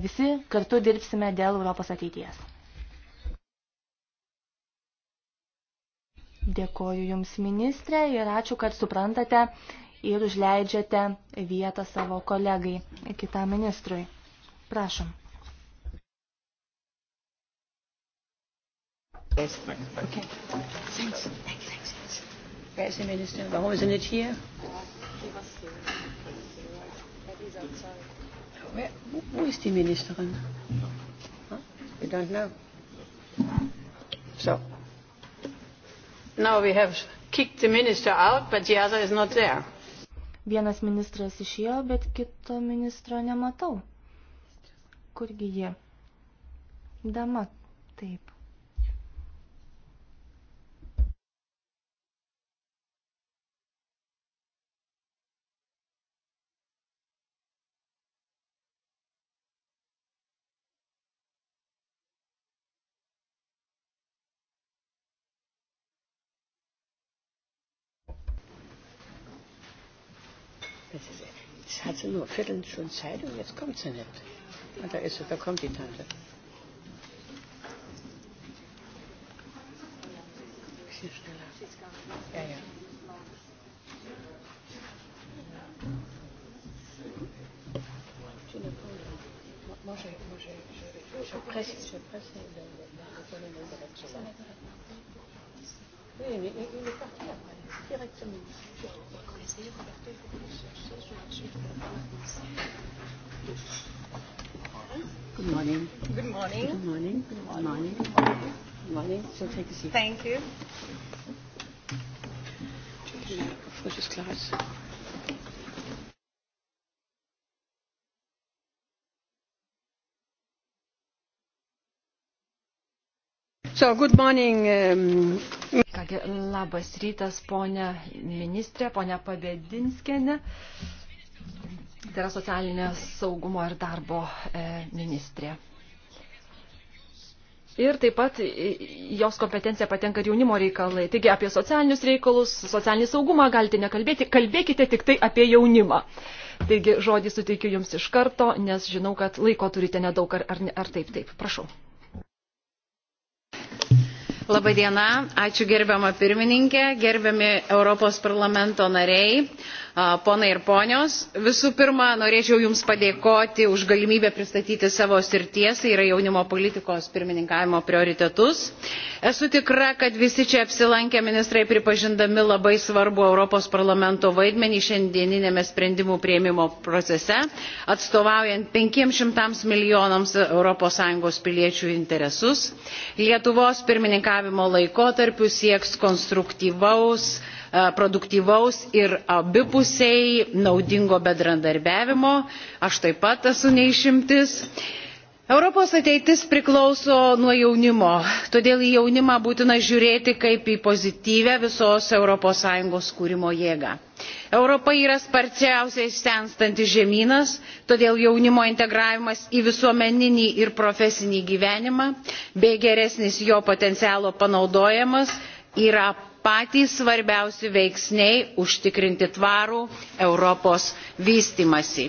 visi kartu dirbsime dėl Europos ateities. Dėkoju Jums, ministrė, ir ačiū, kad suprantate ir užleidžiate vietą savo kolegai, kitam ministrui. Prašom. Yes. Okay. Thanks. Thanks, thanks, thanks. Where is the minister? Warum is er nicht hier? He was here. Where, wo ist die Ministerin? Huh? We don't know. So. Now we have kicked the minister out, but the other is not there. Vienas ministras išėjo, bet kito ministro nematau. Kurgi jie? Dama, taip. 13 Uhr, Viertel schon Zeitung, jetzt kommt sie nicht. Ah, da ist sie, er, da kommt die Tante. Bisschen schneller. Ja, ja. Moi, je, moi je, je, je presse, je presse dans, dans le domaine de l'action. Oui, mais il est parti après, directement. Vous connaissez Roberto, il faut que vous cherchiez sur un chiffre par la pensée. Good morning. Good morning. Good morning. Good morning. Good morning. Good morning. So take a seat. Thank you. Frisches Glas. So, good morning. Um, Kągi, labas rytas, ponė ministrė, ponė Pabedinskėne. Tai yra socialinė saugumo ir darbo e, ministrė. Ir taip pat e, jos kompetencija patenka ir jaunimo reikalai. Taigi apie socialinius reikalus, socialinį saugumą galite nekalbėti, kalbėkite tik tai apie jaunimą. Taigi žodį suteikiu jums iš karto, nes žinau, kad laiko turite nedaug, ar, ar, ar taip taip. Prašau. Labadiena, ačiū gerbiamą pirmininkę, gerbiami Europos parlamento nariai ponai ir ponios. Visų pirma, norėčiau Jums padėkoti už galimybę pristatyti savo sirties, tai yra jaunimo politikos pirmininkavimo prioritetus. Esu tikra, kad visi čia apsilankę ministrai pripažindami labai svarbu Europos parlamento vaidmenį šiandieninėme sprendimų prieimimo procese, atstovaujant 500 milijonams ES piliečių interesus. Lietuvos pirmininkavimo laikotarpiu sieks konstruktyvaus, produktyvaus ir abipusiai naudingo bendradarbiavimo. Aš taip pat esu neišimtis. Europos ateitis priklauso nuo jaunimo, todėl į jaunimą būtina žiūrėti kaip į pozityvę visos ES kūrimo jėgą. Europa yra sparčiausiai senstantis žemynas, todėl jaunimo integravimas į visuomeninį ir profesinį gyvenimą bei geresnis jo potencialo panaudojimas yra patys svarbiausi veiksniai užtikrinti tvarų Europos vystimasi.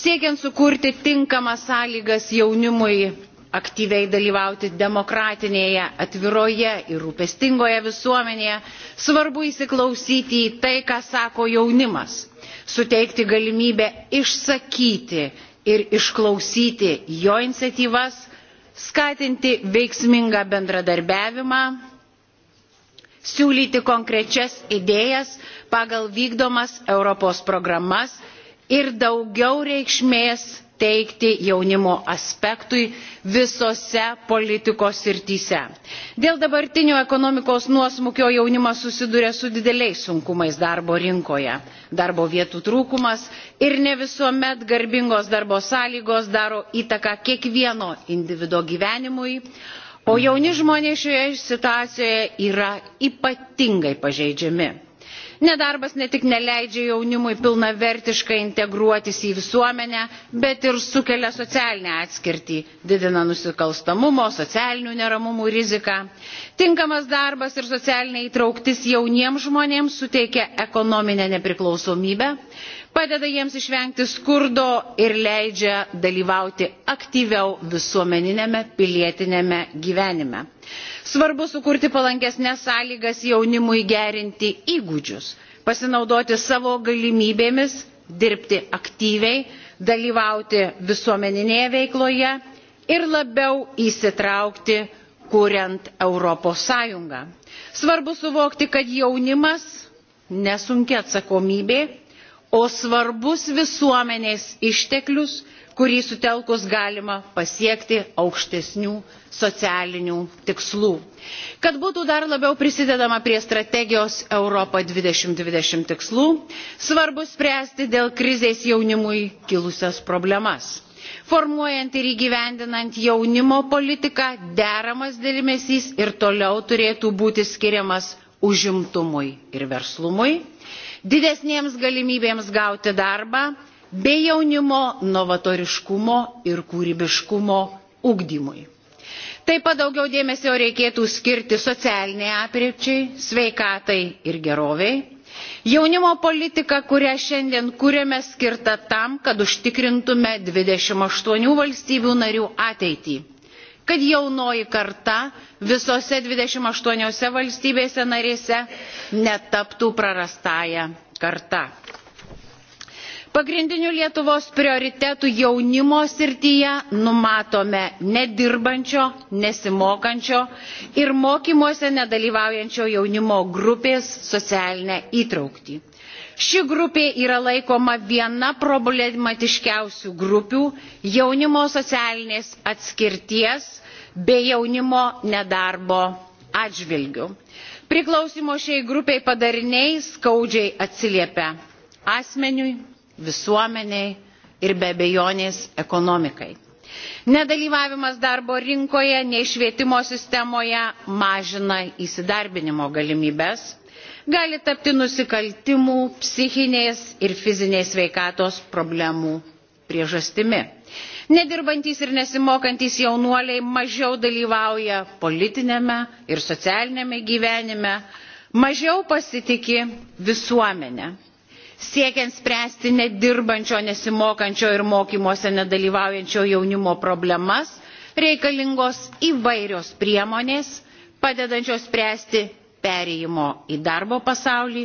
Siekiant sukurti tinkamas sąlygas jaunimui aktyviai dalyvauti demokratinėje, atviroje ir rūpestingoje visuomenėje, svarbu įsiklausyti į tai, ką sako jaunimas, suteikti galimybę išsakyti ir išklausyti jo iniciatyvas, skatinti veiksmingą bendradarbiavimą siūlyti konkrečias idėjas pagal vykdomas Europos programas ir daugiau reikšmės teikti jaunimo aspektui visose politikos srityse. Dėl dabartinio ekonomikos nuosmukio jaunimas susiduria su dideliais sunkumais darbo rinkoje. Darbo vietų trūkumas ir ne visuomet garbingos darbo sąlygos daro įtaką kiekvieno individo gyvenimui, o jauni žmonės šioje situacijoje yra ypatingai pažeidžiami. Nedarbas ne tik neleidžia jaunimui pilnavertiškai integruotis į visuomenę, bet ir sukelia socialinę atskirtį, didina nusikalstamumo, socialinių neramumų riziką. Tinkamas darbas ir socialinė įtrauktis jauniems žmonėms suteikia ekonominę nepriklausomybę, padeda jiems išvengti skurdo ir leidžia dalyvauti aktyviau visuomeniniame pilietiniame gyvenime. Svarbu sukurti palankesnės sąlygas jaunimui gerinti įgūdžius, pasinaudoti savo galimybėmis, dirbti aktyviai, dalyvauti visuomeninėje veikloje ir labiau įsitraukti, kuriant Europos Sąjungą. Svarbu suvokti, kad jaunimas nesunkia atsakomybė o svarbus visuomenės išteklius, kurį sutelkus galima pasiekti aukštesnių socialinių tikslų. Kad būtų dar labiau prisidedama prie strategijos Europą 2020 tikslų, svarbu spręsti dėl krizės jaunimui kilusias problemas. Formuojant ir įgyvendinant jaunimo politiką, deramas dėlimesys ir toliau turėtų būti skiriamas užimtumui ir verslumui didesniems galimybėms gauti darbą bei jaunimo novatoriškumo ir kūrybiškumo ugdymui. Taip pat daugiau dėmesio reikėtų skirti socialiniai apriepčiai, sveikatai ir geroviai. Jaunimo politika, kurią šiandien kūrėme, skirta tam, kad užtikrintume 28 valstybių narių ateitį kad jaunoji karta visose 28 valstybėse narėse netaptų prarastąją kartą pagrindiniu lietuvos prioritetu jaunimo srityje numatome nedirbančio nesimokančio ir mokymuose nedalyvaujančio jaunimo grupės socialinę įtrauktį. ši grupė yra laikoma viena problematiškiausių grupių jaunimo socialinės atskirties bei jaunimo nedarbo atžvilgiu. priklausymo šiai grupei padariniai skaudžiai atsiliepia asmeniui visuomeniai ir be abejonės ekonomikai. Nedalyvavimas darbo rinkoje, nei švietimo sistemoje mažina įsidarbinimo galimybės, gali tapti nusikaltimų, psichinės ir fizinės veikatos problemų priežastimi. Nedirbantys ir nesimokantys jaunuoliai mažiau dalyvauja politinėme ir socialinėme gyvenime, mažiau pasitiki visuomenė siekiant spręsti nedirbančio, nesimokančio ir mokymuose nedalyvaujančio jaunimo problemas, reikalingos įvairios priemonės, padedančios spręsti perėjimo į darbo pasaulį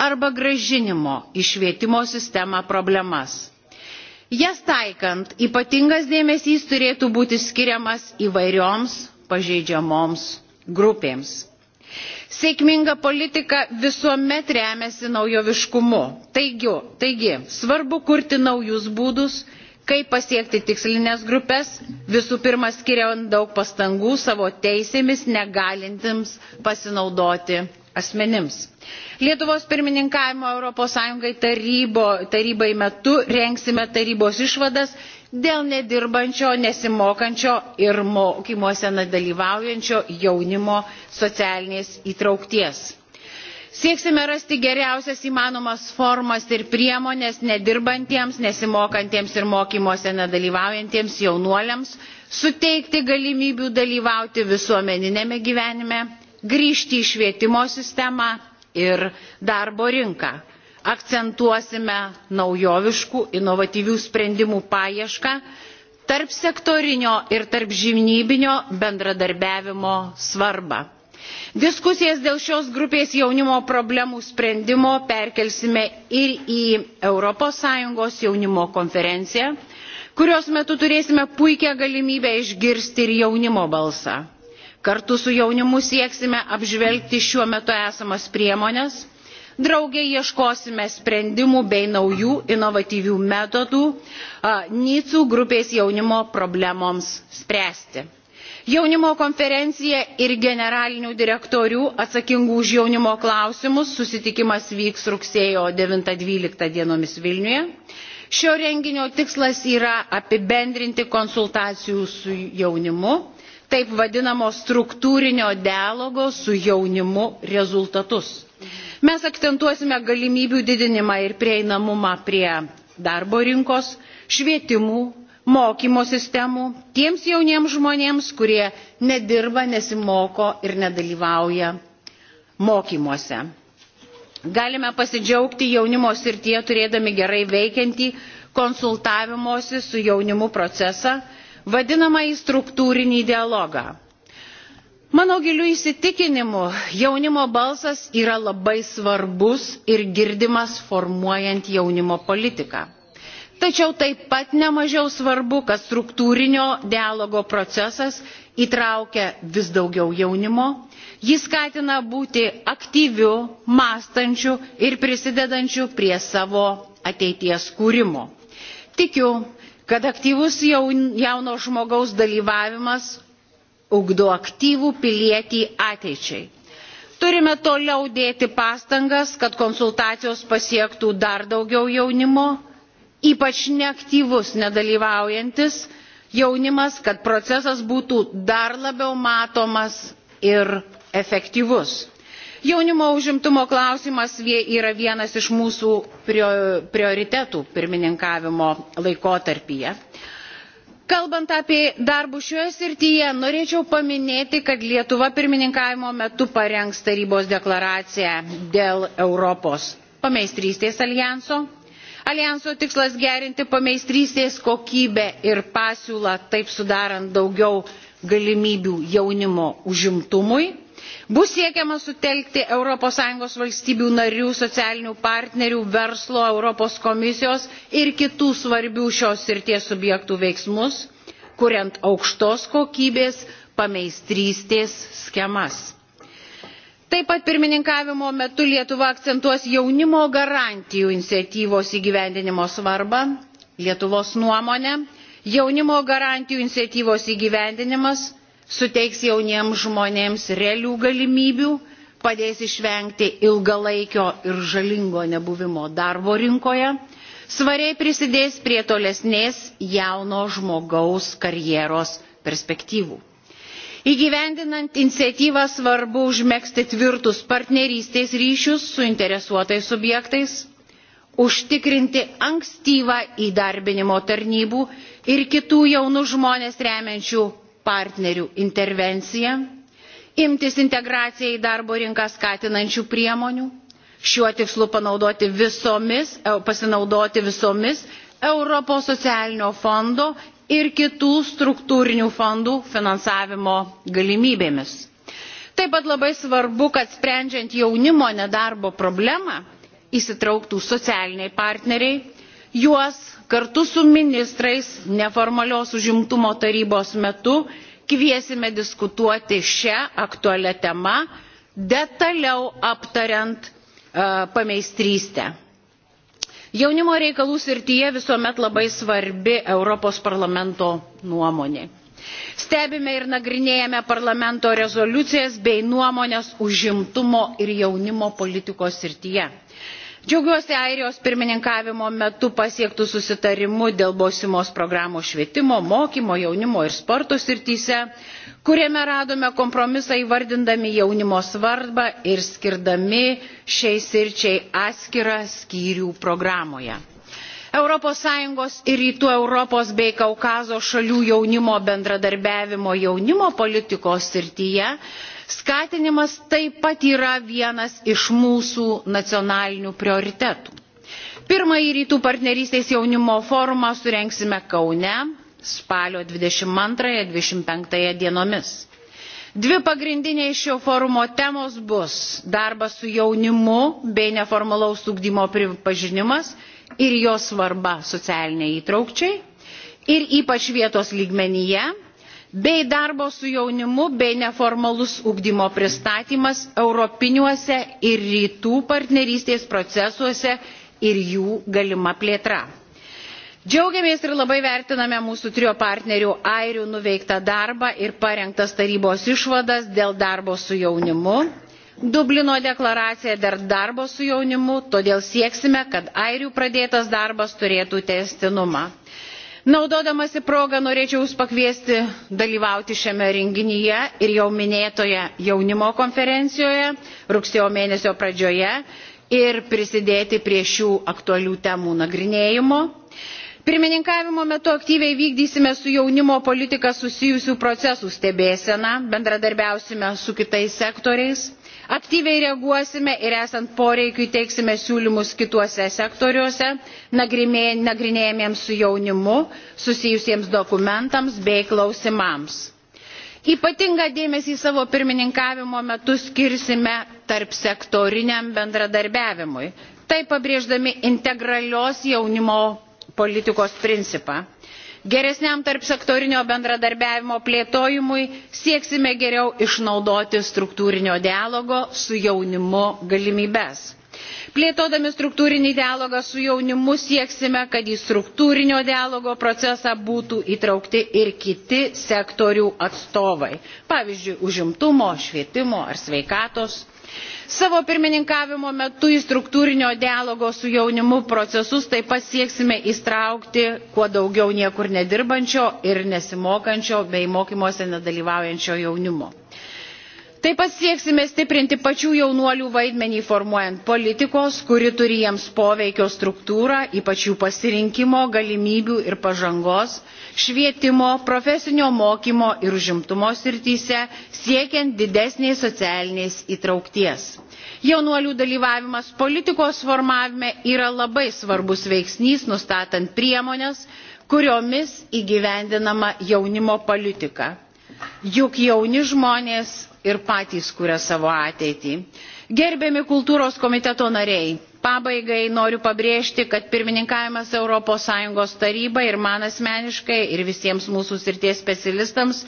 arba gražinimo į švietimo sistemą problemas. Jas taikant ypatingas dėmesys turėtų būti skiriamas įvairioms pažeidžiamoms grupėms. Sėkminga politika visuomet remiasi naujoviškumu. Taigi, taigi svarbu kurti naujus būdus, kaip pasiekti tikslinės grupės, visų pirma skiriant daug pastangų savo teisėmis negalintims pasinaudoti asmenims. Lietuvos pirmininkavimo ES tarybai metu rengsime tarybos išvadas dėl nedirbančio, nesimokančio ir mokymuose nedalyvaujančio jaunimo socialinės įtraukties. Sieksime rasti geriausias įmanomas formas ir priemonės nedirbantiems, nesimokantiems ir mokymuose nedalyvaujantiems jaunuoliams, suteikti galimybių dalyvauti visuomeninėme gyvenime, grįžti į švietimo sistemą ir darbo rinką akcentuosime naujoviškų, inovatyvių sprendimų paiešką tarp sektorinio ir tarp žymnybinio bendradarbiavimo svarbą. Diskusijas dėl šios grupės jaunimo problemų sprendimo perkelsime ir į ES jaunimo konferenciją, kurios metu turėsime puikią galimybę išgirsti ir jaunimo balsą. Kartu su jaunimu sieksime apžvelgti šiuo metu esamas priemonės, drauge ieškosime sprendimų bei naujų inovatyvių metodų nicų grupės jaunimo problemoms spręsti jaunimo konferencija ir generalinių direktorių atsakingų už jaunimo klausimus susitikimas vyks rugsėjo 9-12 dienomis Vilniuje. Šio renginio tikslas yra apibendrinti konsultacijų su jaunimu, taip vadinamo struktūrinio dialogo su jaunimu rezultatus. Mes akcentuosime galimybių didinimą ir prieinamumą prie darbo rinkos, švietimų, mokymo sistemų tiems jauniems žmonėms, kurie nedirba, nesimoko ir nedalyvauja mokymuose. Galime pasidžiaugti jaunimo srityje turėdami gerai veikiantį konsultavimosi su jaunimu procesą, vadinamąjį struktūrinį dialogą Mano giliu įsitikinimu, jaunimo balsas yra labai svarbus ir girdimas formuojant jaunimo politiką. Tačiau taip pat nemažiau svarbu, kad struktūrinio dialogo procesas įtraukia vis daugiau jaunimo, jis skatina būti aktyviu, mąstančiu ir prisidedančiu prie savo ateities kūrimo. Tikiu, kad aktyvus jauno žmogaus dalyvavimas ugdo aktyvų pilietį ateičiai. Turime toliau dėti pastangas, kad konsultacijos pasiektų dar daugiau jaunimo, ypač neaktyvus nedalyvaujantis jaunimas, kad procesas būtų dar labiau matomas ir efektyvus. Jaunimo užimtumo klausimas yra vienas iš mūsų prioritetų pirmininkavimo laikotarpyje kalbant apie darbus šioje srityje norėčiau paminėti kad lietuva pirmininkavimo metu parengs tarybos deklaraciją dėl europos pameistrystės aljanso. aljanso tikslas gerinti pameistrystės kokybę ir pasiūlą taip sudarant daugiau galimybių jaunimo užimtumui bus siekiama sutelkti ES valstybių narių, socialinių partnerių, verslo, Europos komisijos ir kitų svarbių šios sirties subjektų veiksmus, kuriant aukštos kokybės pameistrystės schemas. Taip pat pirmininkavimo metu Lietuva akcentuos jaunimo garantijų iniciatyvos įgyvendinimo svarbą, Lietuvos nuomonę, jaunimo garantijų iniciatyvos įgyvendinimas suteiks jauniems žmonėms realių galimybių, padės išvengti ilgalaikio ir žalingo nebuvimo darbo rinkoje, svariai prisidės prie tolesnės jauno žmogaus karjeros perspektyvų. Įgyvendinant iniciatyvą svarbu užmėgsti tvirtus partnerystės ryšius su interesuotais subjektais, užtikrinti ankstyvą įdarbinimo tarnybų ir kitų jaunų žmonės remiančių partnerių intervenciją, imtis integraciją į darbo rinką skatinančių priemonių, šiuo tikslu panaudoti visomis, e, pasinaudoti visomis Europos socialinio fondo ir kitų struktūrinių fondų finansavimo galimybėmis. Taip pat labai svarbu, kad sprendžiant jaunimo nedarbo problemą įsitrauktų socialiniai partneriai, juos kartu su ministrais neformalios užimtumo tarybos metu kviesime diskutuoti šią aktualią temą, detaliau aptariant e, pameistrystę. Jaunimo reikalų srityje visuomet labai svarbi Europos parlamento nuomonė. Stebime ir nagrinėjame parlamento rezoliucijas bei nuomonės užimtumo ir jaunimo politikos srityje džiaugiuosi airijos pirmininkavimo metu pasiektu susitarimu dėl bosimos programos švietimo mokymo jaunimo ir sporto srityse kuriame radome kompromisą įvardindami jaunimo svarbą ir skirdami šiai sričiai atskirą skyrių programoje. ES ir rytų Europos bei Kaukazo šalių jaunimo bendradarbiavimo jaunimo politikos srityje skatinimas taip pat yra vienas iš mūsų nacionalinių prioritetų. Pirmąjį rytų partnerystės jaunimo forumą surenksime Kaune spalio 22-25 dienomis. Dvi pagrindiniai šio forumo temos bus darbas su jaunimu bei neformalaus ugdymo pripažinimas ir jos svarba socialiniai įtraukčiai ir ypač vietos lygmenyje, bei darbo su jaunimu bei neformalus ugdymo pristatymas europiniuose ir rytų partnerystės procesuose ir jų galima plėtra. Džiaugiamės ir labai vertiname mūsų trio partnerių airių nuveiktą darbą ir parengtas tarybos išvadas dėl darbo su jaunimu dublino deklaracija dėl darbo su jaunimu todėl sieksime kad airių pradėtas darbas turėtų tęstinumą. naudodamasi proga norėčiau jus pakviesti dalyvauti šiame renginyje ir jau minėtoje jaunimo konferencijoje rugsėjo mėnesio pradžioje ir prisidėti prie šių aktualių temų nagrinėjimo. Pirmininkavimo metu aktyviai vykdysime su jaunimo politika susijusių procesų stebėseną, bendradarbiausime su kitais sektoriais aktyviai reaguosime ir esant poreikiui teiksime siūlymus kituose sektoriuose nagrinėjamiems su jaunimu susijusiems dokumentams bei klausimams. Ypatingą dėmesį savo pirmininkavimo metu skirsime tarpsektoriniam bendradarbiavimui, tai pabrėždami integralios jaunimo politikos principą geresniam tarpsektorinio bendradarbiavimo plėtojimui sieksime geriau išnaudoti struktūrinio dialogo su jaunimu galimybes. Plėtodami struktūrinį dialogą su jaunimu sieksime, kad į struktūrinio dialogo procesą būtų įtraukti ir kiti sektorių atstovai, pavyzdžiui, užimtumo, švietimo ar sveikatos Savo pirmininkavimo metu į struktūrinio dialogo su jaunimu procesus taip pat sieksime įstraukti kuo daugiau niekur nedirbančio ir nesimokančio bei mokymuose nedalyvaujančio jaunimo taip pat sieksime stiprinti pačių jaunuolių vaidmenį formuojant politikos kuri turi jiems poveikio struktūrą ypač jų pasirinkimo galimybių ir pažangos švietimo profesinio mokymo ir užimtumo srityse siekiant didesnės socialinės įtraukties. jaunuolių dalyvavimas politikos formavime yra labai svarbus veiksnys nustatant priemones kuriomis įgyvendinama jaunimo politika juk jauni žmonės ir patys kuria savo ateitį. Gerbiami kultūros komiteto nariai, pabaigai noriu pabrėžti, kad pirmininkavimas ES taryba ir man asmeniškai ir visiems mūsų sirties specialistams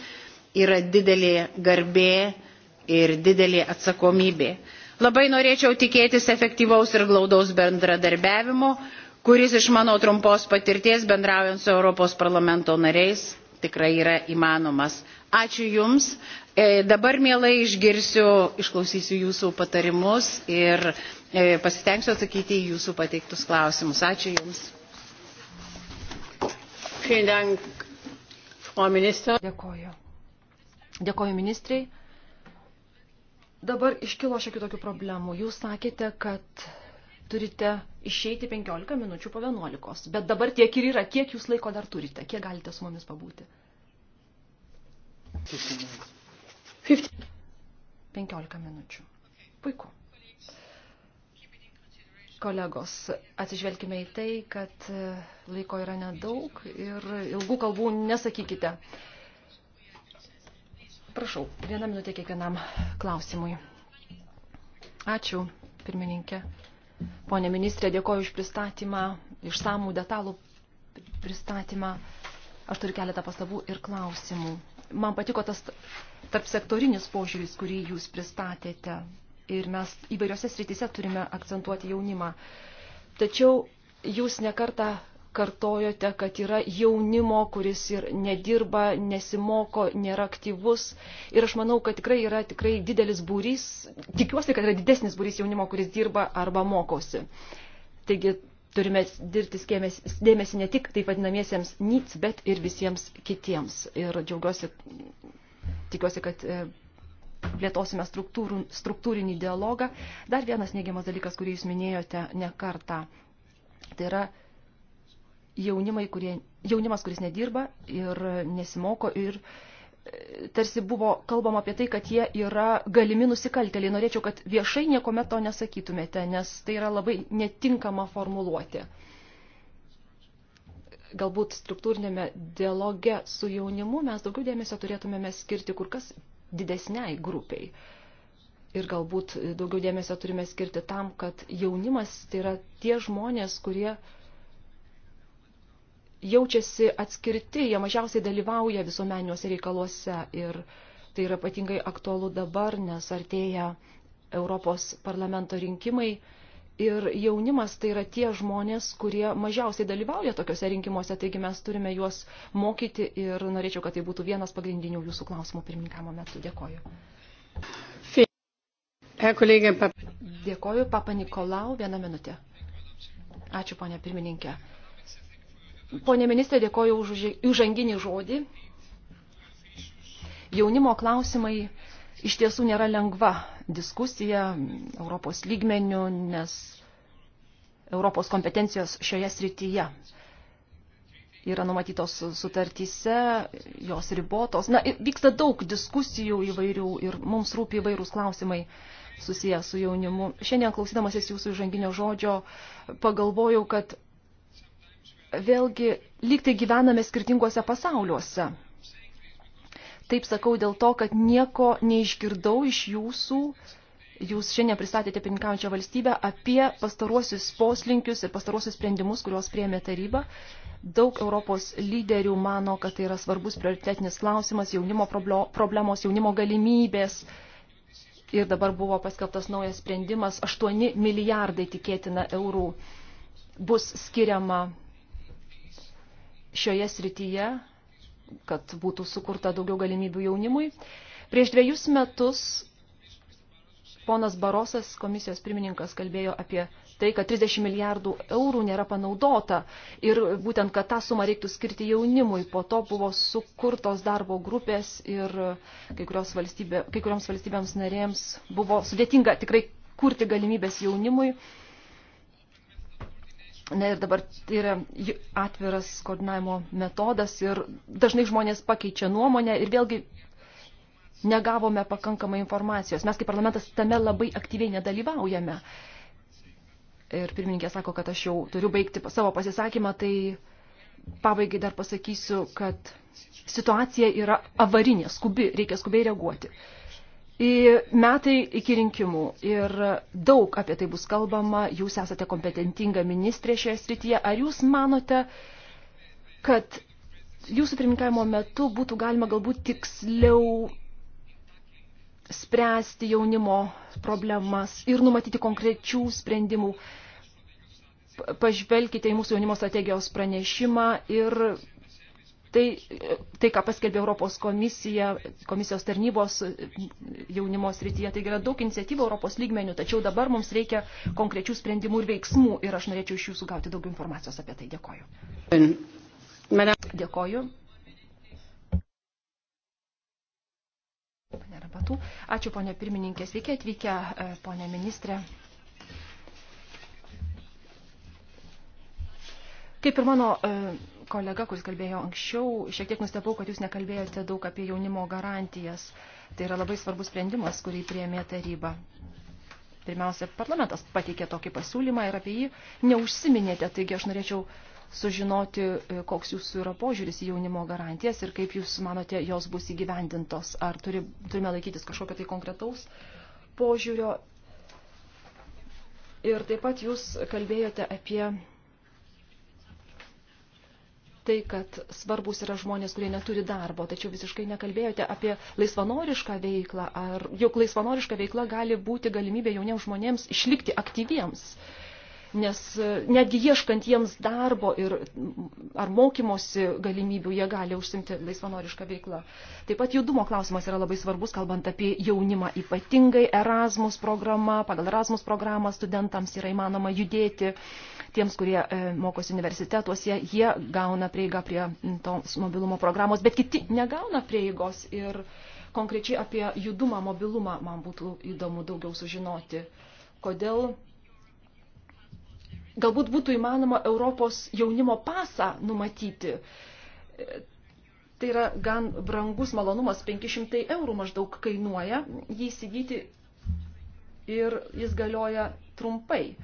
yra didelė garbė ir didelė atsakomybė. Labai norėčiau tikėtis efektyvaus ir glaudaus bendradarbiavimo, kuris iš mano trumpos patirties bendraujant su Europos parlamento nariais tikrai yra įmanomas. Ačiū Jums, E, dabar mielai išgirsiu, išklausysiu jūsų patarimus ir e, pasitengsiu atsakyti į jūsų pateiktus klausimus. Ačiū Jums. Dėkoju. Dėkoju ministrai. Dabar iškilo šiokių tokių problemų. Jūs sakėte, kad turite išeiti 15 minučių po 11. Bet dabar tiek ir yra. Kiek jūs laiko dar turite? Kiek galite su mumis pabūti? Thank you. 15 minučių. Puiku. Kolegos, atsižvelkime į tai, kad e, laiko yra nedaug ir ilgų kalbų nesakykite. Prašau, vieną minutę kiekvienam klausimui. Ačiū, pirmininkė. Pone ministrė, dėkoju už pristatymą, išsamų detalų pristatymą. Aš turiu keletą pastabų ir klausimų. Man patiko tas tarpsektorinis požiūris, kurį jūs pristatėte. Ir mes įvairiose srityse turime akcentuoti jaunimą. Tačiau jūs nekartą kartojote, kad yra jaunimo, kuris ir nedirba, nesimoko, nėra aktyvus. Ir aš manau, kad tikrai yra tikrai didelis būrys, tikiuosi, kad yra didesnis būrys jaunimo, kuris dirba arba mokosi. Taigi turime dirbti dėmesį ne tik taip vadinamiesiems NITS, bet ir visiems kitiems. Ir džiaugiuosi tikiuosi, kad e, plėtosime struktūrinį dialogą. Dar vienas neigiamas dalykas, kurį jūs minėjote ne kartą, tai yra jaunimai, kurie, jaunimas, kuris nedirba ir nesimoko ir e, tarsi buvo kalbama apie tai, kad jie yra galimi nusikaltėliai. Norėčiau, kad viešai niekuomet to nesakytumėte, nes tai yra labai netinkama formuluoti galbūt struktūrinėme dialoge su jaunimu mes daugiau dėmesio turėtumėme skirti kur kas didesniai grupiai. Ir galbūt daugiau dėmesio turime skirti tam, kad jaunimas tai yra tie žmonės, kurie jaučiasi atskirti, jie mažiausiai dalyvauja visuomeniniuose reikaluose. Ir tai yra patingai aktualu dabar, nes artėja Europos parlamento rinkimai Ir jaunimas tai yra tie žmonės, kurie mažiausiai dalyvauja tokiuose rinkimuose, taigi mes turime juos mokyti ir norėčiau, kad tai būtų vienas pagrindinių jūsų klausimų pirmininkamo metu. Dėkoju. Dėkoju, papa Nikolau, vieną minutę. Ačiū, ponė pirmininkė. Pone ministrė, dėkoju už įžanginį žodį. Jaunimo klausimai Iš tiesų nėra lengva diskusija Europos lygmenių, nes Europos kompetencijos šioje srityje yra numatytos sutartyse, jos ribotos. Na, vyksta daug diskusijų įvairių ir mums rūpi įvairūs klausimai susiję su jaunimu. Šiandien klausydamasis jūsų žanginio žodžio pagalvojau, kad vėlgi lyg tai gyvename skirtinguose pasauliuose. Taip sakau dėl to, kad nieko neišgirdau iš jūsų. Jūs šiandien pristatėte pininkaujančią valstybę apie pastaruosius poslinkius ir pastaruosius sprendimus, kuriuos priėmė taryba. Daug Europos lyderių mano, kad tai yra svarbus prioritetinis klausimas, jaunimo problemos, jaunimo galimybės. Ir dabar buvo paskelbtas naujas sprendimas, 8 milijardai tikėtina eurų bus skiriama šioje srityje kad būtų sukurta daugiau galimybių jaunimui. Prieš dviejus metus ponas Barosas, komisijos pirmininkas, kalbėjo apie tai, kad 30 milijardų eurų nėra panaudota ir būtent, kad tą sumą reiktų skirti jaunimui. Po to buvo sukurtos darbo grupės ir kai, valstybė, kai kurioms valstybėms narėms buvo sudėtinga tikrai kurti galimybės jaunimui. Uh, Na ir dabar tai yra atviras koordinavimo metodas ir dažnai žmonės pakeičia nuomonę ir vėlgi negavome pakankamai informacijos. Mes kaip parlamentas tame labai aktyviai nedalyvaujame. Ir pirmininkė sako, kad aš jau turiu baigti savo pasisakymą, tai pabaigai dar pasakysiu, kad situacija yra avarinė, skubi, reikia skubiai reaguoti į metai iki rinkimų ir daug apie tai bus kalbama, jūs esate kompetentinga ministrė šioje srityje. Ar jūs manote, kad jūsų pirmininkavimo metu būtų galima galbūt tiksliau spręsti jaunimo problemas ir numatyti konkrečių sprendimų? Pažvelkite į mūsų jaunimo strategijos pranešimą ir Tai, tai ką paskelbė Europos komisija, komisijos tarnybos jaunimo srityje, taigi yra daug iniciatyvų Europos lygmenių, tačiau dabar mums reikia konkrečių sprendimų ir veiksmų ir aš norėčiau iš jūsų gauti daugiau informacijos apie tai. Dėkoju. Dėkoju. Pane Rabatų. Ačiū, ponė pirmininkė. Sveiki atvykę, e, ponė ministrė. Kaip ir mano e, kolega, kuris kalbėjo anksčiau, šiek tiek nustebau, kad jūs nekalbėjote daug apie jaunimo garantijas. Tai yra labai svarbus sprendimas, kurį priėmė taryba. Pirmiausia, parlamentas pateikė tokį pasiūlymą ir apie jį neužsiminėte, taigi aš norėčiau sužinoti, e, koks jūsų yra požiūris į jaunimo garantijas ir kaip jūs manote, jos bus įgyvendintos. Ar turi, turime laikytis kažkokio tai konkretaus požiūrio. Ir taip pat jūs kalbėjote apie tai, kad svarbus yra žmonės, kurie neturi darbo, tačiau visiškai nekalbėjote apie laisvanorišką veiklą, ar juk laisvanoriška veikla gali būti galimybė jauniems žmonėms išlikti aktyviems. Uh, nes e, netgi ieškant jiems darbo ir, ar mokymosi galimybių, jie gali užsimti laisvanorišką veiklą. Taip pat judumo klausimas yra labai svarbus, kalbant apie jaunimą. Ypatingai Erasmus programa, pagal Erasmus programą studentams yra įmanoma judėti. Tiems, kurie e, mokosi universitetuose, jie gauna prieigą prie tos mobilumo programos, bet kiti negauna prieigos ir konkrečiai apie judumą, mobilumą man būtų įdomu daugiau sužinoti. Kodėl galbūt būtų įmanoma Europos jaunimo pasą numatyti. Tai yra gan brangus malonumas, 500 eurų maždaug kainuoja jį įsigyti ir jis galioja trumpai.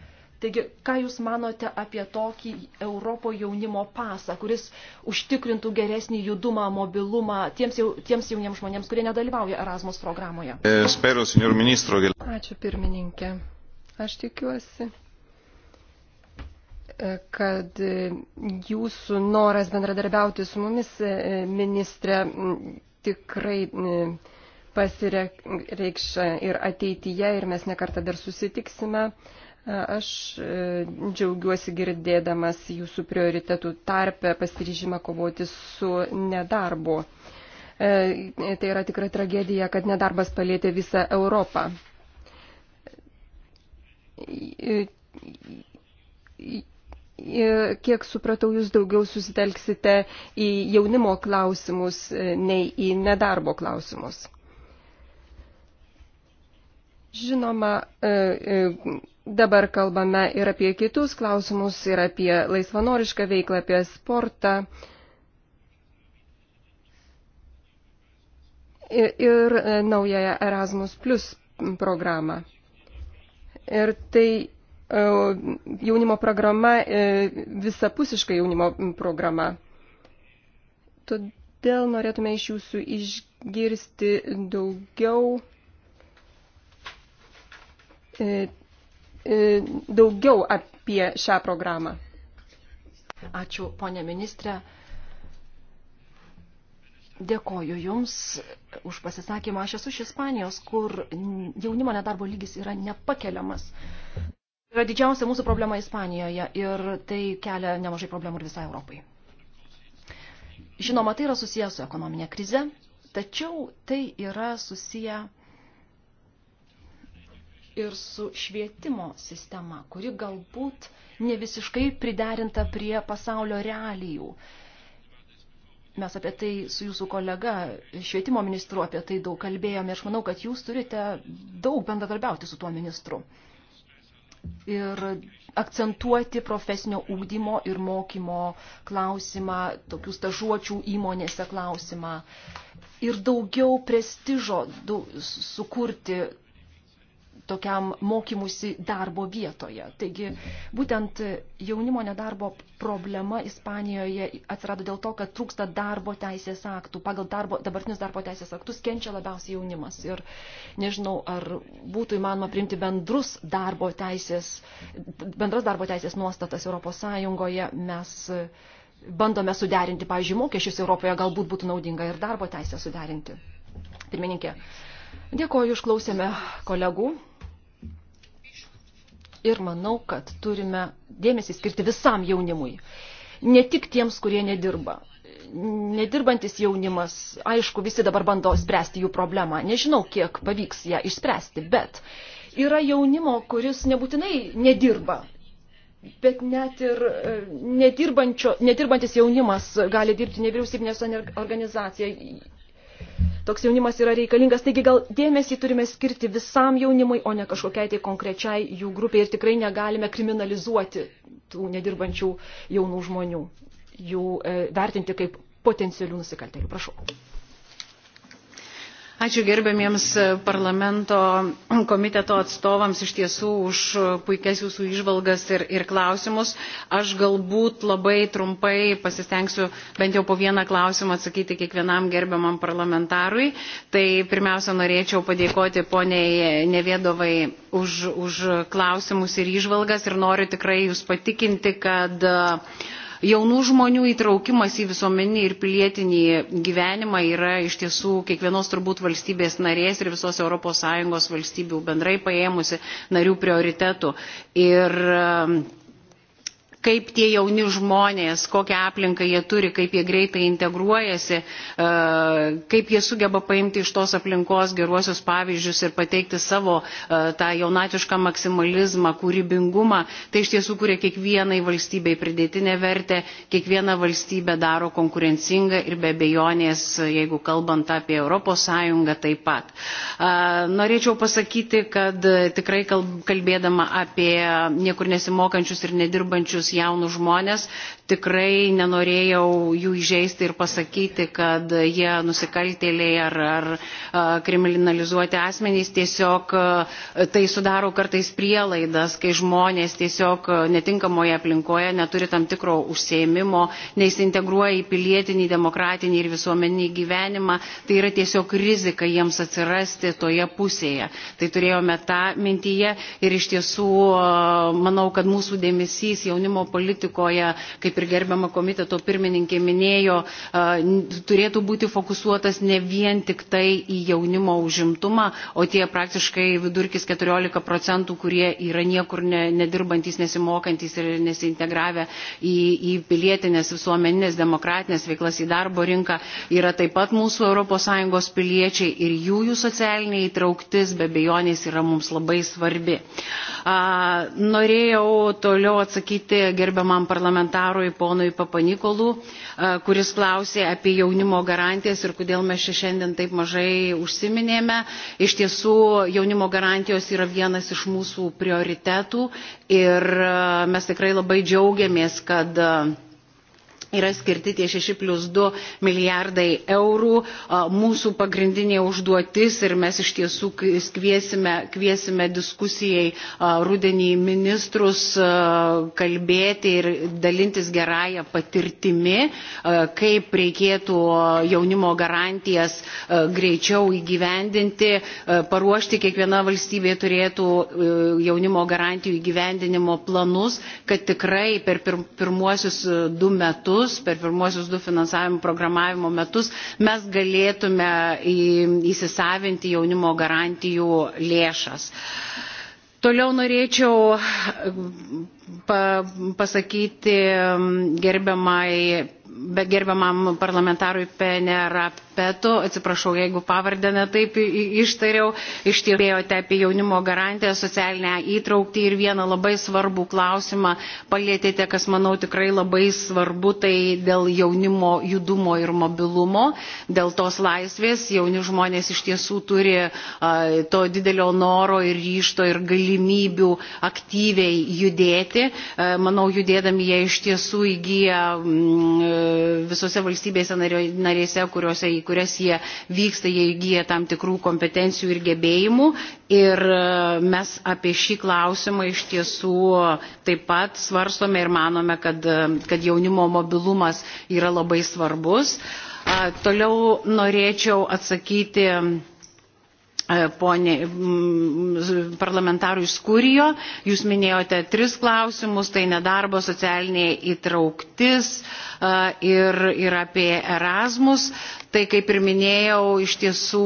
Taigi, ką Jūs manote apie tokį Europo jaunimo pasą, kuris užtikrintų geresnį judumą, mobilumą tiems, jau, tiems jauniems žmonėms, kurie nedalyvauja Erasmus programoje? E, Ačiū pirmininkė. Aš tikiuosi, kad jūsų noras bendradarbiauti su mumis, e, ministrė, tikrai pasireikš ir ateityje ir mes nekartą dar susitiksime. Aš e, džiaugiuosi girdėdamas jūsų prioritetų tarpę pasiryžimą kovoti su nedarbu. E, tai yra tikra tragedija, kad nedarbas palėtė visą Europą kiek supratau, jūs daugiau susitelksite į jaunimo klausimus e, nei į nedarbo klausimus. Žinoma, e, e, dabar kalbame ir apie kitus klausimus, ir apie laisvanorišką veiklą, apie sportą. Ir, ir naująją Erasmus Plus programą. Ir tai E, jaunimo programa e, visapusiška jaunimo programa. Todėl norėtume iš jūsų išgirsti daugiau e, daugiau apie šią programą. Ačiū, ponė ministrė. Dėkoju Jums už pasisakymą. Aš esu iš Ispanijos, kur jaunimo nedarbo lygis yra nepakeliamas yra didžiausia mūsų problema Ispanijoje ir tai kelia nemažai problemų ir visai Europai. Žinoma, tai yra susijęs su ekonominė krize, tačiau tai yra susiję ir su švietimo sistema, kuri galbūt ne visiškai priderinta prie pasaulio realijų. Mes apie tai su jūsų kolega, švietimo ministru, apie tai daug kalbėjome ir aš manau, kad jūs turite daug bendradarbiauti su tuo ministru ir akcentuoti profesinio ūkdymo ir mokymo klausimą, tokių stažuočių įmonėse klausimą ir daugiau prestižo daug, sukurti tokiam mokymusi darbo vietoje. Taigi būtent jaunimo nedarbo problema Ispanijoje atsirado dėl to, kad trūksta darbo teisės aktų. Pagal darbo, dabartinius darbo teisės aktus kenčia labiausiai jaunimas. Ir nežinau, ar būtų įmanoma priimti bendrus darbo teisės, bendras darbo teisės nuostatas Europos Sąjungoje. Mes bandome suderinti, pavyzdžiui, mokesčius Europoje galbūt būtų naudinga ir darbo teisę suderinti. Pirmininkė, dėkoju, išklausėme kolegų ir manau, kad turime dėmesį skirti visam jaunimui. Ne tik tiems, kurie nedirba. Nedirbantis jaunimas, aišku, visi dabar bando spręsti jų problemą. Nežinau, kiek pavyks ją išspręsti, bet yra jaunimo, kuris nebūtinai nedirba. Bet net ir e, nedirbantis jaunimas gali dirbti nevyriausybinės organizacijai toks jaunimas yra reikalingas. Taigi gal dėmesį turime skirti visam jaunimui, o ne kažkokiai tai konkrečiai jų grupiai ir tikrai negalime kriminalizuoti tų nedirbančių jaunų žmonių, jų e, vertinti kaip potencialių nusikaltėlių. Prašau. Ačiū gerbėmiems e, parlamento komiteto atstovams iš tiesų už e, puikias jūsų išvalgas ir, ir klausimus. Aš galbūt labai trumpai pasistengsiu bent jau po vieną klausimą atsakyti kiekvienam gerbiamam parlamentarui. Tai pirmiausia, norėčiau padėkoti poniai Nevėdovai už, už klausimus ir išvalgas ir noriu tikrai jūs patikinti, kad uh, Jaunų žmonių įtraukimas į visuomenį ir pilietinį gyvenimą yra iš tiesų kiekvienos turbūt valstybės narės ir visos ES valstybių bendrai paėmusi narių prioritetų. Ir kaip tie jauni žmonės, kokią aplinką jie turi, kaip jie greitai integruojasi, e, kaip jie sugeba paimti iš tos aplinkos geruosius pavyzdžius ir pateikti savo e, tą jaunatišką maksimalizmą, kūrybingumą, tai iš tiesų kuria kiekvienai valstybei pridėtinę vertę, kiekvieną valstybę daro konkurencingą ir be bejonės, jeigu kalbant apie Europos Sąjungą, taip pat. E, norėčiau pasakyti, kad tikrai kalbėdama apie niekur nesimokančius ir nedirbančius jaunus žmonės, tikrai nenorėjau jų įžeisti ir pasakyti, kad jie nusikaltėliai ar, ar kriminalizuoti asmenys tiesiog tai sudaro kartais prielaidas, kai žmonės tiesiog netinkamoje aplinkoje neturi tam tikro užsėmimo, neįsintegruoja į pilietinį, demokratinį ir visuomeninį gyvenimą, tai yra tiesiog rizika jiems atsirasti toje pusėje. Tai turėjome tą mintyje ir iš tiesų manau, kad mūsų dėmesys jaunimo saugumo politikoje, kaip ir gerbiama komiteto pirmininkė minėjo, turėtų būti fokusuotas ne vien tik tai į jaunimo užimtumą, o tie praktiškai vidurkis 14 procentų, kurie yra niekur ne, nedirbantis, nesimokantis ir nesintegravę į, į pilietinės visuomeninės demokratinės veiklas į darbo rinką, yra taip pat mūsų ES piliečiai ir jų, jų socialinė įtrauktis be bejonės yra mums labai svarbi. A, norėjau toliau atsakyti gerbiamam parlamentarui ponui Papanikolų, e, kuris klausė apie jaunimo garantijas ir kodėl mes čia šiandien taip mažai užsiminėme. Iš tiesų, jaunimo garantijos yra vienas iš mūsų prioritetų ir e, mes tikrai labai džiaugiamės, kad yra skirti tie 6 plus 2 milijardai eurų. Mūsų pagrindinė užduotis ir mes iš tiesų kviesime, kviesime diskusijai rudenį ministrus kalbėti ir dalintis gerąją patirtimi, kaip reikėtų jaunimo garantijas greičiau įgyvendinti, paruošti kiekviena valstybė turėtų jaunimo garantijų įgyvendinimo planus, kad tikrai per pirmuosius du metus metus, per pirmuosius du finansavimo programavimo metus, mes galėtume įsisavinti jaunimo garantijų lėšas. Toliau norėčiau pasakyti gerbiamai be gerbiamam parlamentarui Penerapetu, atsiprašau, jeigu pavardę netaip ištariau, ištyrėjote apie jaunimo garantiją, socialinę įtraukti ir vieną labai svarbų klausimą palėtėte, kas manau tikrai labai svarbu, tai dėl jaunimo judumo ir mobilumo, dėl tos laisvės. Jauni žmonės iš tiesų turi to didelio noro ir ryšto ir galimybių aktyviai judėti. Manau, judėdami jie iš tiesų įgyja visose valstybėse narėse, kuriuose, į kurias jie vyksta, jie įgyja tam tikrų kompetencijų ir gebėjimų. Ir e, mes apie šį klausimą iš tiesų taip pat svarstome ir manome, kad, e, kad jaunimo mobilumas yra labai svarbus. Toliau norėčiau atsakyti e, ponė parlamentarui Skurijo, jūs minėjote tris klausimus, tai nedarbo socialinė įtrauktis, uh, ir, ir apie Erasmus. Tai kaip ir minėjau, iš tiesų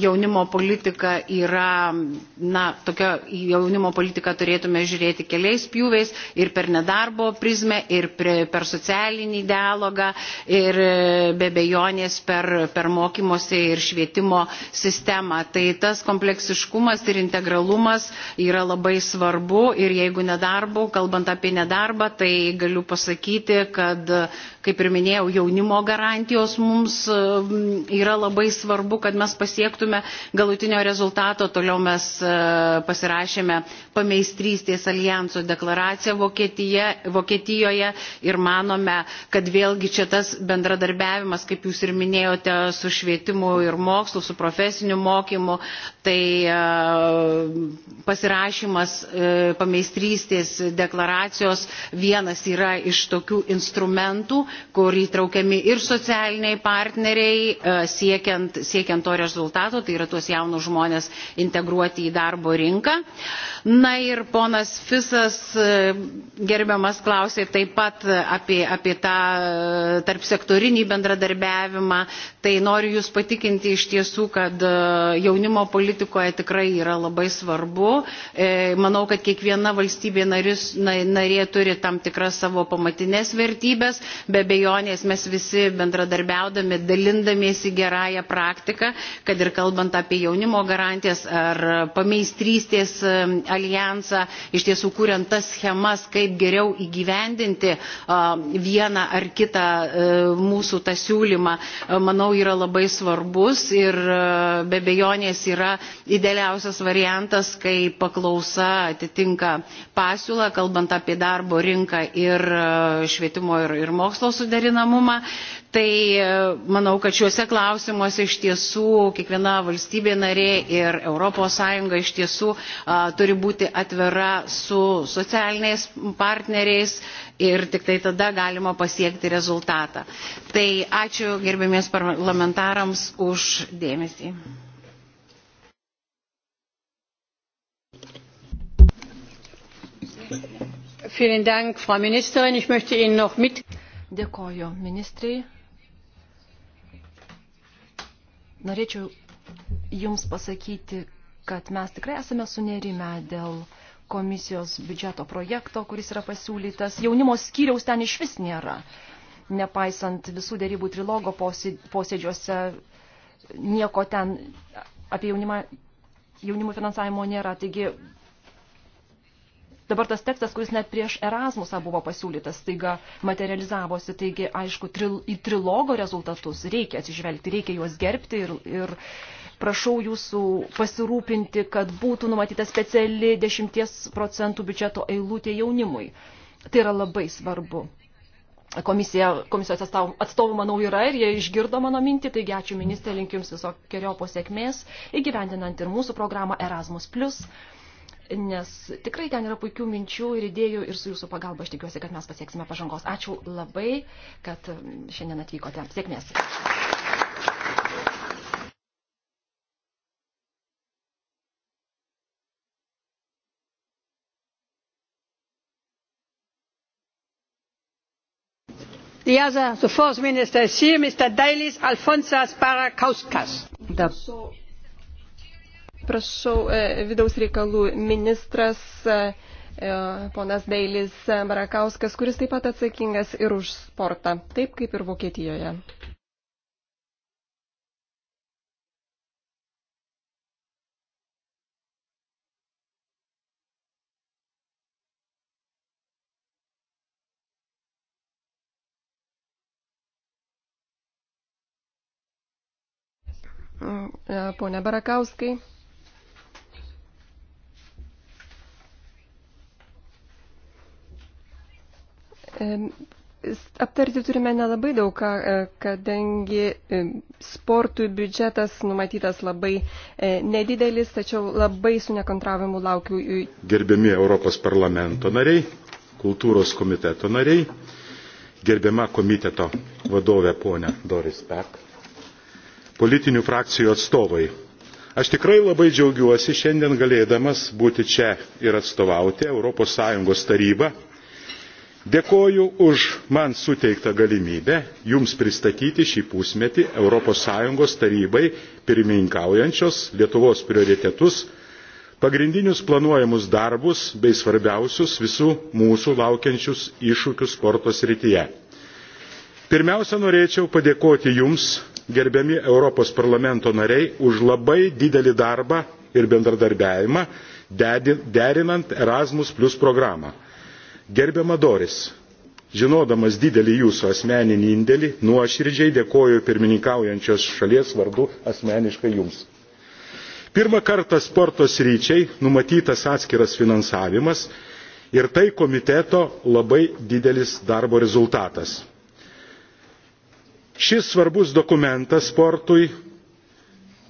jaunimo politika yra, na, tokia jaunimo politika turėtume žiūrėti keliais pjūviais ir per nedarbo prizmę, ir per socialinį dialogą, ir e, be bejonės per, per mokymosi ir švietimo sistemą. Tai tas kompleksiškumas ir integralumas yra labai svarbu ir jeigu nedarbo, kalbant apie nedarbą, tai galiu pasakyti, kad kaip ir minėjau, jaunimo garantijos mums e, yra labai svarbu, kad mes pasiektume galutinio rezultato. Toliau mes e, pasirašėme pameistrystės alijanso deklaraciją Vokietija, Vokietijoje ir manome, kad vėlgi čia tas bendradarbiavimas, kaip jūs ir minėjote, su švietimu ir mokslu, su profesiniu mokymu, tai e, pasirašymas pameistrystės deklaracijos vienas yra iš tokių instrumentų kur įtraukiami ir socialiniai partneriai e, siekiant, siekiant to rezultato, tai yra tuos jaunus žmonės integruoti į darbo rinką. Na ir ponas Fisas e, gerbiamas klausė taip pat apie, apie tą e, tarpsektorinį bendradarbiavimą. Tai noriu Jūs patikinti iš tiesų, kad jaunimo politikoje tikrai yra labai svarbu. Manau, kad kiekviena valstybė narys, narė turi tam tikras savo pamatinės vertybės, be be bejonės mes visi bendradarbiaudami, dalindamiesi gerąją praktiką, kad ir kalbant apie jaunimo garantijas ar pameistrystės um, alijansą, iš tiesų kuriant tas schemas, kaip geriau įgyvendinti um, vieną ar kitą um, mūsų tą siūlymą, manau, yra labai svarbus ir uh, be bejonės yra idealiausias variantas, kai paklausa atitinka pasiūlą, kalbant apie darbo rinką ir uh, švietimo ir, ir mokslo suderinamumą. Tai e, manau, kad šiuose klausimuose iš tiesų kiekviena valstybė narė ir ES iš tiesų a, turi būti atvira su socialiniais partneriais ir tik tai tada galima pasiekti rezultatą. Tai ačiū gerbėmės parlamentarams už dėmesį. Vielen Dank, Frau Ministerin. Ich möchte Ihnen noch mit. Dėkoju ministrei. Norėčiau Jums pasakyti, kad mes tikrai esame sunerime dėl komisijos biudžeto projekto, kuris yra pasiūlytas. Jaunimo skyriaus ten iš vis nėra. Nepaisant visų dėrybų trilogo posėdžiuose, nieko ten apie jaunimą, jaunimo finansavimo nėra. Taigi dabar tas tekstas, kuris net prieš Erasmusą buvo pasiūlytas, staiga materializavosi. Taigi, aišku, tril, į trilogo rezultatus reikia atsižvelgti, reikia juos gerbti ir, ir prašau jūsų pasirūpinti, kad būtų numatyta speciali 10 procentų biudžeto eilutė jaunimui. Tai yra labai svarbu. Komisija, komisijos atstovų, atstovų, manau, yra ir jie išgirdo mano mintį, taigi ačiū ministrė, linkiu Jums viso kerio posėkmės, įgyvendinant ir mūsų programą Erasmus nes tikrai ten yra puikių minčių ir idėjų ir su jūsų pagalba aš tikiuosi, kad mes pasieksime pažangos. Ačiū labai, kad um, šiandien atvykote. Sėkmės. The other, the fourth minister is here, Mr. Dailis Alfonsas Barakauskas. The... Prašau, e, vidaus reikalų ministras e, e, ponas Deilis Barakauskas, kuris taip pat atsakingas ir už sportą, taip kaip ir Vokietijoje. Mm, pone Barakauskai. Aptarti turime nelabai daug, e, kadangi sportui biudžetas numatytas labai e, nedidelis, tačiau labai su nekontravimu laukiu. Gerbiami Europos parlamento nariai, kultūros komiteto nariai, gerbiama komiteto vadovė ponė Doris Pek, politinių frakcijų atstovai. Aš tikrai labai džiaugiuosi šiandien galėdamas būti čia ir atstovauti ES tarybą Dėkoju už man suteiktą galimybę Jums pristatyti šį pusmetį ES tarybai pirmininkaujančios Lietuvos prioritetus, pagrindinius planuojamus darbus bei svarbiausius visų mūsų laukiančius iššūkius sporto srityje. Pirmiausia, norėčiau padėkoti Jums, gerbiami Europos parlamento nariai, už labai didelį darbą ir bendradarbiavimą derinant Erasmus Plus programą gerbiama doris žinodamas didelį jūsų asmeninį indėlį nuoširdžiai dėkoju pirmininkaujančios šalies vardu asmeniškai jums. pirmą kartą sporto sričiai numatytas atskiras finansavimas ir tai komiteto labai didelis darbo rezultatas. šis svarbus dokumentas sportui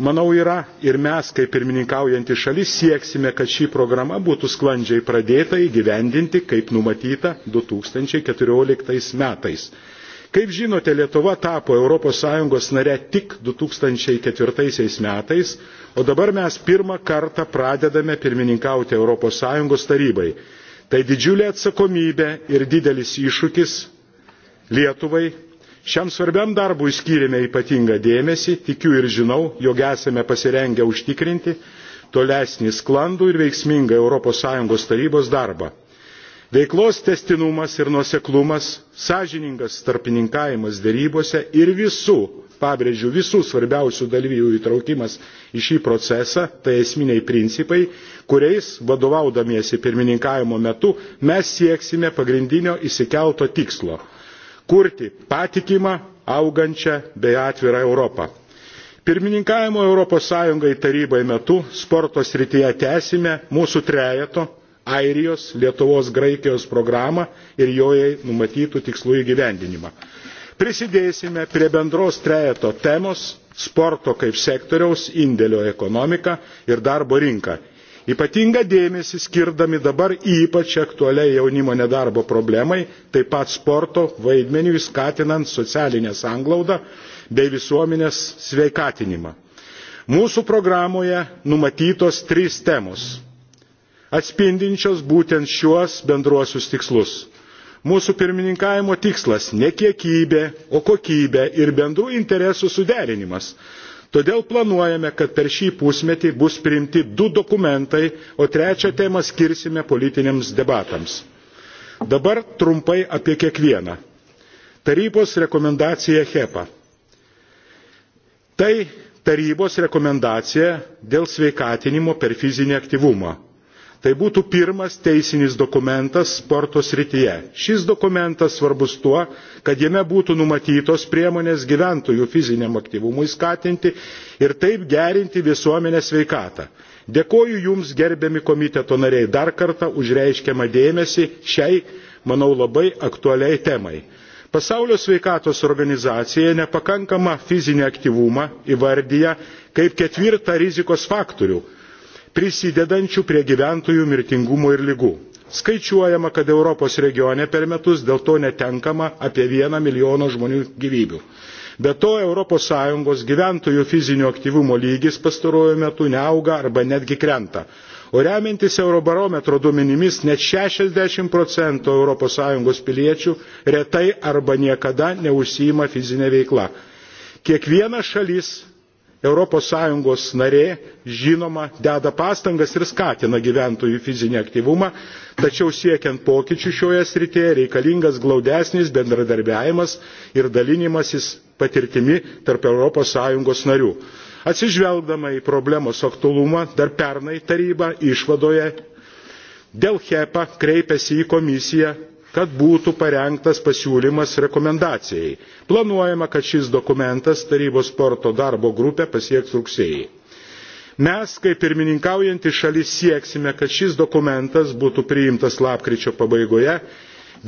manau yra ir mes kaip pirmininkaujanti šalis sieksime kad ši programa būtų sklandžiai pradėta įgyvendinti kaip numatyta du tūkstančiai keturiolika metais. Kaip žinote, Lietuva tapo ES nare tik 2004 metais, o dabar mes pirmą kartą pradedame pirmininkauti ES tarybai. Tai didžiulė atsakomybė ir didelis iššūkis Lietuvai Šiam svarbiam darbui skyrėme ypatingą dėmesį, tikiu ir žinau, jog esame pasirengę užtikrinti tolesnį sklandų ir veiksmingą ES tarybos darbą. Veiklos testinumas ir nuoseklumas, sąžiningas tarpininkavimas dėrybose ir visų, pabrėžiu, visų svarbiausių dalyvių įtraukimas į šį procesą, tai esminiai principai, kuriais vadovaudamiesi pirmininkavimo metu mes sieksime pagrindinio įsikelto tikslo kurti patikimą, augančią bei atvirą Europą. Pirmininkavimo Europos Sąjungai tarybai metu sporto srityje tęsime mūsų trejeto Airijos, Lietuvos, Graikijos programą ir jojai numatytų tikslų įgyvendinimą. Prisidėsime prie bendros trejeto temos sporto kaip sektoriaus indėlio ekonomiką ir darbo rinką ypatingą dėmesį skirdami dabar ypač aktualiai jaunimo nedarbo problemai taip pat sporto vaidmeniui skatinant socialinę sanglaudą bei visuomenės sveikatinimą. mūsų programoje numatytos trys temos atspindinčios būtent šiuos bendruosius tikslus. mūsų pirmininkavimo tikslas ne kiekybė o kokybė ir bendrų interesų suderinimas todėl planuojame kad per šį pusmetį bus priimti du dokumentai o trečią temą skirsime politiniams debatams. dabar trumpai apie kiekvieną. tarybos rekomendacija hepa tai tarybos rekomendacija dėl sveikatinimo per fizinį aktyvumą tai būtų pirmas teisinis dokumentas sporto srityje. šis dokumentas svarbus tuo kad jame būtų numatytos priemonės gyventojų fiziniam aktyvumui skatinti ir taip gerinti visuomenės sveikatą. dėkoju jums gerbiami komiteto nariai dar kartą už reiškiamą dėmesį šiai manau labai aktualiai temai. pasaulio sveikatos organizacija nepakankamą fizinį aktyvumą įvardyja kaip ketvirtą rizikos faktorių prisidedančių prie gyventojų mirtingumo ir lygų. Skaičiuojama, kad Europos regione per metus dėl to netenkama apie vieną milijoną žmonių gyvybių. Be to, ES gyventojų fizinio aktyvumo lygis pastaruoju metu neauga arba netgi krenta. O remiantis Eurobarometro duomenimis, net 60 procentų ES piliečių retai arba niekada neužsijima fizinė veikla. Kiekviena šalis ES narė žinoma deda pastangas ir skatina gyventojų fizinį aktyvumą, tačiau siekiant pokyčių šioje srityje reikalingas glaudesnis bendradarbiavimas ir dalinimasis patirtimi tarp ES narių. Atsižvelgdama į problemos aktualumą, dar pernai taryba išvadoje dėl HEPA kreipėsi į komisiją kad būtų parengtas pasiūlymas rekomendacijai. Planuojama, kad šis dokumentas tarybos sporto darbo grupę pasieks rugsėjai. Mes, kaip pirmininkaujantį šalis, sieksime, kad šis dokumentas būtų priimtas lapkričio pabaigoje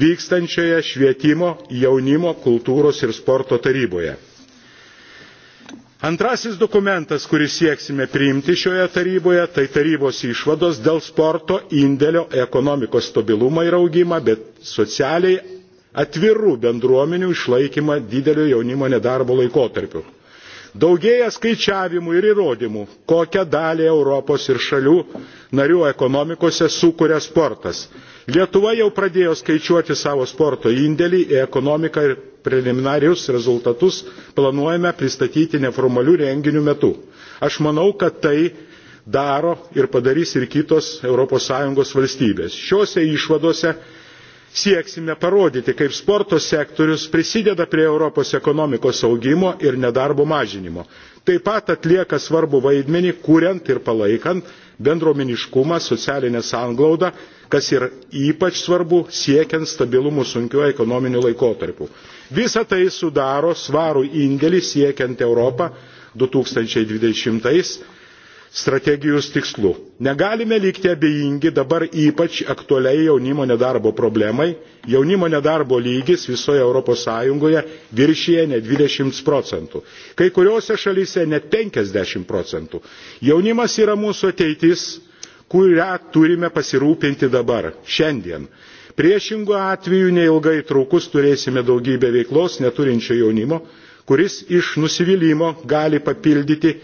vykstančioje švietimo, jaunimo, kultūros ir sporto taryboje antrasis dokumentas kurį sieksime priimti šioje taryboje tai tarybos išvados dėl sporto indėlio į ekonomikos stabilumą ir augimą bet socialiai atvirų bendruomenių išlaikymą didelio jaunimo nedarbo laikotarpiu. Daugėja skaičiavimų ir įrodymų, kokią dalį Europos ir šalių narių ekonomikose sukuria sportas. Lietuva jau pradėjo skaičiuoti savo sporto indėlį į ekonomiką ir preliminarius rezultatus planuojame pristatyti neformalių renginių metu. Aš manau, kad tai daro ir padarys ir kitos ES valstybės. Šiuose išvadose sieksime parodyti, kaip sporto sektorius prisideda prie Europos ekonomikos augimo ir nedarbo mažinimo. Taip pat atlieka svarbu vaidmenį, kuriant ir palaikant bendrominiškumą, socialinę sanglaudą kas yra ypač svarbu siekiant stabilumų sunkiuo ekonominiu laikotarpiu. Visa tai sudaro svarų indėlį siekiant Europą 2020 strategijos tikslų. Negalime likti abejingi dabar ypač aktualiai jaunimo nedarbo problemai. Jaunimo nedarbo lygis visoje ES viršyje ne 20 procentų. Kai kuriuose šalyse net 50 procentų. Jaunimas yra mūsų ateitis kurią turime pasirūpinti dabar, šiandien. Priešingų atveju neilgai trūkus turėsime daugybę veiklos neturinčio jaunimo, kuris iš nusivylimo gali papildyti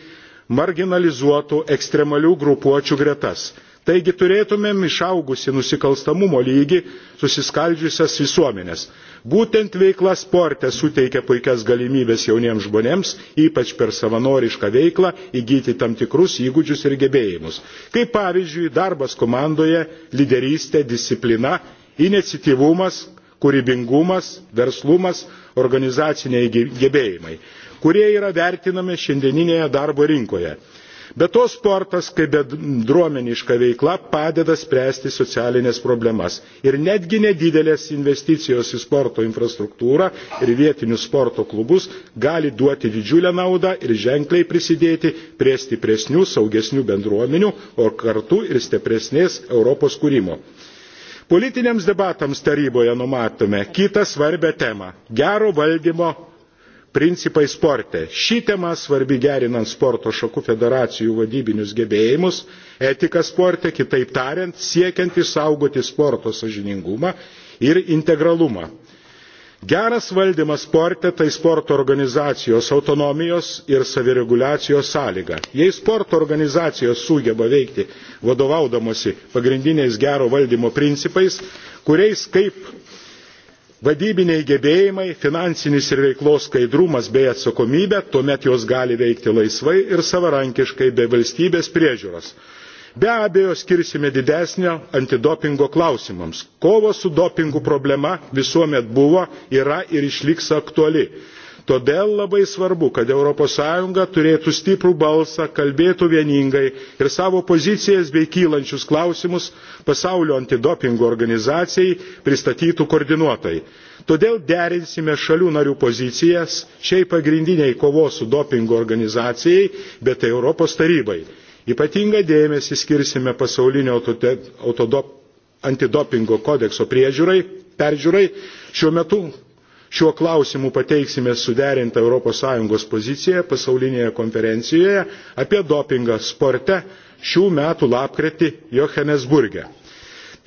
marginalizuotų ekstremalių grupuočių gretas Taigi turėtumėm išaugusi nusikalstamumo lygį susiskaldžiusias visuomenės. Būtent veikla sporte suteikia puikias galimybės jauniems žmonėms, ypač per savanorišką veiklą, įgyti tam tikrus įgūdžius ir gebėjimus. Kaip pavyzdžiui, darbas komandoje, lyderystė, disciplina, iniciatyvumas, kūrybingumas, verslumas, organizaciniai gebėjimai, kurie yra vertinami šiandieninėje darbo rinkoje. Be to sportas kaip bendruomeniška veikla padeda spręsti socialinės problemas ir netgi nedidelės investicijos į sporto infrastruktūrą ir vietinius sporto klubus gali duoti didžiulę naudą ir ženkliai prisidėti prie stipresnių, saugesnių bendruomenių, o kartu ir stipresnės Europos kūrimo. Politiniams debatams taryboje numatome kitą svarbę temą - gero valdymo principai sporte. Ši tema svarbi gerinant sporto šakų federacijų vadybinius gebėjimus, etiką sporte, kitaip tariant, siekiant išsaugoti sporto sažiningumą ir integralumą. Geras valdymas sporte tai sporto organizacijos autonomijos ir savireguliacijos sąlyga. Jei sporto organizacijos sugeba veikti vadovaudamosi pagrindiniais gero valdymo principais, kuriais kaip vadybiniai gebėjimai finansinis ir veiklos skaidrumas bei atsakomybė tuomet jos gali veikti laisvai ir savarankiškai be valstybės priežiūros. be abejo skirsime didesnio antidopingo klausimams kovos su dopingu problema visuomet buvo yra ir išliks aktuali. Todėl labai svarbu, kad ES turėtų stiprų balsą, kalbėtų vieningai ir savo pozicijas bei kylančius klausimus pasaulio antidopingo organizacijai pristatytų koordinuotai. Todėl derinsime šalių narių pozicijas šiai pagrindiniai kovos su dopingo organizacijai, bet tai Europos tarybai. Ypatingą dėmesį skirsime pasaulinio autodop, antidopingo kodekso priežiūrai, peržiūrai. Šiuo metu Šiuo klausimu pateiksime suderintą ES poziciją pasaulinėje konferencijoje apie dopingą sporte šių metų lapkritį Johannesburge.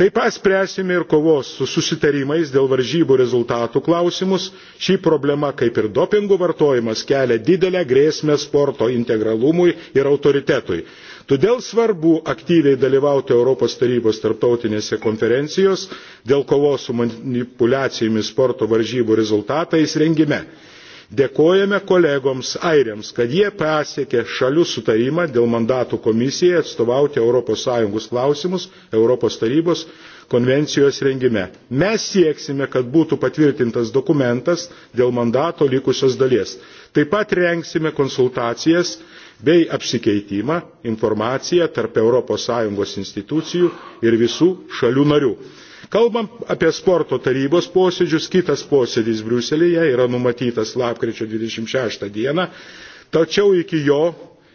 Taip pat spręsime ir kovos su susitarimais dėl varžybų rezultatų klausimus. Ši problema, kaip ir dopingų vartojimas, kelia didelę grėsmę sporto integralumui ir autoritetui todėl svarbu aktyviai dalyvauti europos tarybos tarptautinėse konferencijose dėl kovos su manipuliacijomis sporto varžybų rezultatais rengime. dėkojame kolegoms airiams kad jie pasiekė šalių sutarimą dėl mandato komisijai atstovauti europos sąjungos klausimus europos tarybos konvencijos rengime. mes sieksime kad būtų patvirtintas dokumentas dėl mandato likusios dalies. taip pat rengsime konsultacijas bei apsikeitimą informaciją tarp ES institucijų ir visų šalių narių. Kalbam apie sporto tarybos posėdžius, kitas posėdis Briuselėje yra numatytas lapkričio 26 dieną, tačiau iki jo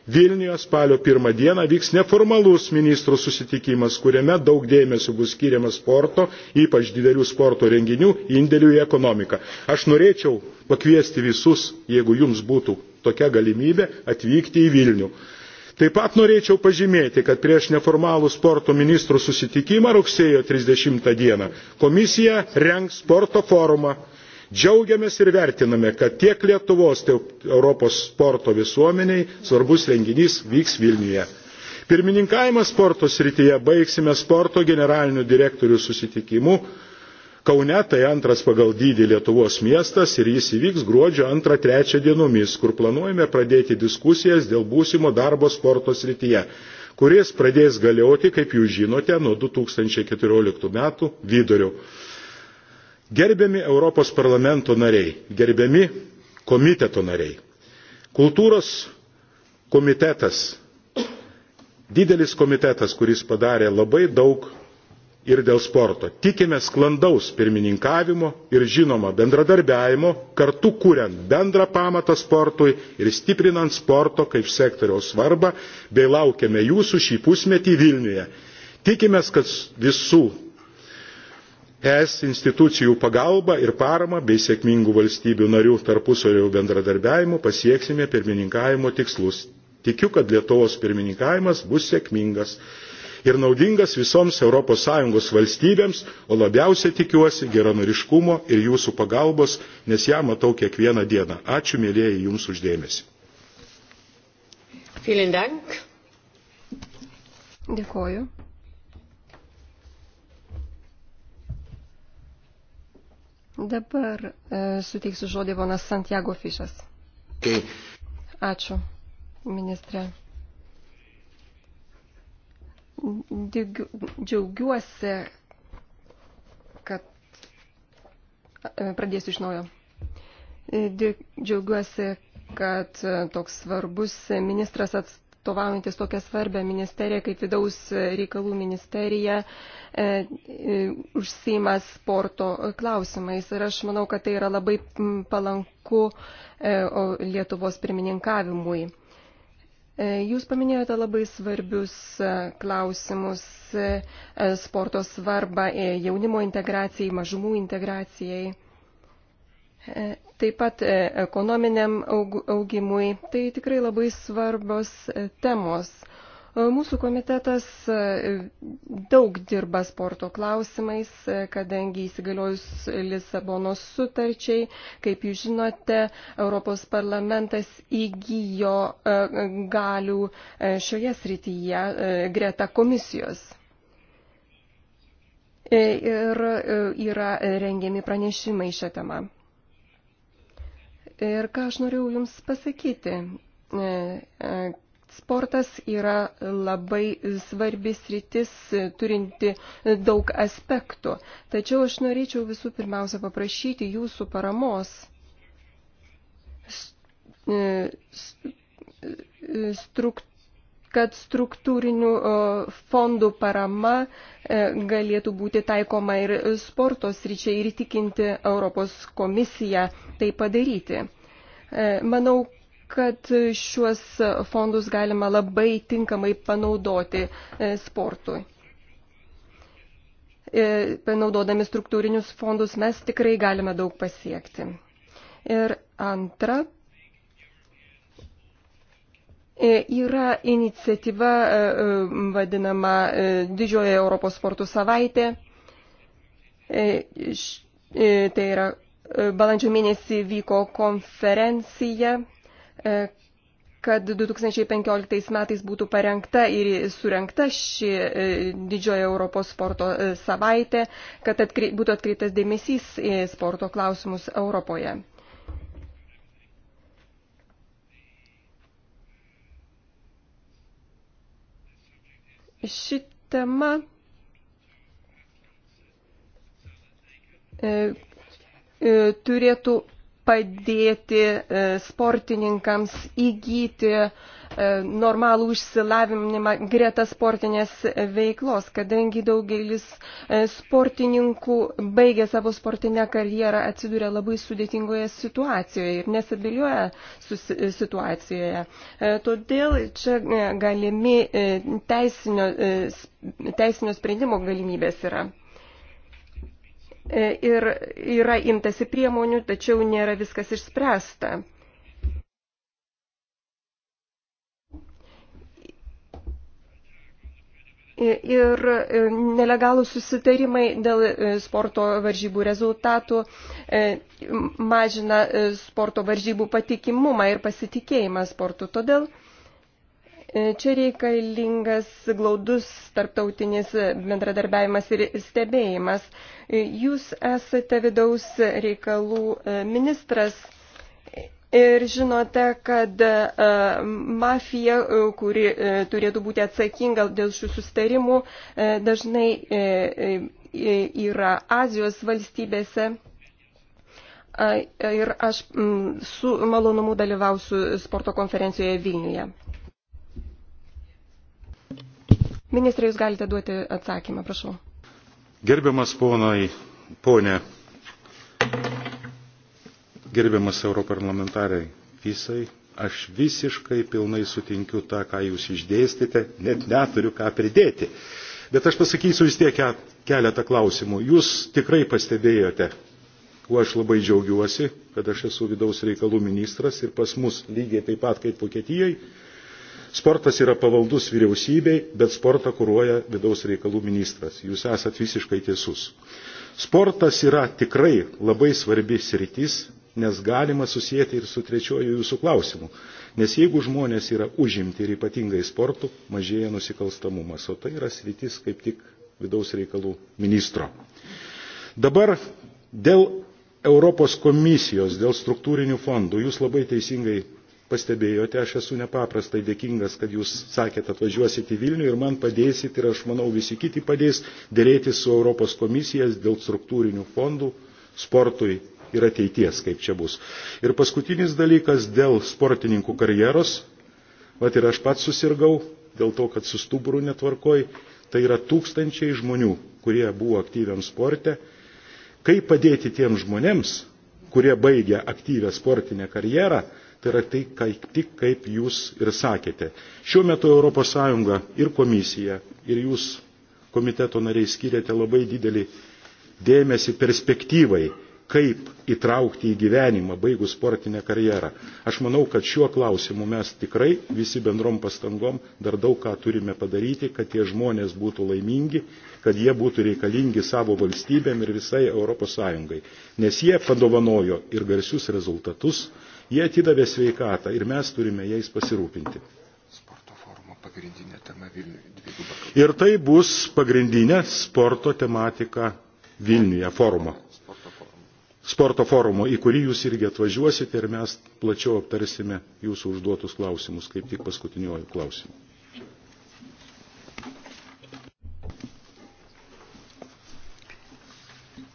Vilniuje spalio pirmą dieną vyks neformalus ministrų susitikimas, kuriame daug dėmesio bus skiriama sporto, ypač didelių sporto renginių, indėlių į ekonomiką. Aš norėčiau pakviesti visus, jeigu jums būtų tokia galimybė atvykti į Vilnių. Taip pat norėčiau pažymėti, kad prieš neformalų sporto ministrų susitikimą rugsėjo 30 dieną komisija rengs sporto forumą. Džiaugiamės ir vertiname, kad tiek Lietuvos, tiek Europos sporto visuomeniai svarbus renginys vyks Vilniuje. Pirmininkavimą sporto srityje baigsime sporto generalinių direktorių susitikimu Kaune tai antras pagal dydį Lietuvos miestas ir jis įvyks gruodžio 2-3 dienomis, kur planuojame pradėti diskusijas dėl būsimo darbo sporto srityje, kuris pradės galioti, kaip jūs žinote, nuo 2014 metų vidurio. Gerbiami Europos parlamento nariai, gerbiami komiteto nariai, kultūros komitetas didelis komitetas, kuris padarė labai daug ir dėl sporto. Tikime sklandaus pirmininkavimo ir žinoma bendradarbiajimo, kartu kuriant bendrą pamatą sportui ir stiprinant sporto kaip sektoriaus svarbą, bei laukiame jūsų šį pusmetį Vilniuje. Tikimės, kad visų es institucijų pagalba ir parama bei sėkmingų valstybių narių tarpusavio bendradarbiavimu pasieksime pirmininkavimo tikslus. Tikiu, kad Lietuvos pirmininkavimas bus sėkmingas ir naudingas visoms ES valstybėms, o labiausiai tikiuosi geranoriškumo ir jūsų pagalbos, nes ją matau kiekvieną dieną. Ačiū, mėlyjeji, Jums uždėmesi. Dėkoju. Dabar e, suteiksiu žodį ponas Santiago Fišas. Okay. Ačiū, ministrė džiaugiuosi, kad e, pradėsiu iš naujo. Džiaugiuosi, kad toks svarbus ministras atstovaujantis tokią svarbę ministeriją kaip vidaus reikalų ministerija e, e, užsima sporto klausimais. Ir aš manau, kad tai yra labai palanku e, Lietuvos pirmininkavimui. E, jūs paminėjote labai svarbius e, klausimus e, - sporto svarbą, jaunimo integracijai, mažumų integracijai, taip pat ekonominiam augimui. Tai tikrai labai svarbios temos. Mūsų komitetas e, daug dirba sporto klausimais, e, kadangi įsigaliojus Lisabonos sutarčiai, kaip jūs žinote, Europos parlamentas įgyjo e, galių šioje srityje greta komisijos. Ir yra rengiami pranešimai šią temą. Ir ką aš norėjau Jums pasakyti, Sportas yra labai svarbis rytis, turinti daug aspektų. Tačiau aš norėčiau visų pirmiausia paprašyti jūsų paramos struk, kad struktūrinių fondų parama e, galėtų būti taikoma ir sporto sričiai ir tikinti Europos komisiją tai padaryti. E, manau, kad šiuos fondus galima labai tinkamai panaudoti e, sportui. E, panaudodami struktūrinius fondus mes tikrai galime daug pasiekti. Ir antra, e, yra iniciatyva vadinama Didžioji Europos sportų savaitė. Tai yra balandžio mėnesį vyko konferencija E, kad 2015 metais būtų parengta ir surenkta ši e, didžiojo Europos sporto e, savaitė, kad atkri, būtų atkreiptas dėmesys į sporto klausimus Europoje. Ši tema e, e, turėtų padėti e, sportininkams įgyti e, normalų išsilavinimą greta sportinės veiklos, kadangi daugelis e, sportininkų baigia savo sportinę karjerą, atsiduria labai sudėtingoje situacijoje ir nesabilioja situacijoje. Todėl čia galimi teisinio, teisinio sprendimo galimybės yra. E, ir yra imtasi priemonių, tačiau nėra viskas išspręsta. Ir e, nelegalų susitarimai dėl e, sporto varžybų rezultatų mažina sporto varžybų patikimumą ir pasitikėjimą sportu. Todėl E, čia reikalingas glaudus tarptautinis bendradarbiavimas ir stebėjimas. E, jūs esate vidaus reikalų e, ministras ir žinote, kad mafija, kuri turėtų būti atsakinga dėl šių sustarimų, dažnai yra Azijos valstybėse. Ir aš su malonumu dalyvausiu sporto konferencijoje Vilniuje. Ministrai, jūs galite duoti atsakymą, prašau. Gerbiamas ponai, ponė, gerbiamas europarlamentarai visai, aš visiškai pilnai sutinkiu tą, ką jūs išdėstėte, net neturiu ką pridėti. Bet aš pasakysiu vis tiek keletą klausimų. Jūs tikrai pastebėjote, kuo aš labai džiaugiuosi, kad aš esu vidaus reikalų ministras ir pas mus lygiai taip pat kaip Vokietijai sportas yra pavaldus vyriausybei bet sportą kuruoja vidaus reikalų ministras jūs esat visiškai teisus sportas yra tikrai labai svarbi sritis nes galima susijęti ir su trečiuoju jūsų klausimu nes jeigu žmonės yra užimti ir ypatingai sportu mažėja nusikalstamumas o tai yra sritis kaip tik vidaus reikalų ministro dabar dėl europos komisijos dėl struktūrinių fondų jūs labai teisingai pastebėjote, aš esu nepaprastai dėkingas, kad jūs sakėte atvažiuosite į Vilnių ir man padėsit ir aš manau visi kiti padės dėrėti su Europos komisijas dėl struktūrinių fondų sportui ir ateities, kaip čia bus. Ir paskutinis dalykas dėl sportininkų karjeros, vat ir aš pats susirgau dėl to, kad su stuburu netvarkoj, tai yra tūkstančiai žmonių, kurie buvo aktyviam sporte. Kaip padėti tiems žmonėms, kurie baigia aktyvę sportinę karjerą, tai yra tai, kaip, tik kaip jūs ir sakėte. Šiuo metu ES ir komisija, ir jūs komiteto nariai skiriate labai didelį dėmesį perspektyvai, kaip įtraukti į gyvenimą baigus sportinę karjerą. Aš manau, kad šiuo klausimu mes tikrai visi bendrom pastangom dar daug ką turime padaryti, kad tie žmonės būtų laimingi, kad jie būtų reikalingi savo valstybėm ir visai ES. Nes jie padovanojo ir garsius rezultatus, Jie atidavė sveikatą ir mes turime jais pasirūpinti. Ir tai bus pagrindinė sporto tematika Vilniuje forumo. Sporto forumo, į kurį jūs irgi atvažiuosite ir mes plačiau aptarsime jūsų užduotus klausimus, kaip tik paskutiniuoju klausimu.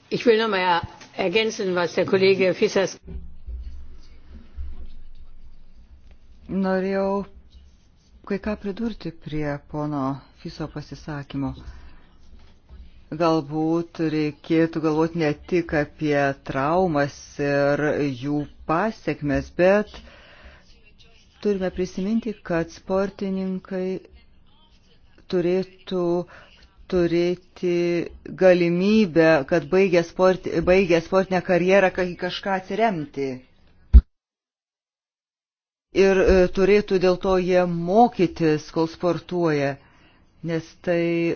Ich will noch mal ergänzen, was der Kollege Fissers Norėjau kai ką pridurti prie pono Fiso pasisakymo. Galbūt reikėtų galvoti ne tik apie traumas ir jų pasiekmes, bet turime prisiminti, kad sportininkai turėtų turėti galimybę, kad baigę, sport, baigę sportinę karjerą kažką atsiremti ir e, turėtų dėl to jie mokytis, kol sportuoja, nes tai e,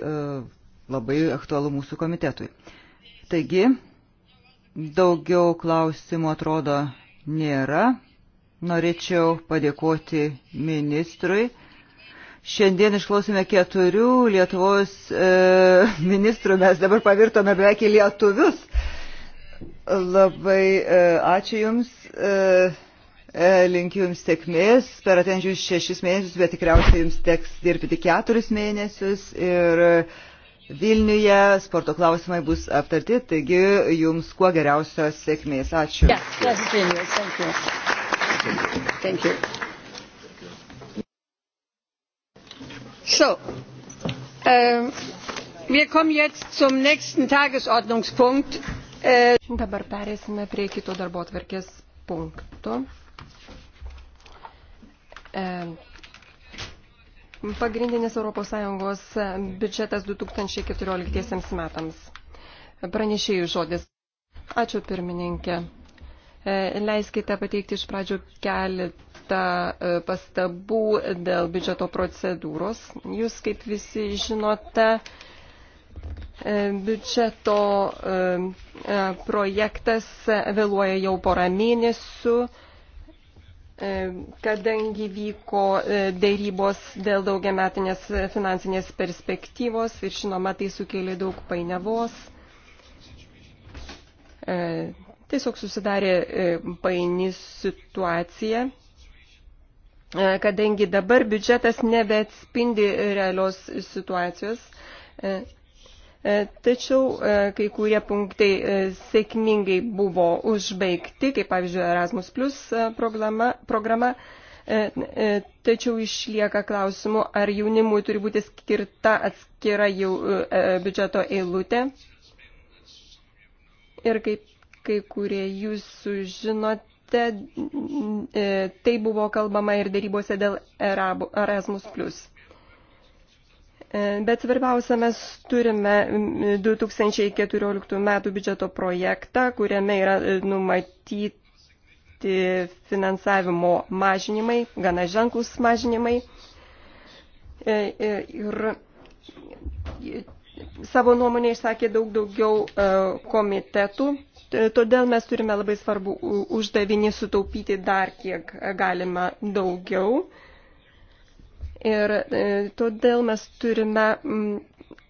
labai aktualu mūsų komitetui. Taigi, daugiau klausimų atrodo nėra. Norėčiau padėkoti ministrui. Šiandien išklausime keturių Lietuvos e, ministrų, mes dabar pavirtome beveik į lietuvius. Labai e, ačiū Jums. E, E, linkiu Jums sėkmės per atenčius šešis mėnesius, bet tikriausiai Jums teks dirbti tik keturis mėnesius ir Vilniuje sporto klausimai bus aptarti, taigi Jums kuo geriausios sėkmės. Ačiū. Yes, yes, genius. Thank you. Thank you. So, um, wir kommen jetzt zum nächsten Tagesordnungspunkt. Uh, Dabar perėsime prie kito darbo tvarkės punkto. E, pagrindinis ES biudžetas 2014 metams. Pranešėjų žodis. Ačiū pirmininkė. E, leiskite pateikti iš pradžių keletą e, pastabų dėl biudžeto procedūros. Jūs, kaip visi žinote, biudžeto projektas vėluoja jau porą mėnesių E, kadangi vyko e, dėrybos dėl daugiametinės finansinės perspektyvos ir žinoma tai sukėlė daug painiavos. E, tiesiog susidarė paini situacija, kadangi dabar biudžetas nebeatspindi realios situacijos E, tačiau e, kai kurie punktai e, sėkmingai buvo užbaigti, kaip pavyzdžiui Erasmus Plus programa, programa. Tačiau išlieka klausimų, ar jaunimui turi būti skirta atskira jau biudžeto eilutė. Ir kaip kai kurie jūsų žinote, tai buvo kalbama ir darybose dėl Erasmus Plus. E, bet svarbiausia, mes turime 2014 m. biudžeto projektą, kuriame yra e, numatyti finansavimo mažinimai, gana ženklus mažinimai. E, ir savo nuomonę išsakė daug daugiau komitetų, todėl mes turime labai svarbu uždavinį sutaupyti dar kiek galima daugiau. Ir e, todėl mes turime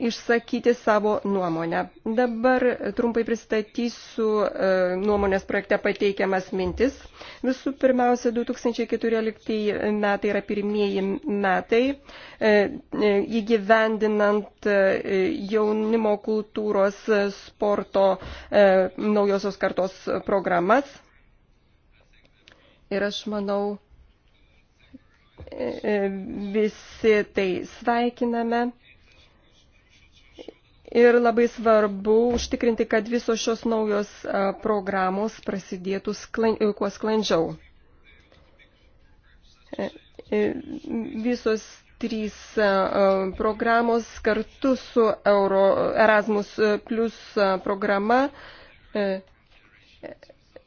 išsakyti savo nuomonę. Dabar trumpai pristatysiu e, nuomonės projekte pateikiamas mintis. Visų pirmiausia, 2014 metai yra pirmieji metai e, įgyvendinant jaunimo kultūros sporto naujosios kartos programas. Ir aš manau, E, visi tai sveikiname. Ir labai svarbu užtikrinti, kad visos šios naujos e, programos prasidėtų sklan, e, kuo sklandžiau. Visos trys programos kartu su Euro, Erasmus Plus programa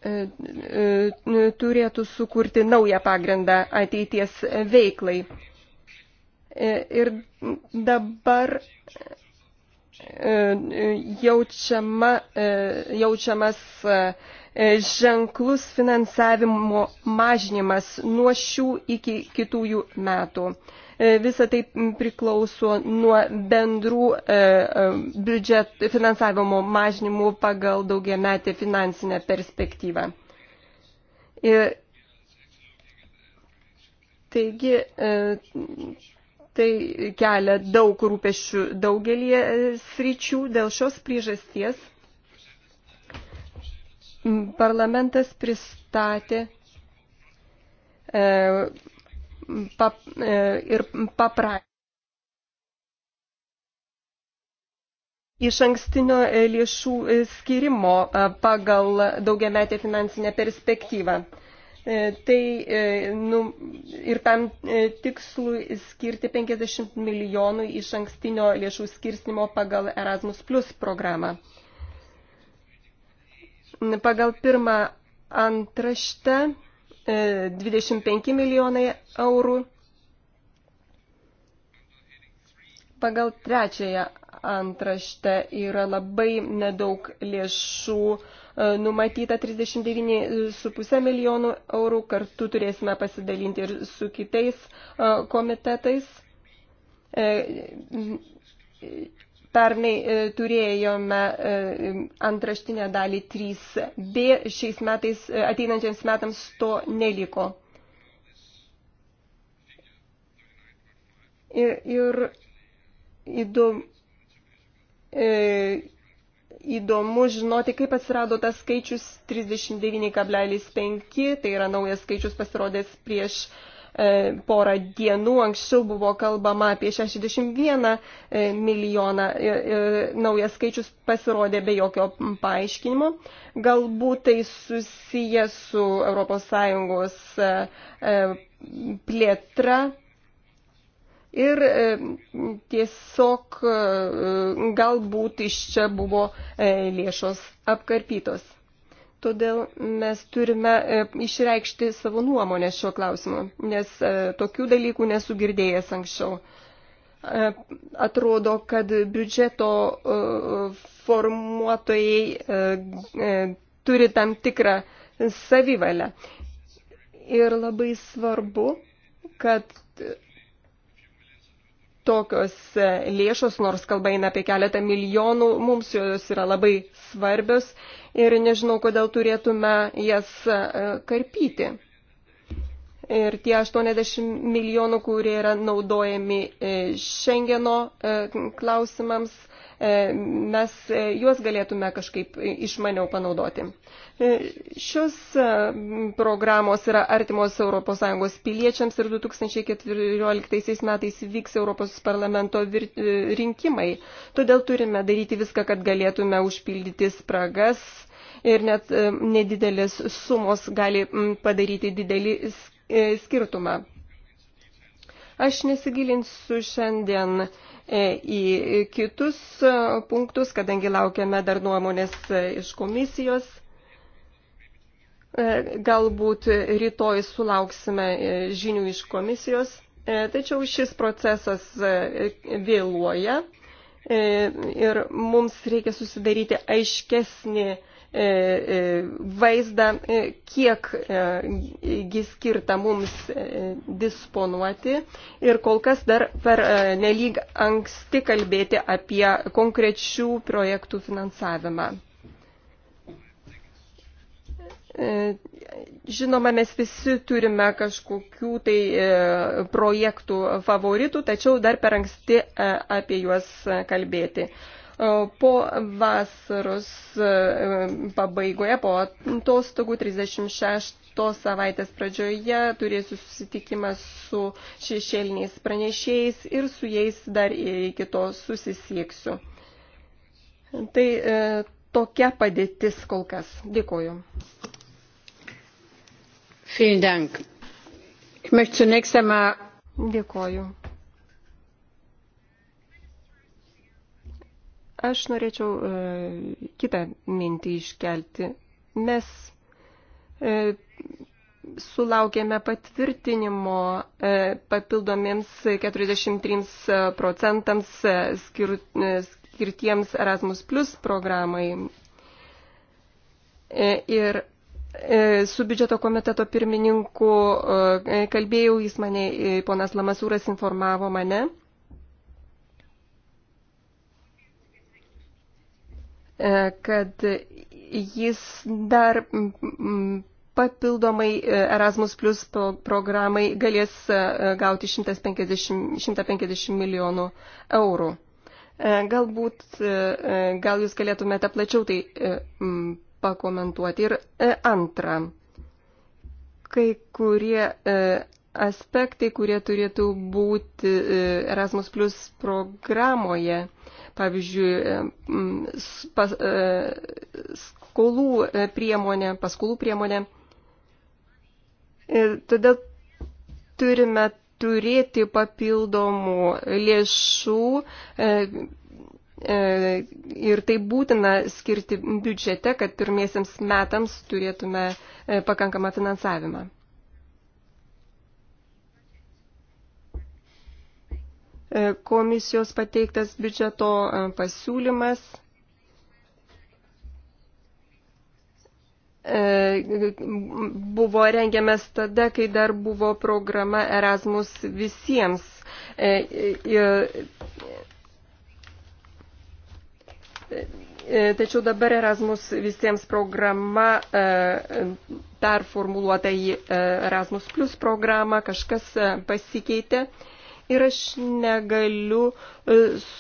E, e, e, turėtų sukurti naują pagrindą ateities veiklai. Ir dabar jaučiama, jaučiamas ženklus finansavimo mažinimas nuo šių iki kitųjų metų. E, visa tai priklauso nuo bendrų e, e, biudžet finansavimo mažinimų pagal daugiametę finansinę perspektyvą. Ir taigi tai kelia daug rūpešių daugelį sričių dėl šios priežasties parlamentas pristatė pap, e, ir paprašė. Iš ankstinio e, lėšų e, skirimo pagal daugiametę finansinę perspektyvą. Tai nu, ir tam tikslui skirti 50 milijonų iš ankstinio lėšų skirsnimo pagal Erasmus Plus programą. Pagal pirmą antraštę 25 e, milijonai eurų. Pagal trečiąją antraštę yra labai nedaug lėšų e, numatyta 39,5 milijonų eurų. Kartu turėsime pasidalinti ir su kitais e, komitetais Pernai e, turėjome e, antraštinę dalį 3b, šiais metais e, ateinančiams metams to neliko. Ir, ir įdomu, įdomu žinoti, kaip atsirado tas skaičius 39,5, tai yra naujas skaičius pasirodęs prieš uh, E, porą dienų anksčiau buvo kalbama apie 61 e, milijoną ir e, naujas skaičius pasirodė be jokio paaiškinimo. Galbūt tai susiję su ES plėtra. Ir tiesiog galbūt iš čia buvo lėšos apkarpytos. Todėl mes turime e, išreikšti savo nuomonę šiuo klausimu, nes e, tokių dalykų nesu girdėjęs anksčiau. E, atrodo, kad biudžeto formuotojai turi tam tikrą savivalę. Ir labai svarbu, kad tokios e, lėšos, nors kalba eina apie keletą milijonų, mums jos yra labai svarbios ir nežinau, kodėl turėtume jas e, karpyti. Ir tie 80 milijonų, kurie yra naudojami e, Šengeno klausimams, E, mes e, juos galėtume kažkaip išmaniau panaudoti. E, šios programos yra artimos ES piliečiams ir 2014 metais vyks Europos parlamento rinkimai. Todėl turime daryti viską, kad galėtume užpildyti spragas ir net nedidelės sumos gali padaryti didelį skirtumą. Aš nesigilinsiu šiandien E, į kitus e, punktus, kadangi laukiame dar nuomonės e, iš komisijos. Galbūt rytoj sulauksime žinių iš komisijos, tačiau šis procesas vėluoja ir mums reikia susidaryti aiškesnį E, e, vaizdą, e, kiek jis skirta mums disponuoti ir kol kas dar per nelyg anksti kalbėti apie konkrečių projektų finansavimą. Žinoma, mes visi turime kažkokių tai projektų favoritų, tačiau dar per anksti apie juos kalbėti po vasaros e, pabaigoje, po atostogų 36 savaitės pradžioje turėsiu susitikimą su šešėliniais pranešėjais ir su jais dar iki to susisieksiu. Tai e, tokia padėtis kol kas. Dėkoju. Vielen Dank. Ich möchte zunächst einmal Dėkoju. Aš norėčiau e, kitą mintį iškelti. Mes e, sulaukėme patvirtinimo e, papildomiems 43 procentams e, skir, e, skirtiems Erasmus Plus programai. E, ir e, su biudžeto komiteto pirmininku e, kalbėjau, jis mane, ponas Lamasūras informavo mane, E, kad jis dar papildomai e, Erasmus Plus programai galės e, gauti 150, 150 milijonų eurų. Galbūt, gal jūs galėtumėte plačiau tai pakomentuoti. Ir antra, kai kurie aspektai, kurie turėtų būti e, Erasmus Plus programoje. Pavyzdžiui, e, pas, e, skolų priemonė, paskolų priemonė. Ir tada turime turėti papildomų lėšų ir tai būtina skirti biudžete, kad pirmiesiams metams turėtume pakankamą finansavimą. E, komisijos pateiktas biudžeto e, pasiūlymas e, buvo rengiamas tada, kai dar buvo programa Erasmus visiems. Tačiau dabar Erasmus visiems programa performuluota į Erasmus Plus programą, kažkas pasikeitė ir aš negaliu e,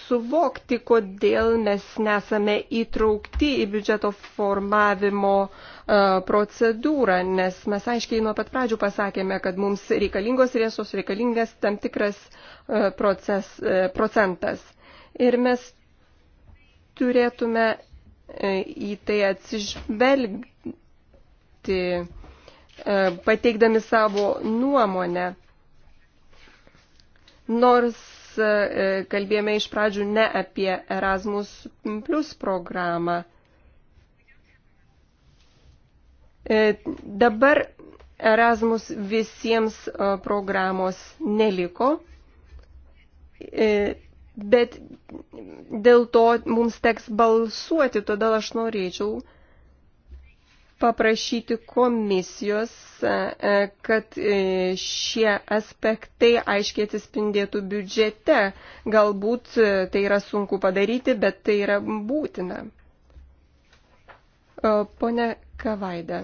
suvokti, kodėl mes nesame įtraukti į biudžeto formavimo e, procedūrą, nes mes aiškiai nuo pat pradžių pasakėme, kad mums reikalingos lėšos, reikalingas tam tikras e, proces, procentas. Ir mes turėtume į tai atsižvelgti, pateikdami savo nuomonę. Nors e, e, kalbėjome iš pradžių ne apie Erasmus Plus programą. E, dabar Erasmus visiems programos neliko, bet dėl to mums teks balsuoti, todėl aš norėčiau paprašyti komisijos, e, e, kad e, šie aspektai aiškiai atsispindėtų biudžete. Galbūt tai yra sunku padaryti, bet tai yra būtina. Pone Kavaida.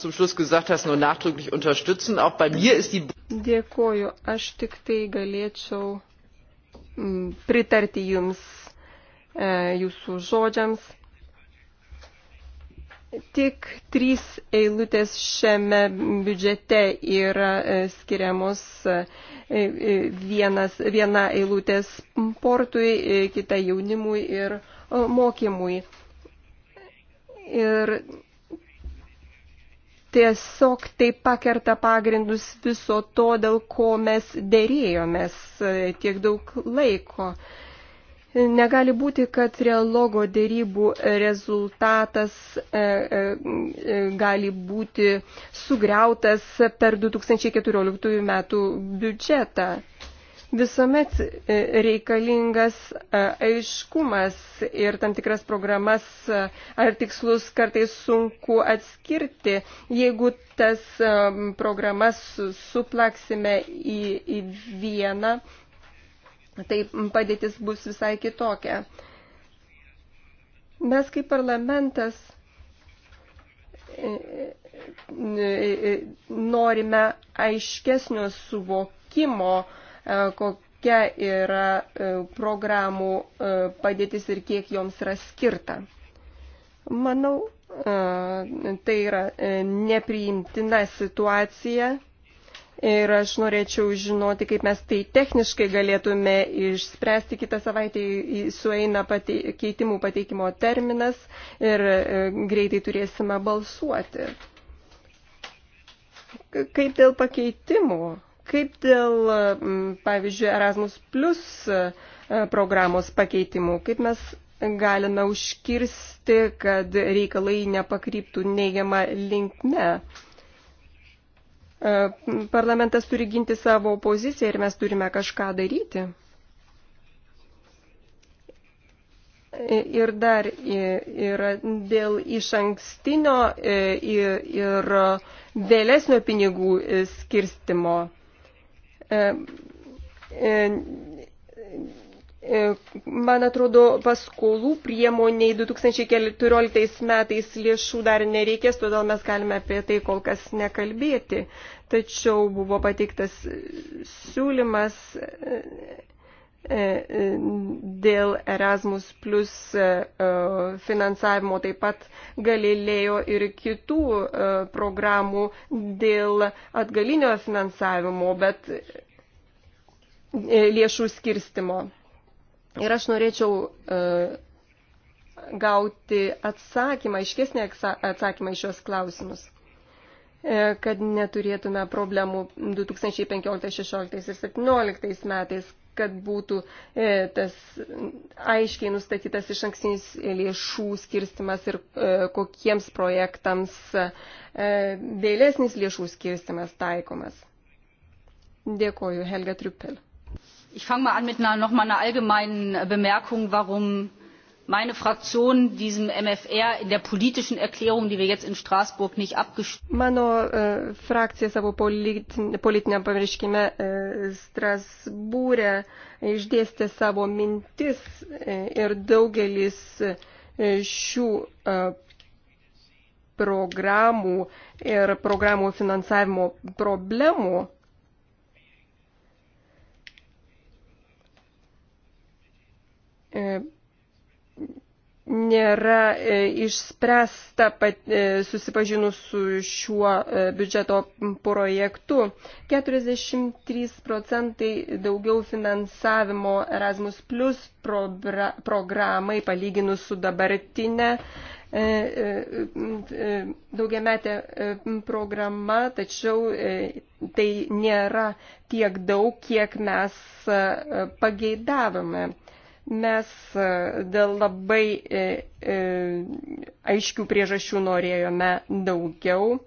Zum Schluss gesagt hast, nur nachdrücklich unterstützen. Auch bei mir ist die. Dėkoju, aš tik tai galėčiau pritarti jums, jūsų žodžiams Tik trys eilutės šiame biudžete yra e, skiriamos e, e, vienas, viena eilutės sportui, kita jaunimui ir mokymui. Ir tiesiog tai pakerta pagrindus viso to, dėl ko mes dėrėjomės tiek daug laiko. Negali būti, kad trialogo dėrybų rezultatas e, e, e gali būti sugriautas per 2014 metų biudžetą. Visuomet e, reikalingas e, aiškumas ir tam tikras programas ar tikslus kartais sunku atskirti, jeigu tas programas suplaksime į, į vieną tai padėtis bus visai kitokia. Mes kaip parlamentas e, e, e, norime aiškesnio suvokimo, kokia yra programų padėtis ir kiek joms yra skirta. Manau, tai yra nepriimtina situacija Ir aš norėčiau žinoti, kaip mes tai techniškai galėtume išspręsti. Kitą savaitę sueina pate, keitimų pateikimo terminas ir e, greitai turėsime balsuoti. Kaip dėl pakeitimų? Kaip dėl, pavyzdžiui, Erasmus Plus e, programos pakeitimų? Kaip mes galime užkirsti, kad reikalai nepakryptų neigiamą linkme? Ne? E, parlamentas turi ginti savo poziciją ir mes turime kažką daryti. E, ir dar e, yra dėl iš ankstinio ir vėlesnio pinigų skirstimo E, man atrodo, paskolų priemoniai 2014 metais lėšų dar nereikės, todėl mes galime apie tai kol kas nekalbėti. Tačiau buvo pateiktas siūlymas e, e, dėl Erasmus plus finansavimo, taip pat galilėjo ir kitų programų dėl atgalinio finansavimo, bet lėšų skirstimo. Ir aš norėčiau e, gauti atsakymą, iškesnį atsakymą iš šios klausimus, e, kad neturėtume problemų 2015, 16 ir 17 metais, kad būtų e, tas aiškiai nustatytas iš ankstinis lėšų skirstimas ir kokiems projektams vėlesnis lėšų skirstimas taikomas. Dėkoju, Helga Triupel ich fange mal an mit noch mal einer allgemeinen äh, bemerkung warum meine fraktion diesem mfr in der politischen erklärung die wir jetzt in straßburg nicht abgestimmt mano äh, e, frakcija savo politin, politiniam pareiškime e, strasbūre išdėstė savo mintis e, ir daugelis e, šių e, programų ir programų finansavimo problemų E, nėra e, išspręsta e, susipažinus su šiuo biudžeto projektu. 43 procentai daugiau finansavimo Erasmus Plus programai palyginus su dabartinė daugiametė programa, tačiau tai nėra tiek daug, kiek mes pageidavome. Mes e, dėl labai e, e, aiškių priežasčių norėjome daugiau,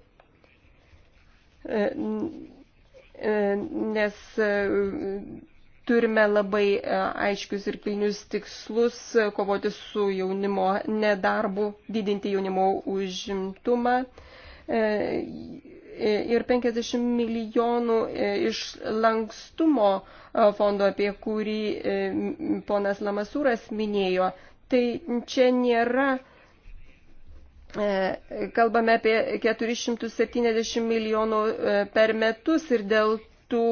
nes turime labai aiškius ir pilnius tikslus kovoti su jaunimo nedarbu, didinti jaunimo užimtumą ir 50 milijonų e, iš lankstumo e, fondo, apie kurį e, ponas Lamasūras minėjo. Tai čia nėra, kalbame apie 470 milijonų per metus ir dėl tų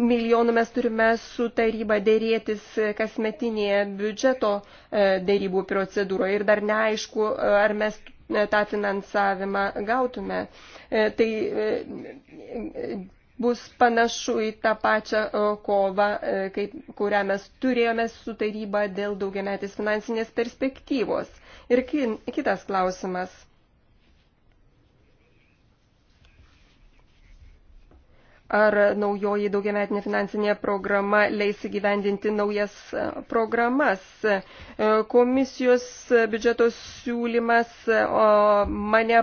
milijonų mes turime su taryba dėrėtis kasmetinėje biudžeto dėrybų procedūroje ir dar neaišku, ar mes E, tą finansavimą gautume. E, tai e, bus panašu į tą pačią kovą, kaip, kurią mes turėjome su taryba dėl daugiametės finansinės perspektyvos. Ir kitas klausimas ar naujoji daugiametinė finansinė programa leis įgyvendinti naujas e, programas. E, komisijos biudžeto siūlymas mane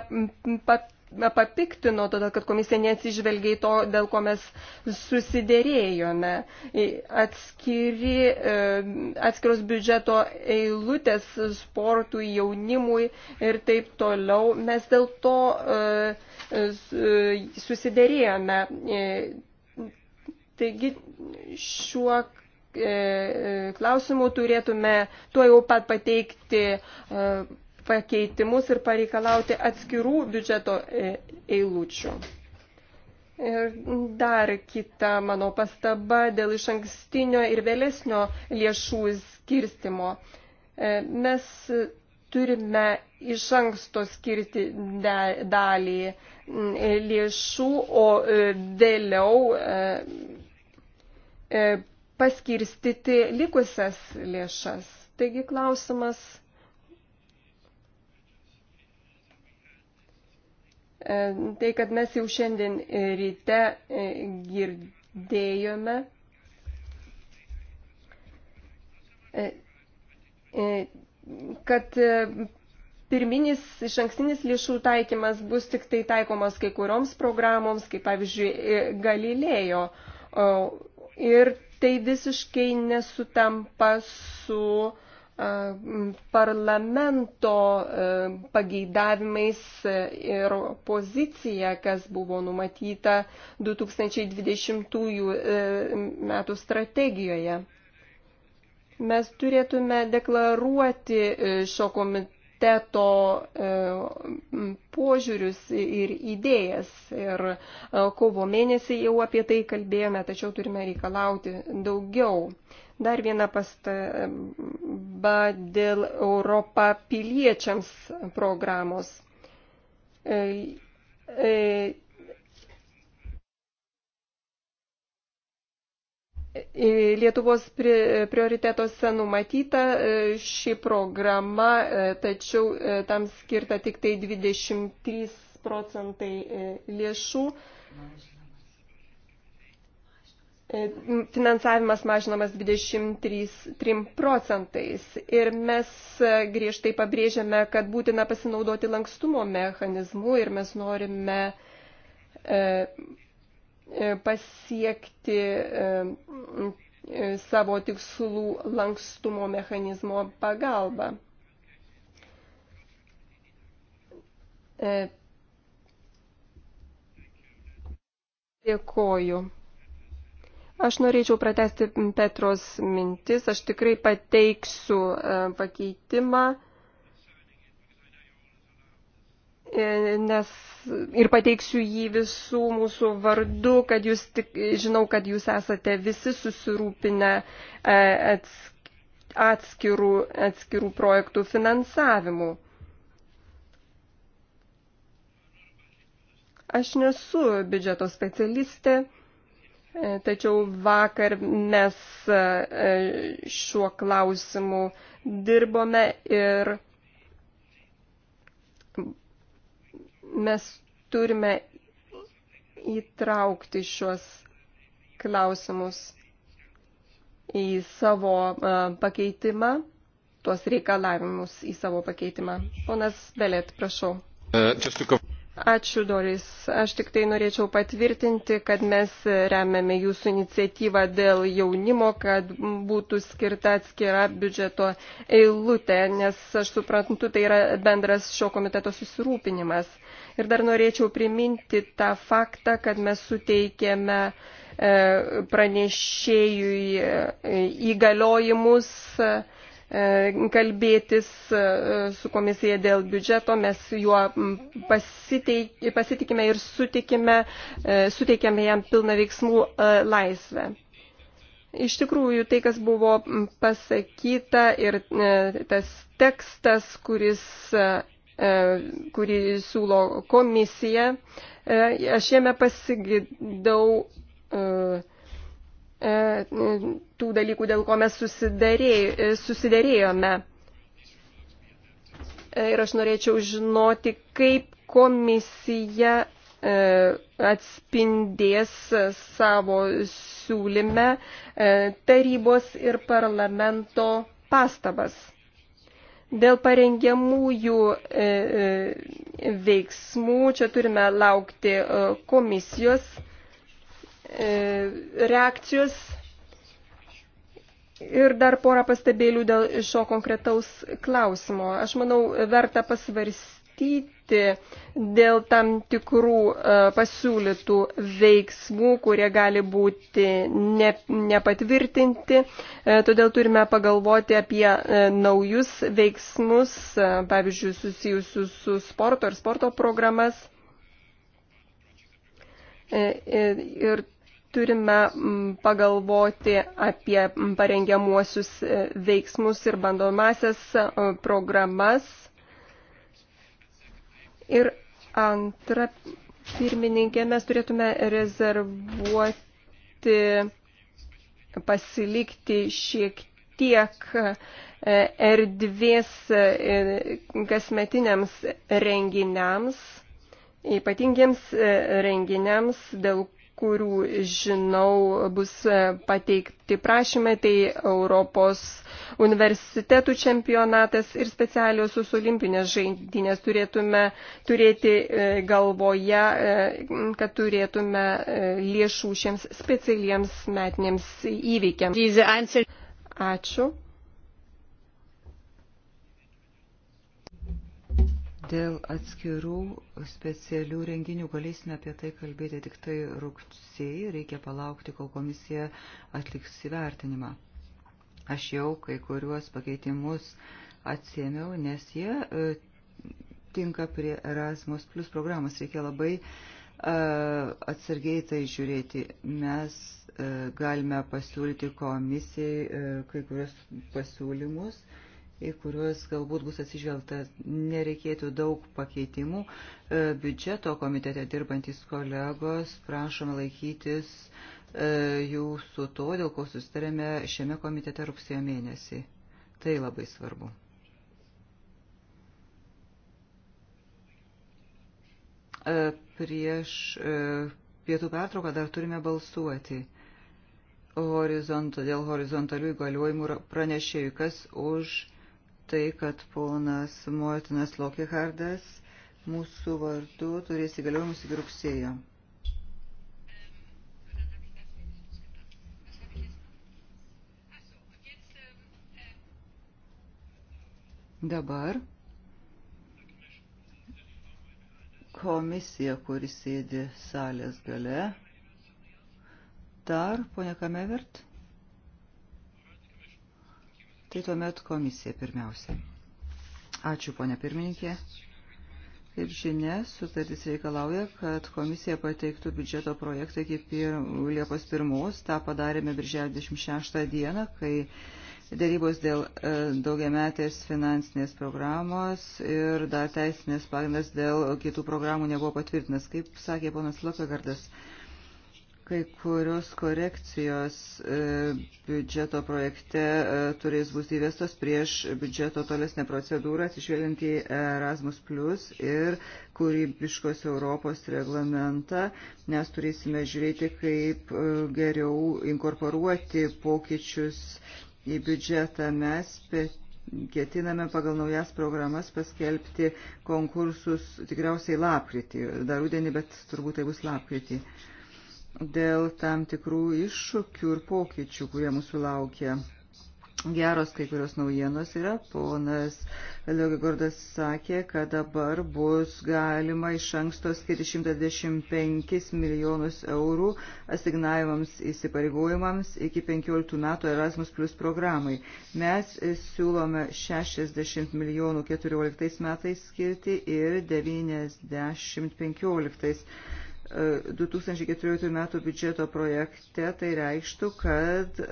pat papiktino, todėl kad komisija neatsižvelgia į to, dėl ko mes susidėrėjome. Atskiri, e, atskiros biudžeto eilutės sportui, jaunimui ir taip toliau. Mes dėl to e, e, susidėrėjome. Taigi šiuo klausimu turėtume tuo jau pat pateikti pakeitimus ir pareikalauti atskirų biudžeto e, eilučių. Ir dar kita mano pastaba dėl iš ankstinio ir vėlesnio lėšų skirstimo. E, mes turime iš anksto skirti dalį lėšų, o e, vėliau paskirstyti likusias lėšas. Taigi klausimas E, tai, kad mes jau šiandien e, ryte e, girdėjome, kad pirminis iš ankstinis lėšų taikymas bus tik tai taikomas kai kurioms programoms, kaip pavyzdžiui Galilėjo. Ir tai visiškai nesutampa su uh, parlamento e, pageidavimais ir pozicija, kas buvo numatyta 2020 e, metų strategijoje. Mes turėtume deklaruoti e, šio komiteto požiūrius ir idėjas. Ir kovo mėnesį jau apie tai kalbėjome, tačiau turime reikalauti daugiau. Dar viena pastaba dėl Europą piliečiams programos. E, e, e, Lietuvos prioritetuose numatyta ši programa, tačiau tam skirta tik tai 23 procentai lėšų. E, finansavimas mažinamas 23 procentais. Ir mes e, griežtai pabrėžiame, kad būtina pasinaudoti lankstumo mechanizmu ir mes norime e, pasiekti savo tikslų lankstumo mechanizmo pagalba. Dėkoju. Aš norėčiau pratesti Petros mintis, aš tikrai pateiksiu e, pakeitimą, e, nes ir pateiksiu jį visų mūsų vardu, kad jūs tik, žinau, kad jūs esate visi susirūpinę e, atskirų, atskirų projektų finansavimu. Aš nesu biudžeto specialistė. Tačiau vakar mes e, šiuo klausimu dirbome ir mes turime įtraukti šiuos klausimus į savo e, pakeitimą, tuos reikalavimus į savo pakeitimą. Ponas Belėt, prašau. Uh, Ačiū, Doris. Aš tik tai norėčiau patvirtinti, kad mes remiame jūsų iniciatyvą dėl jaunimo, kad būtų skirta atskira biudžeto eilutė, nes aš suprantu, tai yra bendras šio komiteto susirūpinimas. Ir dar norėčiau priminti tą faktą, kad mes suteikėme e, pranešėjui e, įgaliojimus E, kalbėtis e, su komisija dėl biudžeto, mes juo pasiteik, pasitikime ir sutikime, e, suteikėme jam pilną veiksmų laisvę. Iš tikrųjų, tai, kas buvo pasakyta ir tas tekstas, kuris kurį siūlo komisija, aš jame pasigidau uh, E, tų dalykų, dėl ko mes susidarėjome. E, e, ir aš norėčiau žinoti, kaip komisija atspindės savo siūlyme tarybos ir parlamento pastabas. Dėl parengiamųjų veiksmų čia turime laukti komisijos E, reakcijos. Ir dar porą pastebėlių dėl šio konkretaus klausimo. Aš manau, verta pasvarstyti dėl tam tikrų e, pasiūlytų veiksmų, kurie gali būti ne, nepatvirtinti. E, todėl turime pagalvoti apie naujus veiksmus, pavyzdžiui, susijusius su sporto ir sporto programas. Ir turime pagalvoti apie parengiamuosius e, veiksmus ir bandomasias e, programas. Ir antra, pirmininkė, mes turėtume rezervuoti, pasilikti šiek tiek e, erdvės kasmetiniams renginiams, ypatingiems renginiams, dėl kurių žinau bus pateikti prašymai, tai Europos universitetų čempionatas ir specialiosios olimpinės žaidynės turėtume turėti e, galvoje, e, kad turėtume e, lėšų šiems specialiems metiniams įvykiams. Ačiū. Dėl atskirų specialių renginių galėsime apie tai kalbėti tik tai rugsėjai, reikia palaukti, kol komisija atliks įvertinimą. Aš jau kai kuriuos pakeitimus atsiemiau, nes jie e, tinka prie Erasmus Plus programos. Reikia labai e, atsargiai tai žiūrėti. Mes e, galime pasiūlyti komisijai e, kai kurios pasiūlymus. E, į kuriuos galbūt bus atsižvelgta. Nereikėtų daug pakeitimų. E, biudžeto komitete dirbantis kolegos prašome laikytis e, jūsų to, dėl ko sustarėme šiame komitete rugsėjo mėnesį. Tai labai svarbu. E, prieš pietų pertrauką dar turime balsuoti horizonto, dėl horizontalių įgaliojimų pranešėjų, kas už tai, kad ponas Moitinas Lokihardas mūsų vardu turės įgaliojimus iki rugsėjo. Dabar komisija, kuris sėdi salės gale, dar ponia Kamevert. Tai tuomet komisija pirmiausia. Ačiū, ponė pirmininkė. Kaip žinia, sutartis reikalauja, kad komisija pateiktų biudžeto projektą iki pir... Liepos 1. Ta padarėme birželio 26 dieną, kai dėrybos dėl e, daugiametės finansinės programos ir dar teisinės pagrindas dėl kitų programų nebuvo patvirtinas. Kaip sakė ponas Lopegardas, Kai kurios korekcijos e, biudžeto projekte e, turės bus įvestos prieš biudžeto tolesnę procedūrą, atsižvelgiant į Erasmus Plus ir kūrybiškos Europos reglamentą, nes turėsime žiūrėti, kaip e, geriau inkorporuoti pokyčius į biudžetą mes, bet ketiname pagal naujas programas paskelbti konkursus tikriausiai lapkritį, dar rudenį, bet turbūt tai bus lapkritį dėl tam tikrų iššūkių ir pokyčių, kurie mūsų laukia. Geros kai kurios naujienos yra. Ponas Liogigordas sakė, kad dabar bus galima iš anksto skirti 125 milijonus eurų asignavimams įsipareigojimams iki 15 metų Erasmus Plus programai. Mes siūlome 60 milijonų 14 metais skirti ir 90 15 2014 metų biudžeto projekte, tai reikštų, kad e,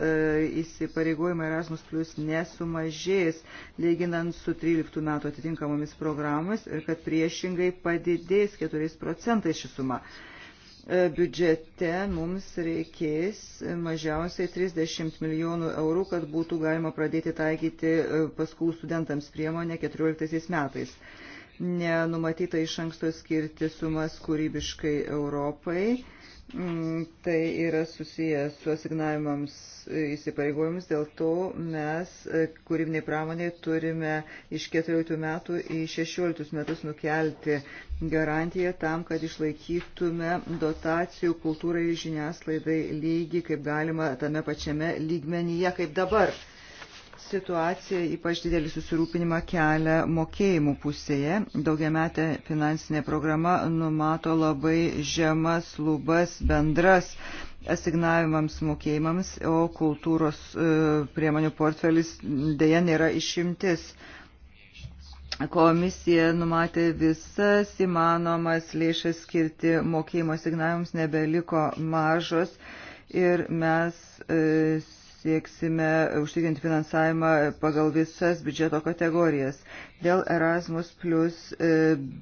įsipareigojimai Erasmus Plus nesumažės lyginant su 13 metų atitinkamomis programomis ir kad priešingai padidės 4 procentais ši suma. E, biudžete mums reikės mažiausiai 30 milijonų eurų, kad būtų galima pradėti taikyti e, paskolų studentams priemonę 2014 metais nenumatyta iš anksto skirti sumas kūrybiškai Europai. Mm, tai yra susijęs su asignavimams e, įsipareigojimams, dėl to mes e, kūrybiniai pramoniai turime iš 14 metų į 16 metus nukelti garantiją tam, kad išlaikytume dotacijų kultūrai žiniasklaidai lygį, kaip galima tame pačiame lygmenyje kaip dabar situacija ypač didelį susirūpinimą kelia mokėjimų pusėje. Daugiametė finansinė programa numato labai žemas lubas bendras asignavimams mokėjimams, o kultūros e, priemonių portfelis dėja nėra išimtis. Komisija numatė visas įmanomas lėšas skirti mokėjimo signavimams, nebeliko mažos ir mes e, sieksime užtikrinti finansavimą pagal visas biudžeto kategorijas. Dėl Erasmus plus e,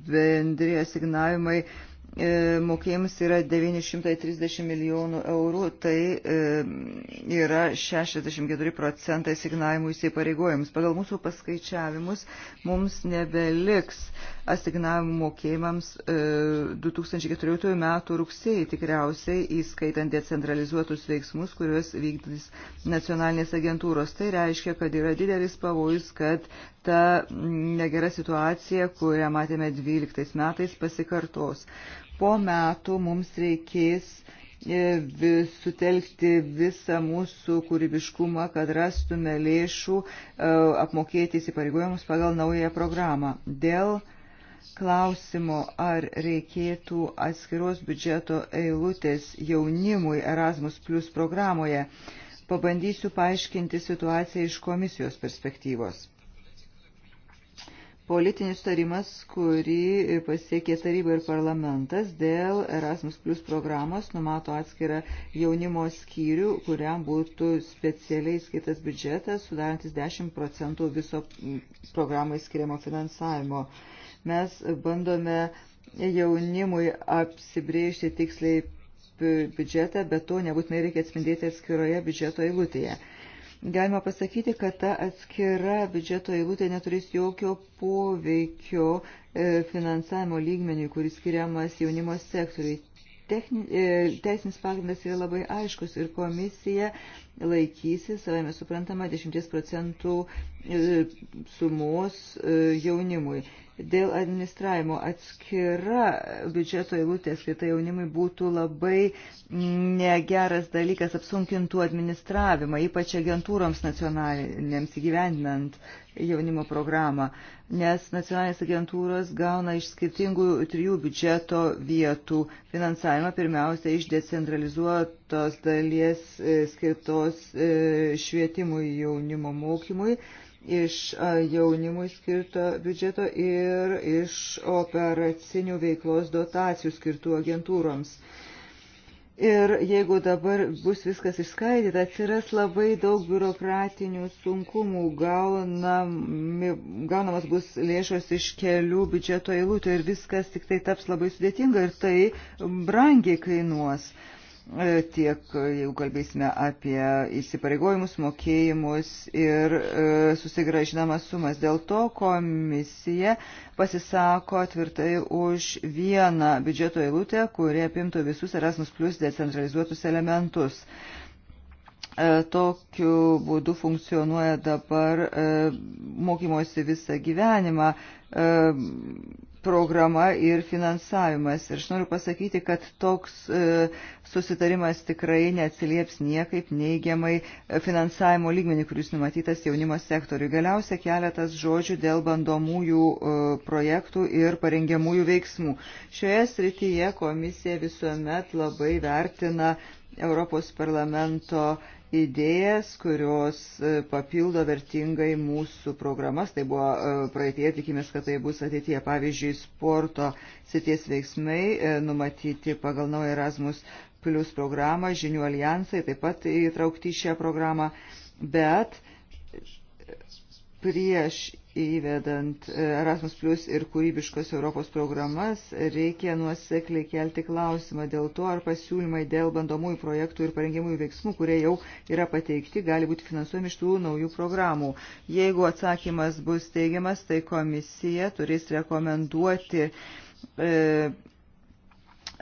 bendri asignavimai e, mokėjimus yra 930 milijonų eurų, tai e, yra 64 procentai signavimų įsipareigojimams. Pagal mūsų paskaičiavimus mums nebeliks asignavimų mokėjimams 2014 e, metų rugsėjai tikriausiai, įskaitant decentralizuotus veiksmus, kuriuos vykdys nacionalinės agentūros. Tai reiškia, kad yra didelis pavojus, kad ta negera situacija, kurią matėme 12 metais, pasikartos. Po metų mums reikės e, sutelkti visą mūsų kūrybiškumą, kad rastume lėšų e, apmokėti įsipareigojimus pagal naują programą. Dėl uh, klausimo, ar reikėtų atskiros biudžeto eilutės jaunimui Erasmus Plus programoje, pabandysiu paaiškinti situaciją iš komisijos perspektyvos. Politinis tarimas, kurį pasiekė taryba ir parlamentas dėl Erasmus Plus programos, numato atskirą jaunimo skyrių, kuriam būtų specialiai skaitas biudžetas, sudarantis 10 procentų viso programai skiriamo finansavimo. Uh, Mes bandome jaunimui apsibriežti tiksliai biudžetą, bet to nebūtinai reikia atspindėti atskiroje biudžeto eilutėje. Galima pasakyti, kad ta atskira biudžeto eilutė neturės jokio poveikio e, finansavimo lygmeniui, kuris skiriamas jaunimo sektoriui. Techni, e, teisinis pagrindas yra labai aiškus ir komisija laikysi, savame suprantama, 10 procentų e, sumos jaunimui. Dėl administravimo atskira biudžeto eilutė skirta jaunimui būtų labai negeras dalykas, apsunkintų administravimą, ypač agentūroms nacionalinėms įgyvendinant jaunimo programą, nes nacionalinės agentūros gauna iš skirtingų trijų biudžeto vietų finansavimą, pirmiausia iš decentralizuotos dalies e, skirtos e, švietimui jaunimo mokymui iš jaunimui skirto biudžeto ir iš operacinių veiklos dotacijų skirtų agentūroms. Ir jeigu dabar bus viskas išskaidyta, atsiras labai daug biurokratinių sunkumų, gaunami, gaunamas bus lėšos iš kelių biudžeto eilutų ir viskas tik tai taps labai sudėtinga ir tai brangiai kainuos. Uh, E, tiek jeigu kalbėsime apie įsipareigojimus, mokėjimus ir e, susigražinamas sumas. Dėl to komisija pasisako tvirtai už vieną biudžeto eilutę, kuri apimtų visus Erasmus plus decentralizuotus elementus. E, tokiu būdu funkcionuoja dabar mokymosi visą gyvenimą programa ir finansavimas. Ir aš noriu pasakyti, kad toks e, susitarimas tikrai neatsilieps niekaip neigiamai e, finansavimo lygmenį, kuris numatytas jaunimo sektoriui. Galiausia keletas žodžių dėl bandomųjų e, projektų ir parengiamųjų veiksmų. Šioje srityje komisija visuomet labai vertina Europos parlamento idėjas, kurios e, papildo vertingai mūsų programas. Tai buvo e, praeitie, tikimės, kad tai bus ateitie. Pavyzdžiui, sporto sities veiksmai e, numatyti pagal naują Erasmus Plus programą, žinių alijansai taip pat įtraukti šią programą, bet prieš įvedant e, Erasmus Plus ir kūrybiškos Europos programas, reikia nuosekliai kelti klausimą dėl to, ar pasiūlymai dėl bandomųjų projektų ir parengiamųjų veiksmų, kurie jau yra pateikti, gali būti finansuojami iš tų naujų programų. Jeigu atsakymas bus teigiamas, tai komisija turės rekomenduoti. E,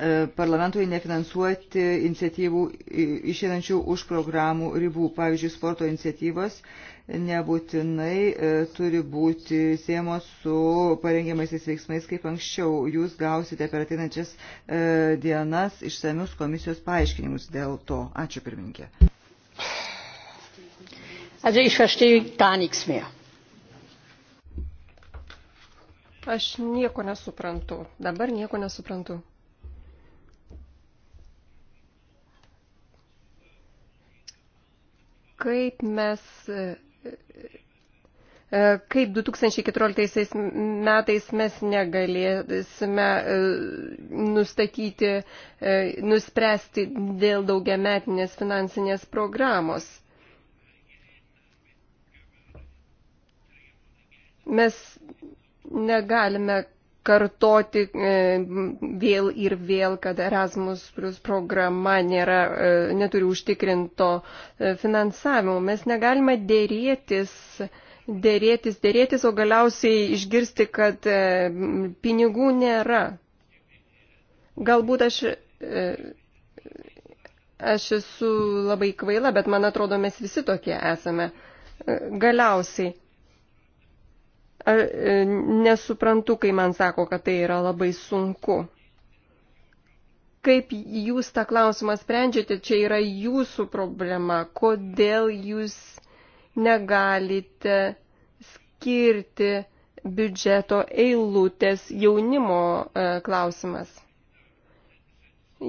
e parlamentui nefinansuoti iniciatyvų išėdančių už programų ribų, pavyzdžiui, sporto iniciatyvos, e, nebūtinai e, turi būti siemos su parengiamaisiais veiksmais, kaip anksčiau. Jūs gausite per ateinančias e, dienas išsamius komisijos paaiškinimus dėl to. Ačiū pirmininkė. Also ich verstehe gar nichts mehr. Aš nieko nesuprantu. Dabar nieko nesuprantu. Kaip mes kaip 2014 metais mes negalėsime e, nustatyti, e, nuspręsti dėl daugiametinės finansinės programos. Mes negalime kartoti e, vėl ir vėl, kad Erasmus plus programa nėra, e, neturi užtikrinto e, finansavimo. Mes negalime dėrėtis, dėrėtis, dėrėtis, o galiausiai išgirsti, kad pinigų nėra. Galbūt aš, aš esu labai kvaila, bet man atrodo, mes visi tokie esame. Galiausiai Ar, e, nesuprantu, kai man sako, kad tai yra labai sunku. Kaip jūs tą klausimą sprendžiate, čia yra jūsų problema. Kodėl jūs negalite skirti biudžeto eilutės jaunimo e, klausimas?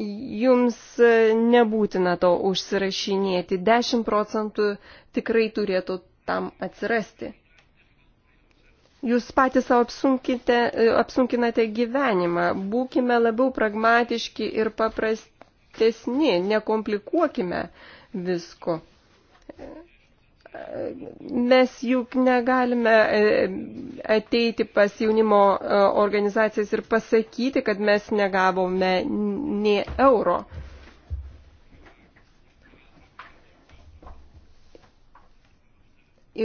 Jums nebūtina to užsirašinėti. 10 procentų tikrai turėtų tam atsirasti. Jūs patys savo e, apsunkinate gyvenimą. Būkime labiau pragmatiški ir paprastesni, nekomplikuokime visko. Mes juk negalime e, ateiti pas jaunimo e, organizacijas ir pasakyti, kad mes negavome nei euro.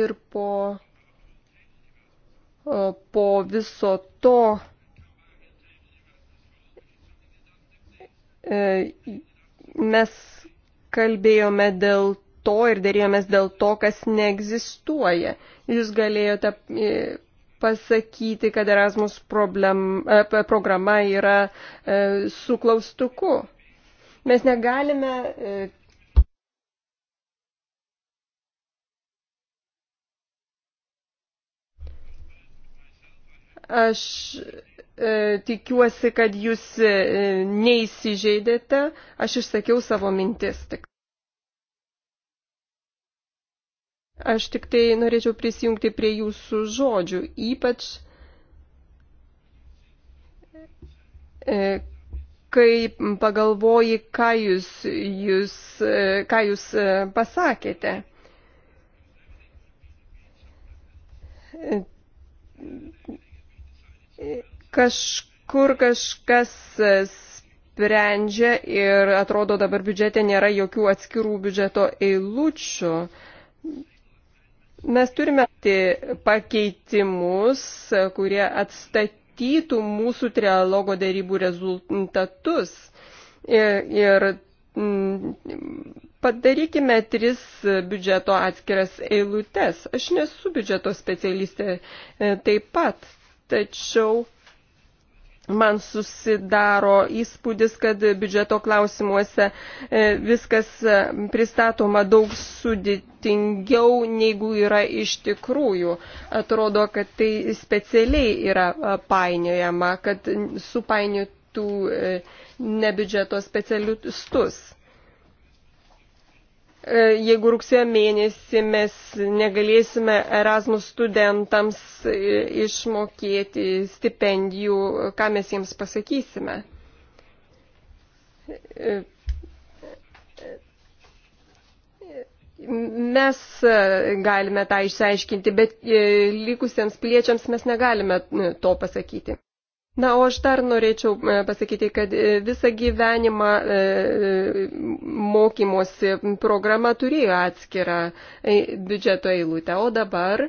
Ir po po viso to e, mes kalbėjome dėl to ir dėrėjomės dėl to, kas neegzistuoja. Jūs galėjote e, pasakyti, kad Erasmus problem, e, programa yra su klaustuku. Mes negalime Aš e, tikiuosi, kad jūs e, neįsižeidėte, aš išsakiau savo mintis. Tik. Aš tik tai norėčiau prisijungti prie jūsų žodžių, ypač e, kai pagalvoji, ką jūs, jūs, e, ką jūs e, pasakėte. E, Kažkur kažkas sprendžia ir atrodo dabar biudžete nėra jokių atskirų biudžeto eilučių. Mes turime pakeitimus, kurie atstatytų mūsų trialogo darybų rezultatus. Ir, ir mm, padarykime tris biudžeto atskiras eilutes. Aš nesu biudžeto specialistė e, taip pat tačiau man susidaro įspūdis, kad biudžeto klausimuose e, viskas e, pristatoma daug sudėtingiau, negu yra iš tikrųjų. Atrodo, kad tai specialiai yra e, painiojama, kad supainiotų ne biudžeto specialistus. E, jeigu rugsėjo mėnesį mes negalėsime Erasmus studentams e, išmokėti stipendijų, ką mes jiems pasakysime. E, mes galime tą išsiaiškinti, bet likusiems piliečiams mes negalime to pasakyti. Na, o aš dar norėčiau e, pasakyti, kad e, visą gyvenimą e, mokymosi programa turėjo atskirą biudžeto eilutę, o dabar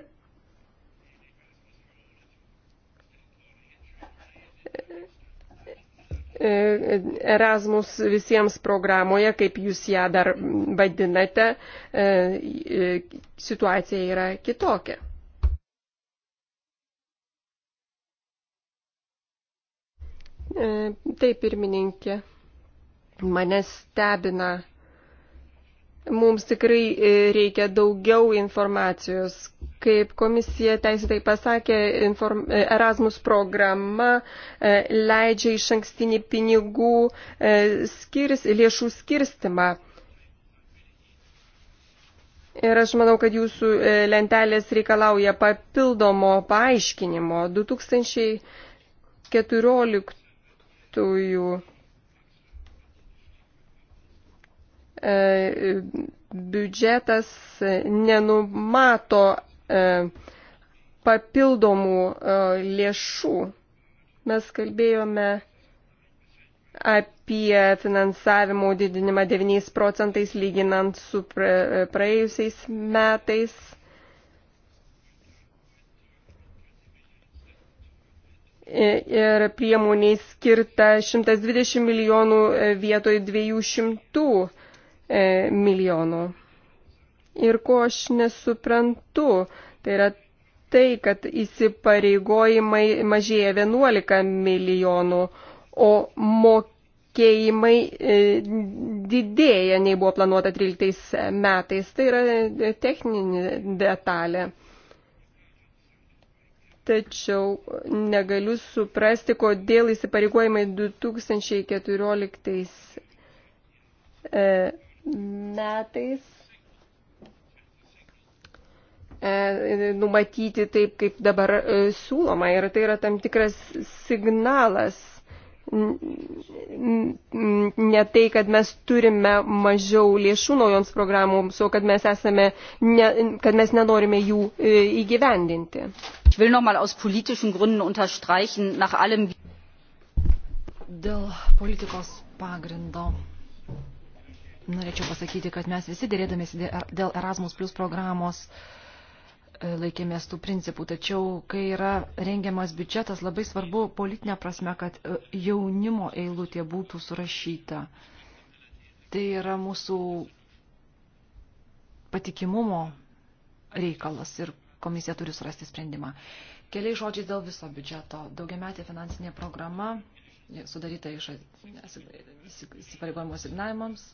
Erasmus visiems programoje, kaip jūs ją dar vadinate, situacija yra kitokia. E, taip, pirmininkė, mane stebina. Mums tikrai e, reikia daugiau informacijos. Kaip komisija teisėtai pasakė, inform... E, Erasmus programa leidžia iš ankstinį pinigų skirs... lėšų skirstimą. Ir aš manau, kad jūsų lentelės reikalauja papildomo paaiškinimo. 2000 2014 gyventojų e, biudžetas nenumato e, papildomų e, lėšų. Mes kalbėjome apie finansavimo didinimą 9 procentais lyginant su praėjusiais metais. ir priemoniai skirta 120 milijonų e, vietoj 200 e, milijonų. Ir ko aš nesuprantu, tai yra tai, kad įsipareigojimai mažėja 11 milijonų, o mokėjimai e, didėja nei buvo planuota 13 metais. Tai yra techninė detalė tačiau negaliu suprasti, kodėl įsipareigojimai 2014 e, metais e, numatyti taip, kaip dabar e, siūloma. Ir tai yra tam tikras signalas ne tai, kad mes turime mažiau lėšų naujoms programoms, o kad mes, esame, ne, kad mes nenorime jų e, įgyvendinti. Ich will nochmal aus politischen Gründen unterstreichen, nach allem. Dėl politikos pagrindo norėčiau pasakyti, kad mes visi dėrėdamėsi dėl Erasmus Plus programos uh, E, laikėmės tų principų. Tačiau, kai yra rengiamas biudžetas, labai svarbu politinė prasme, kad e, jaunimo eilutė būtų surašyta. Tai yra mūsų patikimumo reikalas ir komisija turi surasti sprendimą. Keliai žodžiai dėl viso biudžeto. Daugiametė finansinė programa sudaryta iš įsipareigojimo signavimams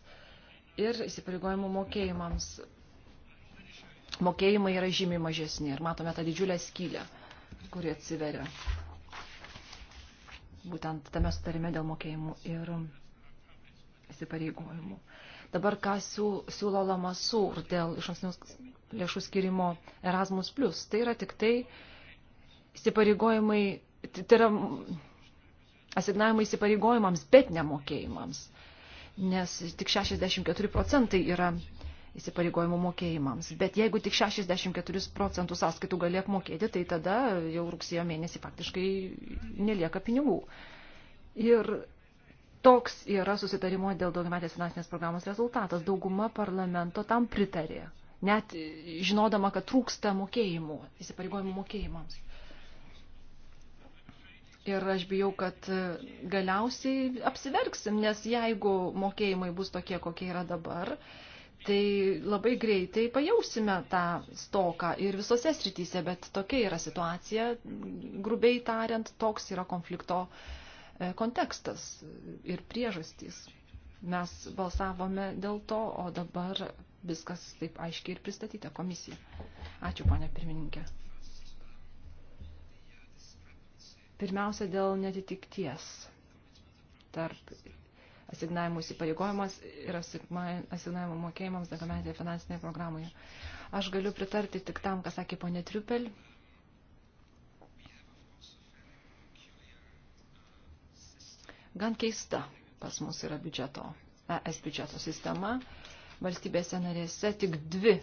ir įsipareigojimo mokėjimams mokėjimai yra žymiai mažesni ir matome tą didžiulę skylę, kuri atsiveria būtent tame sutarime dėl mokėjimų ir įsipareigojimų. Dabar ką siūlo Lamasur dėl iš ankstinių lėšų skirimo Erasmus, tai yra tik tai įsipareigojimai, tai yra asignavimai įsipareigojimams, bet nemokėjimams, nes tik 64 procentai yra įsipareigojimų mokėjimams. Bet jeigu tik 64 procentų sąskaitų gali apmokėti, tai tada jau rugsėjo mėnesį faktiškai nelieka pinigų. Ir toks yra susitarimo dėl daugiametės finansinės programos rezultatas. Dauguma parlamento tam pritarė, net žinodama, kad trūksta mokėjimų, įsipareigojimų mokėjimams. Ir aš bijau, kad galiausiai apsiverksim, nes jeigu mokėjimai bus tokie, kokie yra dabar, uh, tai labai greitai pajausime tą stoką ir visose srityse, bet tokia yra situacija, grubiai tariant, toks yra konflikto e, kontekstas ir priežastys. Mes balsavome dėl to, o dabar viskas taip aiškiai ir pristatyta komisija. Ačiū, ponė pirmininkė. Pirmiausia, dėl netitikties tarp asignavimų įsipareigojimas ir asignavimų mokėjimams daugiametėje finansinėje programoje. Aš galiu pritarti tik tam, ką sakė ponė Triupel. Gan keista pas mus yra biudžeto, ES biudžeto sistema. Valstybėse narėse tik dvi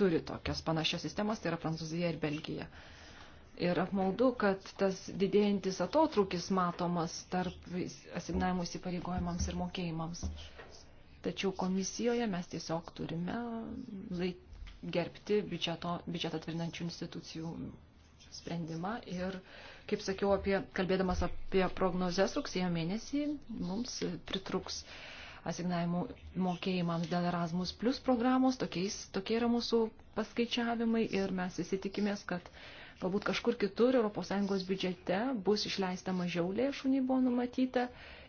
turi tokios panašios sistemos, tai yra Prancūzija ir Belgija. Uh, Ir apmaudu, kad tas didėjantis atotrukis matomas tarp asignavimų įsipareigojimams ir mokėjimams. Tačiau komisijoje mes tiesiog turime laik, gerbti biudžeto, biudžetą tvirtinančių institucijų sprendimą. Ir, kaip sakiau, apie, kalbėdamas apie prognozes rugsėjo mėnesį, mums pritruks asignavimų mokėjimams dėl Erasmus Plus programos. Tokiais, tokie yra mūsų paskaičiavimai ir mes įsitikimės, kad galbūt kažkur kitur ES biudžete bus išleista mažiau lėšų nei buvo numatyta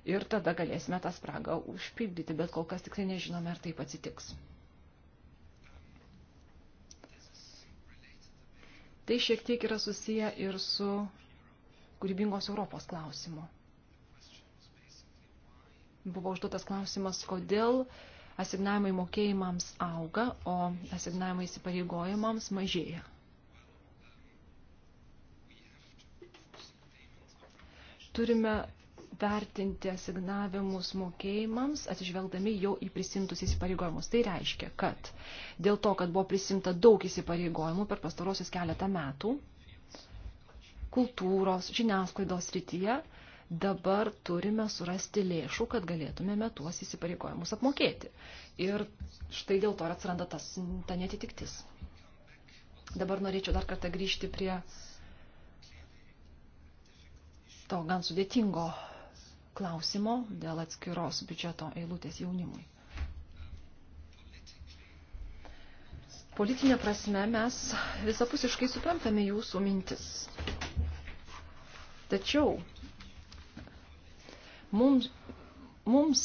ir tada galėsime tą spragą užpildyti, bet kol kas tikrai nežinome, ar taip atsitiks. Tai šiek tiek yra susiję ir su kūrybingos Europos klausimu. Buvo užduotas klausimas, kodėl asignavimai mokėjimams auga, o asignavimai įsipareigojimams mažėja. turime vertinti asignavimus mokėjimams, atsižvelgdami jau į prisimtus įsipareigojimus. Tai reiškia, kad dėl to, kad buvo prisimta daug įsipareigojimų per pastarosius keletą metų, kultūros, žiniasklaidos rytyje, dabar turime surasti lėšų, kad galėtumėme tuos įsipareigojimus apmokėti. Ir štai dėl to atsiranda tas, ta netitiktis. Dabar norėčiau dar kartą grįžti prie uh, to gan sudėtingo klausimo dėl atskiros biudžeto eilutės jaunimui. Politinė prasme mes visapusiškai suprantame jūsų mintis. Tačiau mums, mums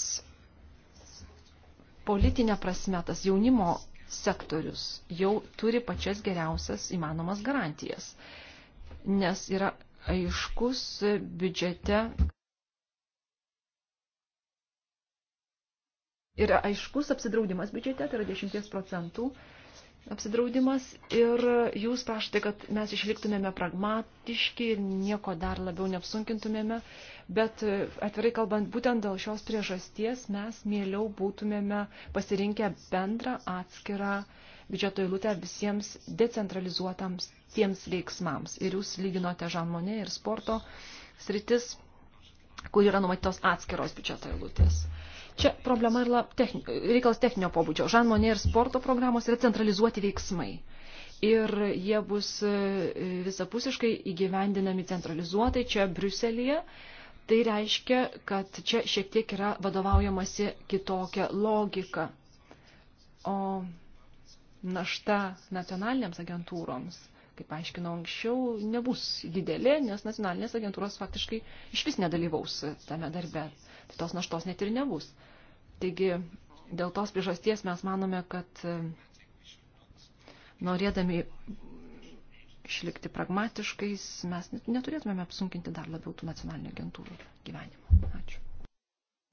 politinė prasme tas jaunimo sektorius jau turi pačias geriausias įmanomas garantijas, nes yra aiškus biudžete. Yra aiškus apsidraudimas biudžete, tai yra 10 procentų apsidraudimas ir jūs prašote, kad mes išliktumėme pragmatiški ir nieko dar labiau neapsunkintumėme, bet atvirai kalbant, būtent dėl šios priežasties mes mieliau būtumėme pasirinkę bendrą atskirą biudžeto eilutę visiems decentralizuotams tiems veiksmams. Ir jūs lyginote žamonė ir sporto sritis, kur yra numatytos atskiros biudžeto eilutės. Čia problema yra techni, reikalas techninio pobūdžio. Žanmonė ir sporto programos yra centralizuoti veiksmai. Ir jie bus e, visapusiškai įgyvendinami centralizuotai čia Briuselėje. Tai reiškia, kad čia šiek tiek yra vadovaujamasi kitokia logika. O našta nacionalinėms agentūroms – kaip aiškinau anksčiau, nebus didelė, nes nacionalinės agentūros faktiškai iš vis nedalyvaus tame darbe. Tai tos naštos net ir nebus. Taigi, dėl tos priežasties mes manome, kad e, norėdami išlikti pragmatiškais, mes neturėtumėme apsunkinti dar labiau tų nacionalinių agentūrų gyvenimą. Ačiū.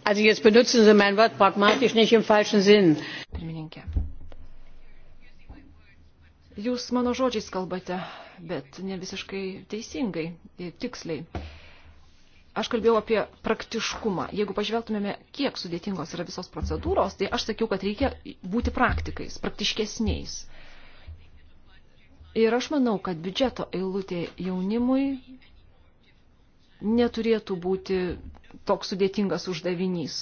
Also jetzt benutzen Sie mein Wort pragmatisch nicht im falschen Sinn. Pirmininkė. Jūs mano žodžiais kalbate, bet ne visiškai teisingai, e, tiksliai. Aš kalbėjau apie praktiškumą. Jeigu pažvelgtumėme, kiek sudėtingos yra visos procedūros, tai aš sakiau, kad reikia būti praktikais, praktiškesniais. Ir aš manau, kad biudžeto eilutė jaunimui neturėtų būti toks sudėtingas uždavinys.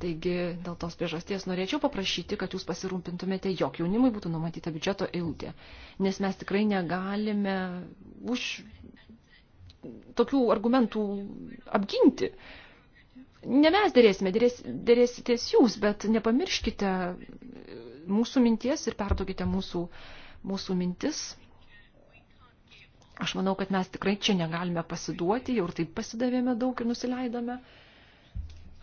Taigi dėl tos priežasties norėčiau paprašyti, kad jūs pasirūpintumėte, jog jaunimui būtų numatyta biudžeto eilutė, nes mes tikrai negalime už tokių argumentų apginti. Ne mes dėrėsime, dėrės, dėrėsitės jūs, bet nepamirškite mūsų minties ir perduokite mūsų, mūsų mintis. Aš manau, kad mes tikrai čia negalime pasiduoti, jau ir taip pasidavėme daug ir nusileidome. Uh,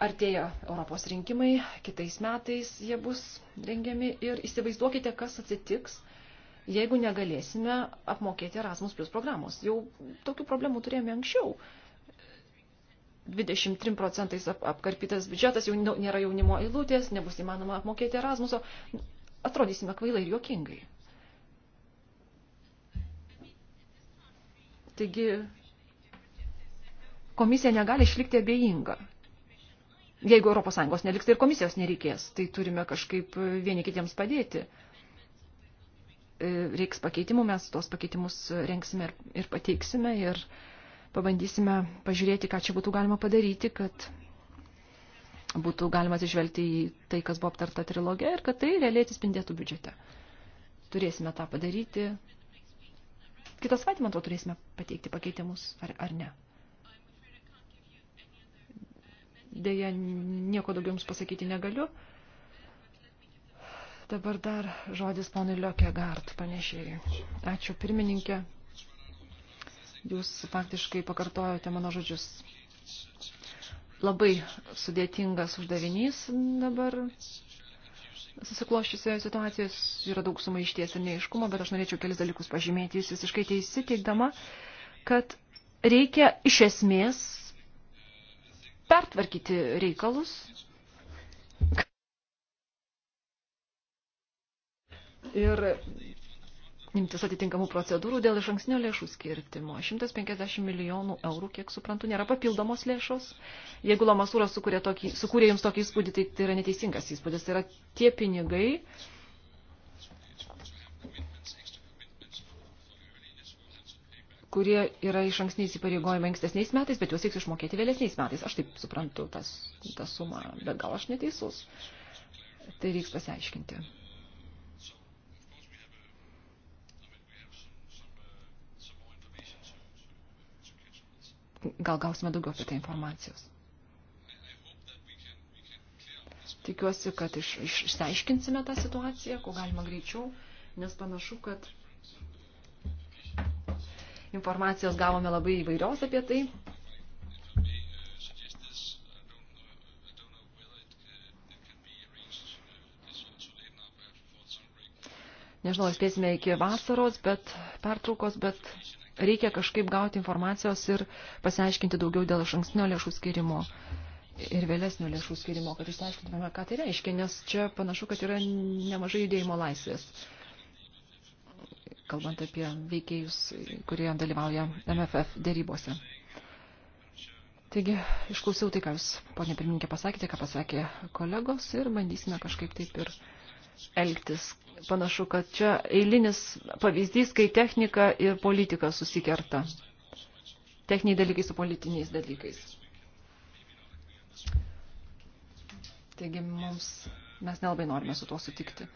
Artėja Europos rinkimai, kitais metais jie bus rengiami ir įsivaizduokite, kas atsitiks, jeigu negalėsime apmokėti Erasmus Plus programos. Jau tokių problemų turėjome anksčiau. 23 procentais ap apkarpytas biudžetas, jau nėra jaunimo eilutės, nebus įmanoma apmokėti Erasmuso. Atrodysime kvailai ir juokingai. Taigi komisija negali išlikti abejinga jeigu ES neliks, tai ir komisijos nereikės. Tai turime kažkaip e, vieni kitiems padėti. E, reiks pakeitimų, mes tuos pakeitimus rengsime ir, ir pateiksime ir pabandysime pažiūrėti, ką čia būtų galima padaryti, kad būtų galima atsižvelgti į tai, kas buvo aptarta trilogija ir kad tai realiai atsispindėtų biudžete. Turėsime tą padaryti. Kitą savaitę, man atrodo, turėsime pateikti pakeitimus, ar, ar ne. dėja nieko daugiau jums pasakyti negaliu. Dabar dar žodis ponui Liokegard panešėjai. Ačiū pirmininkė. Jūs faktiškai pakartojote mano žodžius. Labai sudėtingas uždavinys dabar susikloščiusioje situacijoje yra daug sumaišties ir neiškumo, bet aš norėčiau kelis dalykus pažymėti. Jūs visiškai teisi, teikdama, kad reikia iš esmės pertvarkyti reikalus. Ir imtis atitinkamų procedūrų dėl iš anksnio lėšų skirtimo. 150 milijonų eurų, kiek suprantu, nėra papildomos lėšos. Jeigu Lamasūras sukūrė, tokį, sukūrė jums tokį įspūdį, tai, tai yra neteisingas įspūdis. Tai yra tie pinigai, uh, kurie yra iš ankstiniai įsipareigojimai ankstesniais metais, bet juos reiks išmokėti vėlesniais metais. Aš taip suprantu tas, tą sumą, bet gal aš neteisus. Tai reiks pasiaiškinti. Gal gausime daugiau apie tai informacijos. Tikiuosi, kad iš, iš, išsiaiškinsime tą situaciją, kuo galima greičiau, nes panašu, kad Informacijos gavome labai įvairios apie tai. Nežinau, spėsime iki vasaros, bet pertraukos, bet reikia kažkaip gauti informacijos ir pasiaiškinti daugiau dėl šankstinio lėšų skirimo ir vėlesnio lėšų skirimo, kad išsiaiškintume, ką tai reiškia, nes čia panašu, kad yra nemažai judėjimo laisvės kalbant apie veikėjus, kurie dalyvauja MFF dėrybose. Taigi, išklausiau tai, ką jūs, ponė pirmininkė, pasakėte, ką pasakė kolegos ir bandysime kažkaip taip ir elgtis. Panašu, kad čia eilinis pavyzdys, kai technika ir politika susikerta. Techniniai dalykai su politiniais dalykais. Taigi, mums, mes nelabai norime su tuo sutikti.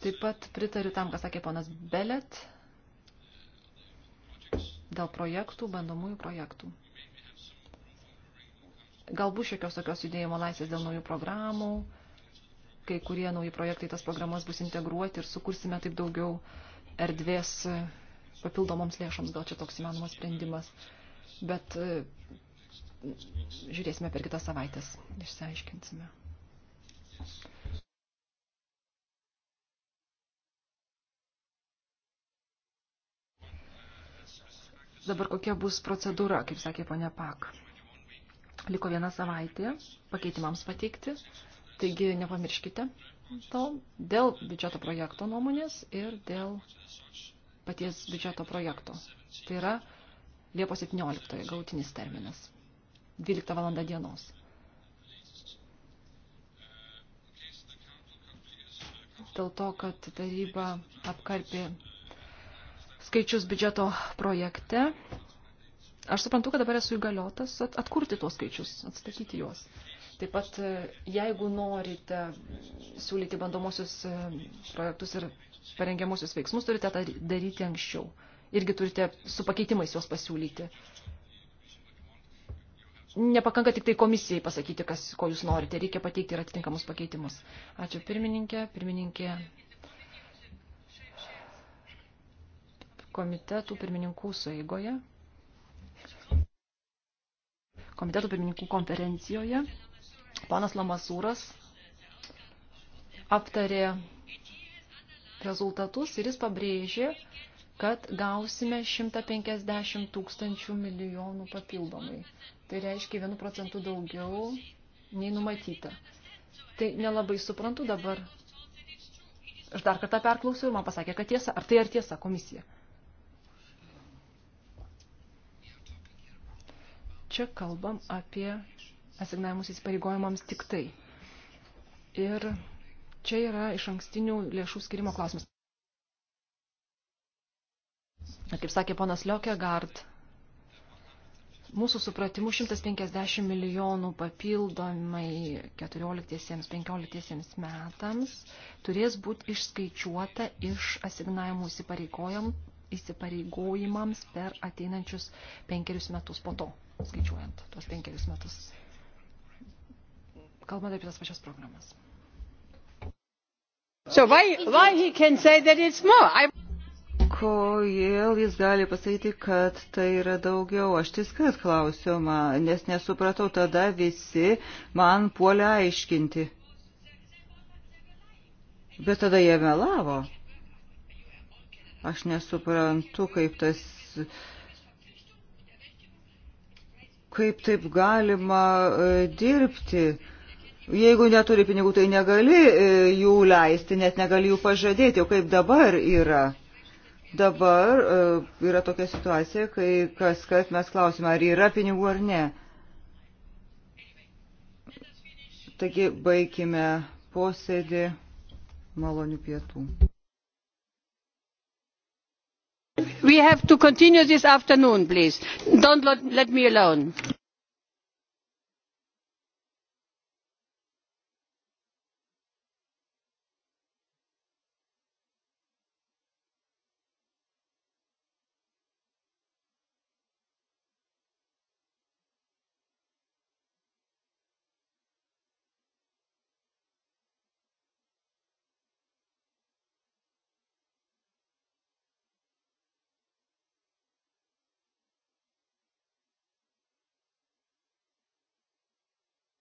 Taip pat pritariu tam, ką sakė ponas Belet dėl projektų, bandomųjų projektų. Galbūt šiokios tokios judėjimo laisvės dėl naujų programų, kai kurie nauji projektai tas programas bus integruoti ir sukursime taip daugiau erdvės papildomoms lėšoms, gal čia toks įmanomas sprendimas. Bet e, žiūrėsime per kitas savaitės, išsiaiškinsime. dabar kokia bus procedūra, kaip sakė ponia Pak. Liko viena savaitė pakeitimams pateikti, taigi nepamirškite to dėl biudžeto projekto nuomonės ir dėl paties biudžeto projekto. Tai yra Liepos 17 gautinis terminas, 12 valanda dienos. Dėl to, kad taryba apkarpė skaičius biudžeto projekte. Aš suprantu, kad dabar esu įgaliotas atkurti tuos skaičius, atstatyti juos. Taip pat, e, jeigu norite siūlyti bandomosius e, projektus ir parengiamosius veiksmus, turite tą daryti anksčiau. Irgi turite su pakeitimais juos pasiūlyti. Nepakanka tik tai komisijai pasakyti, kas, ko jūs norite. Reikia pateikti ir atitinkamus pakeitimus. Ačiū pirmininkė. Pirmininkė komitetų pirmininkų sueigoje, komitetų pirmininkų konferencijoje, panas Lamasūras aptarė rezultatus ir jis pabrėžė, kad gausime 150 tūkstančių milijonų papildomai. Tai reiškia 1 procentų daugiau nei numatyta. Tai nelabai suprantu dabar. Aš dar kartą perklausiau ir man pasakė, kad tiesa. Ar tai ar tiesa komisija? čia kalbam apie asignavimus įsipareigojimams tik tai. Ir čia yra iš ankstinių lėšų skirimo klausimas. Ir kaip sakė ponas Liokegard, mūsų supratimu 150 milijonų papildomai 14-15 metams turės būti išskaičiuota iš asignavimų įsipareigojimams per ateinančius penkerius metus po to, skaičiuojant tuos penkerius metus. Kalbant apie tas pačias programas. So why, why he can say that it's more? I... Kodėl jis gali pasakyti, kad tai yra daugiau? Aš tiskart klausiau, man, nes nesupratau, tada visi man puolė aiškinti. Bet tada jie melavo. Aš nesuprantu, kaip tas. Kaip taip galima e, dirbti? Jeigu neturi pinigų, tai negali e, jų leisti, net negali jų pažadėti, o kaip dabar yra. Dabar e, yra tokia situacija, kai kas kart mes klausime, ar yra pinigų ar ne. Taigi baigime posėdį malonių pietų we have to continue this afternoon please don't let me alone.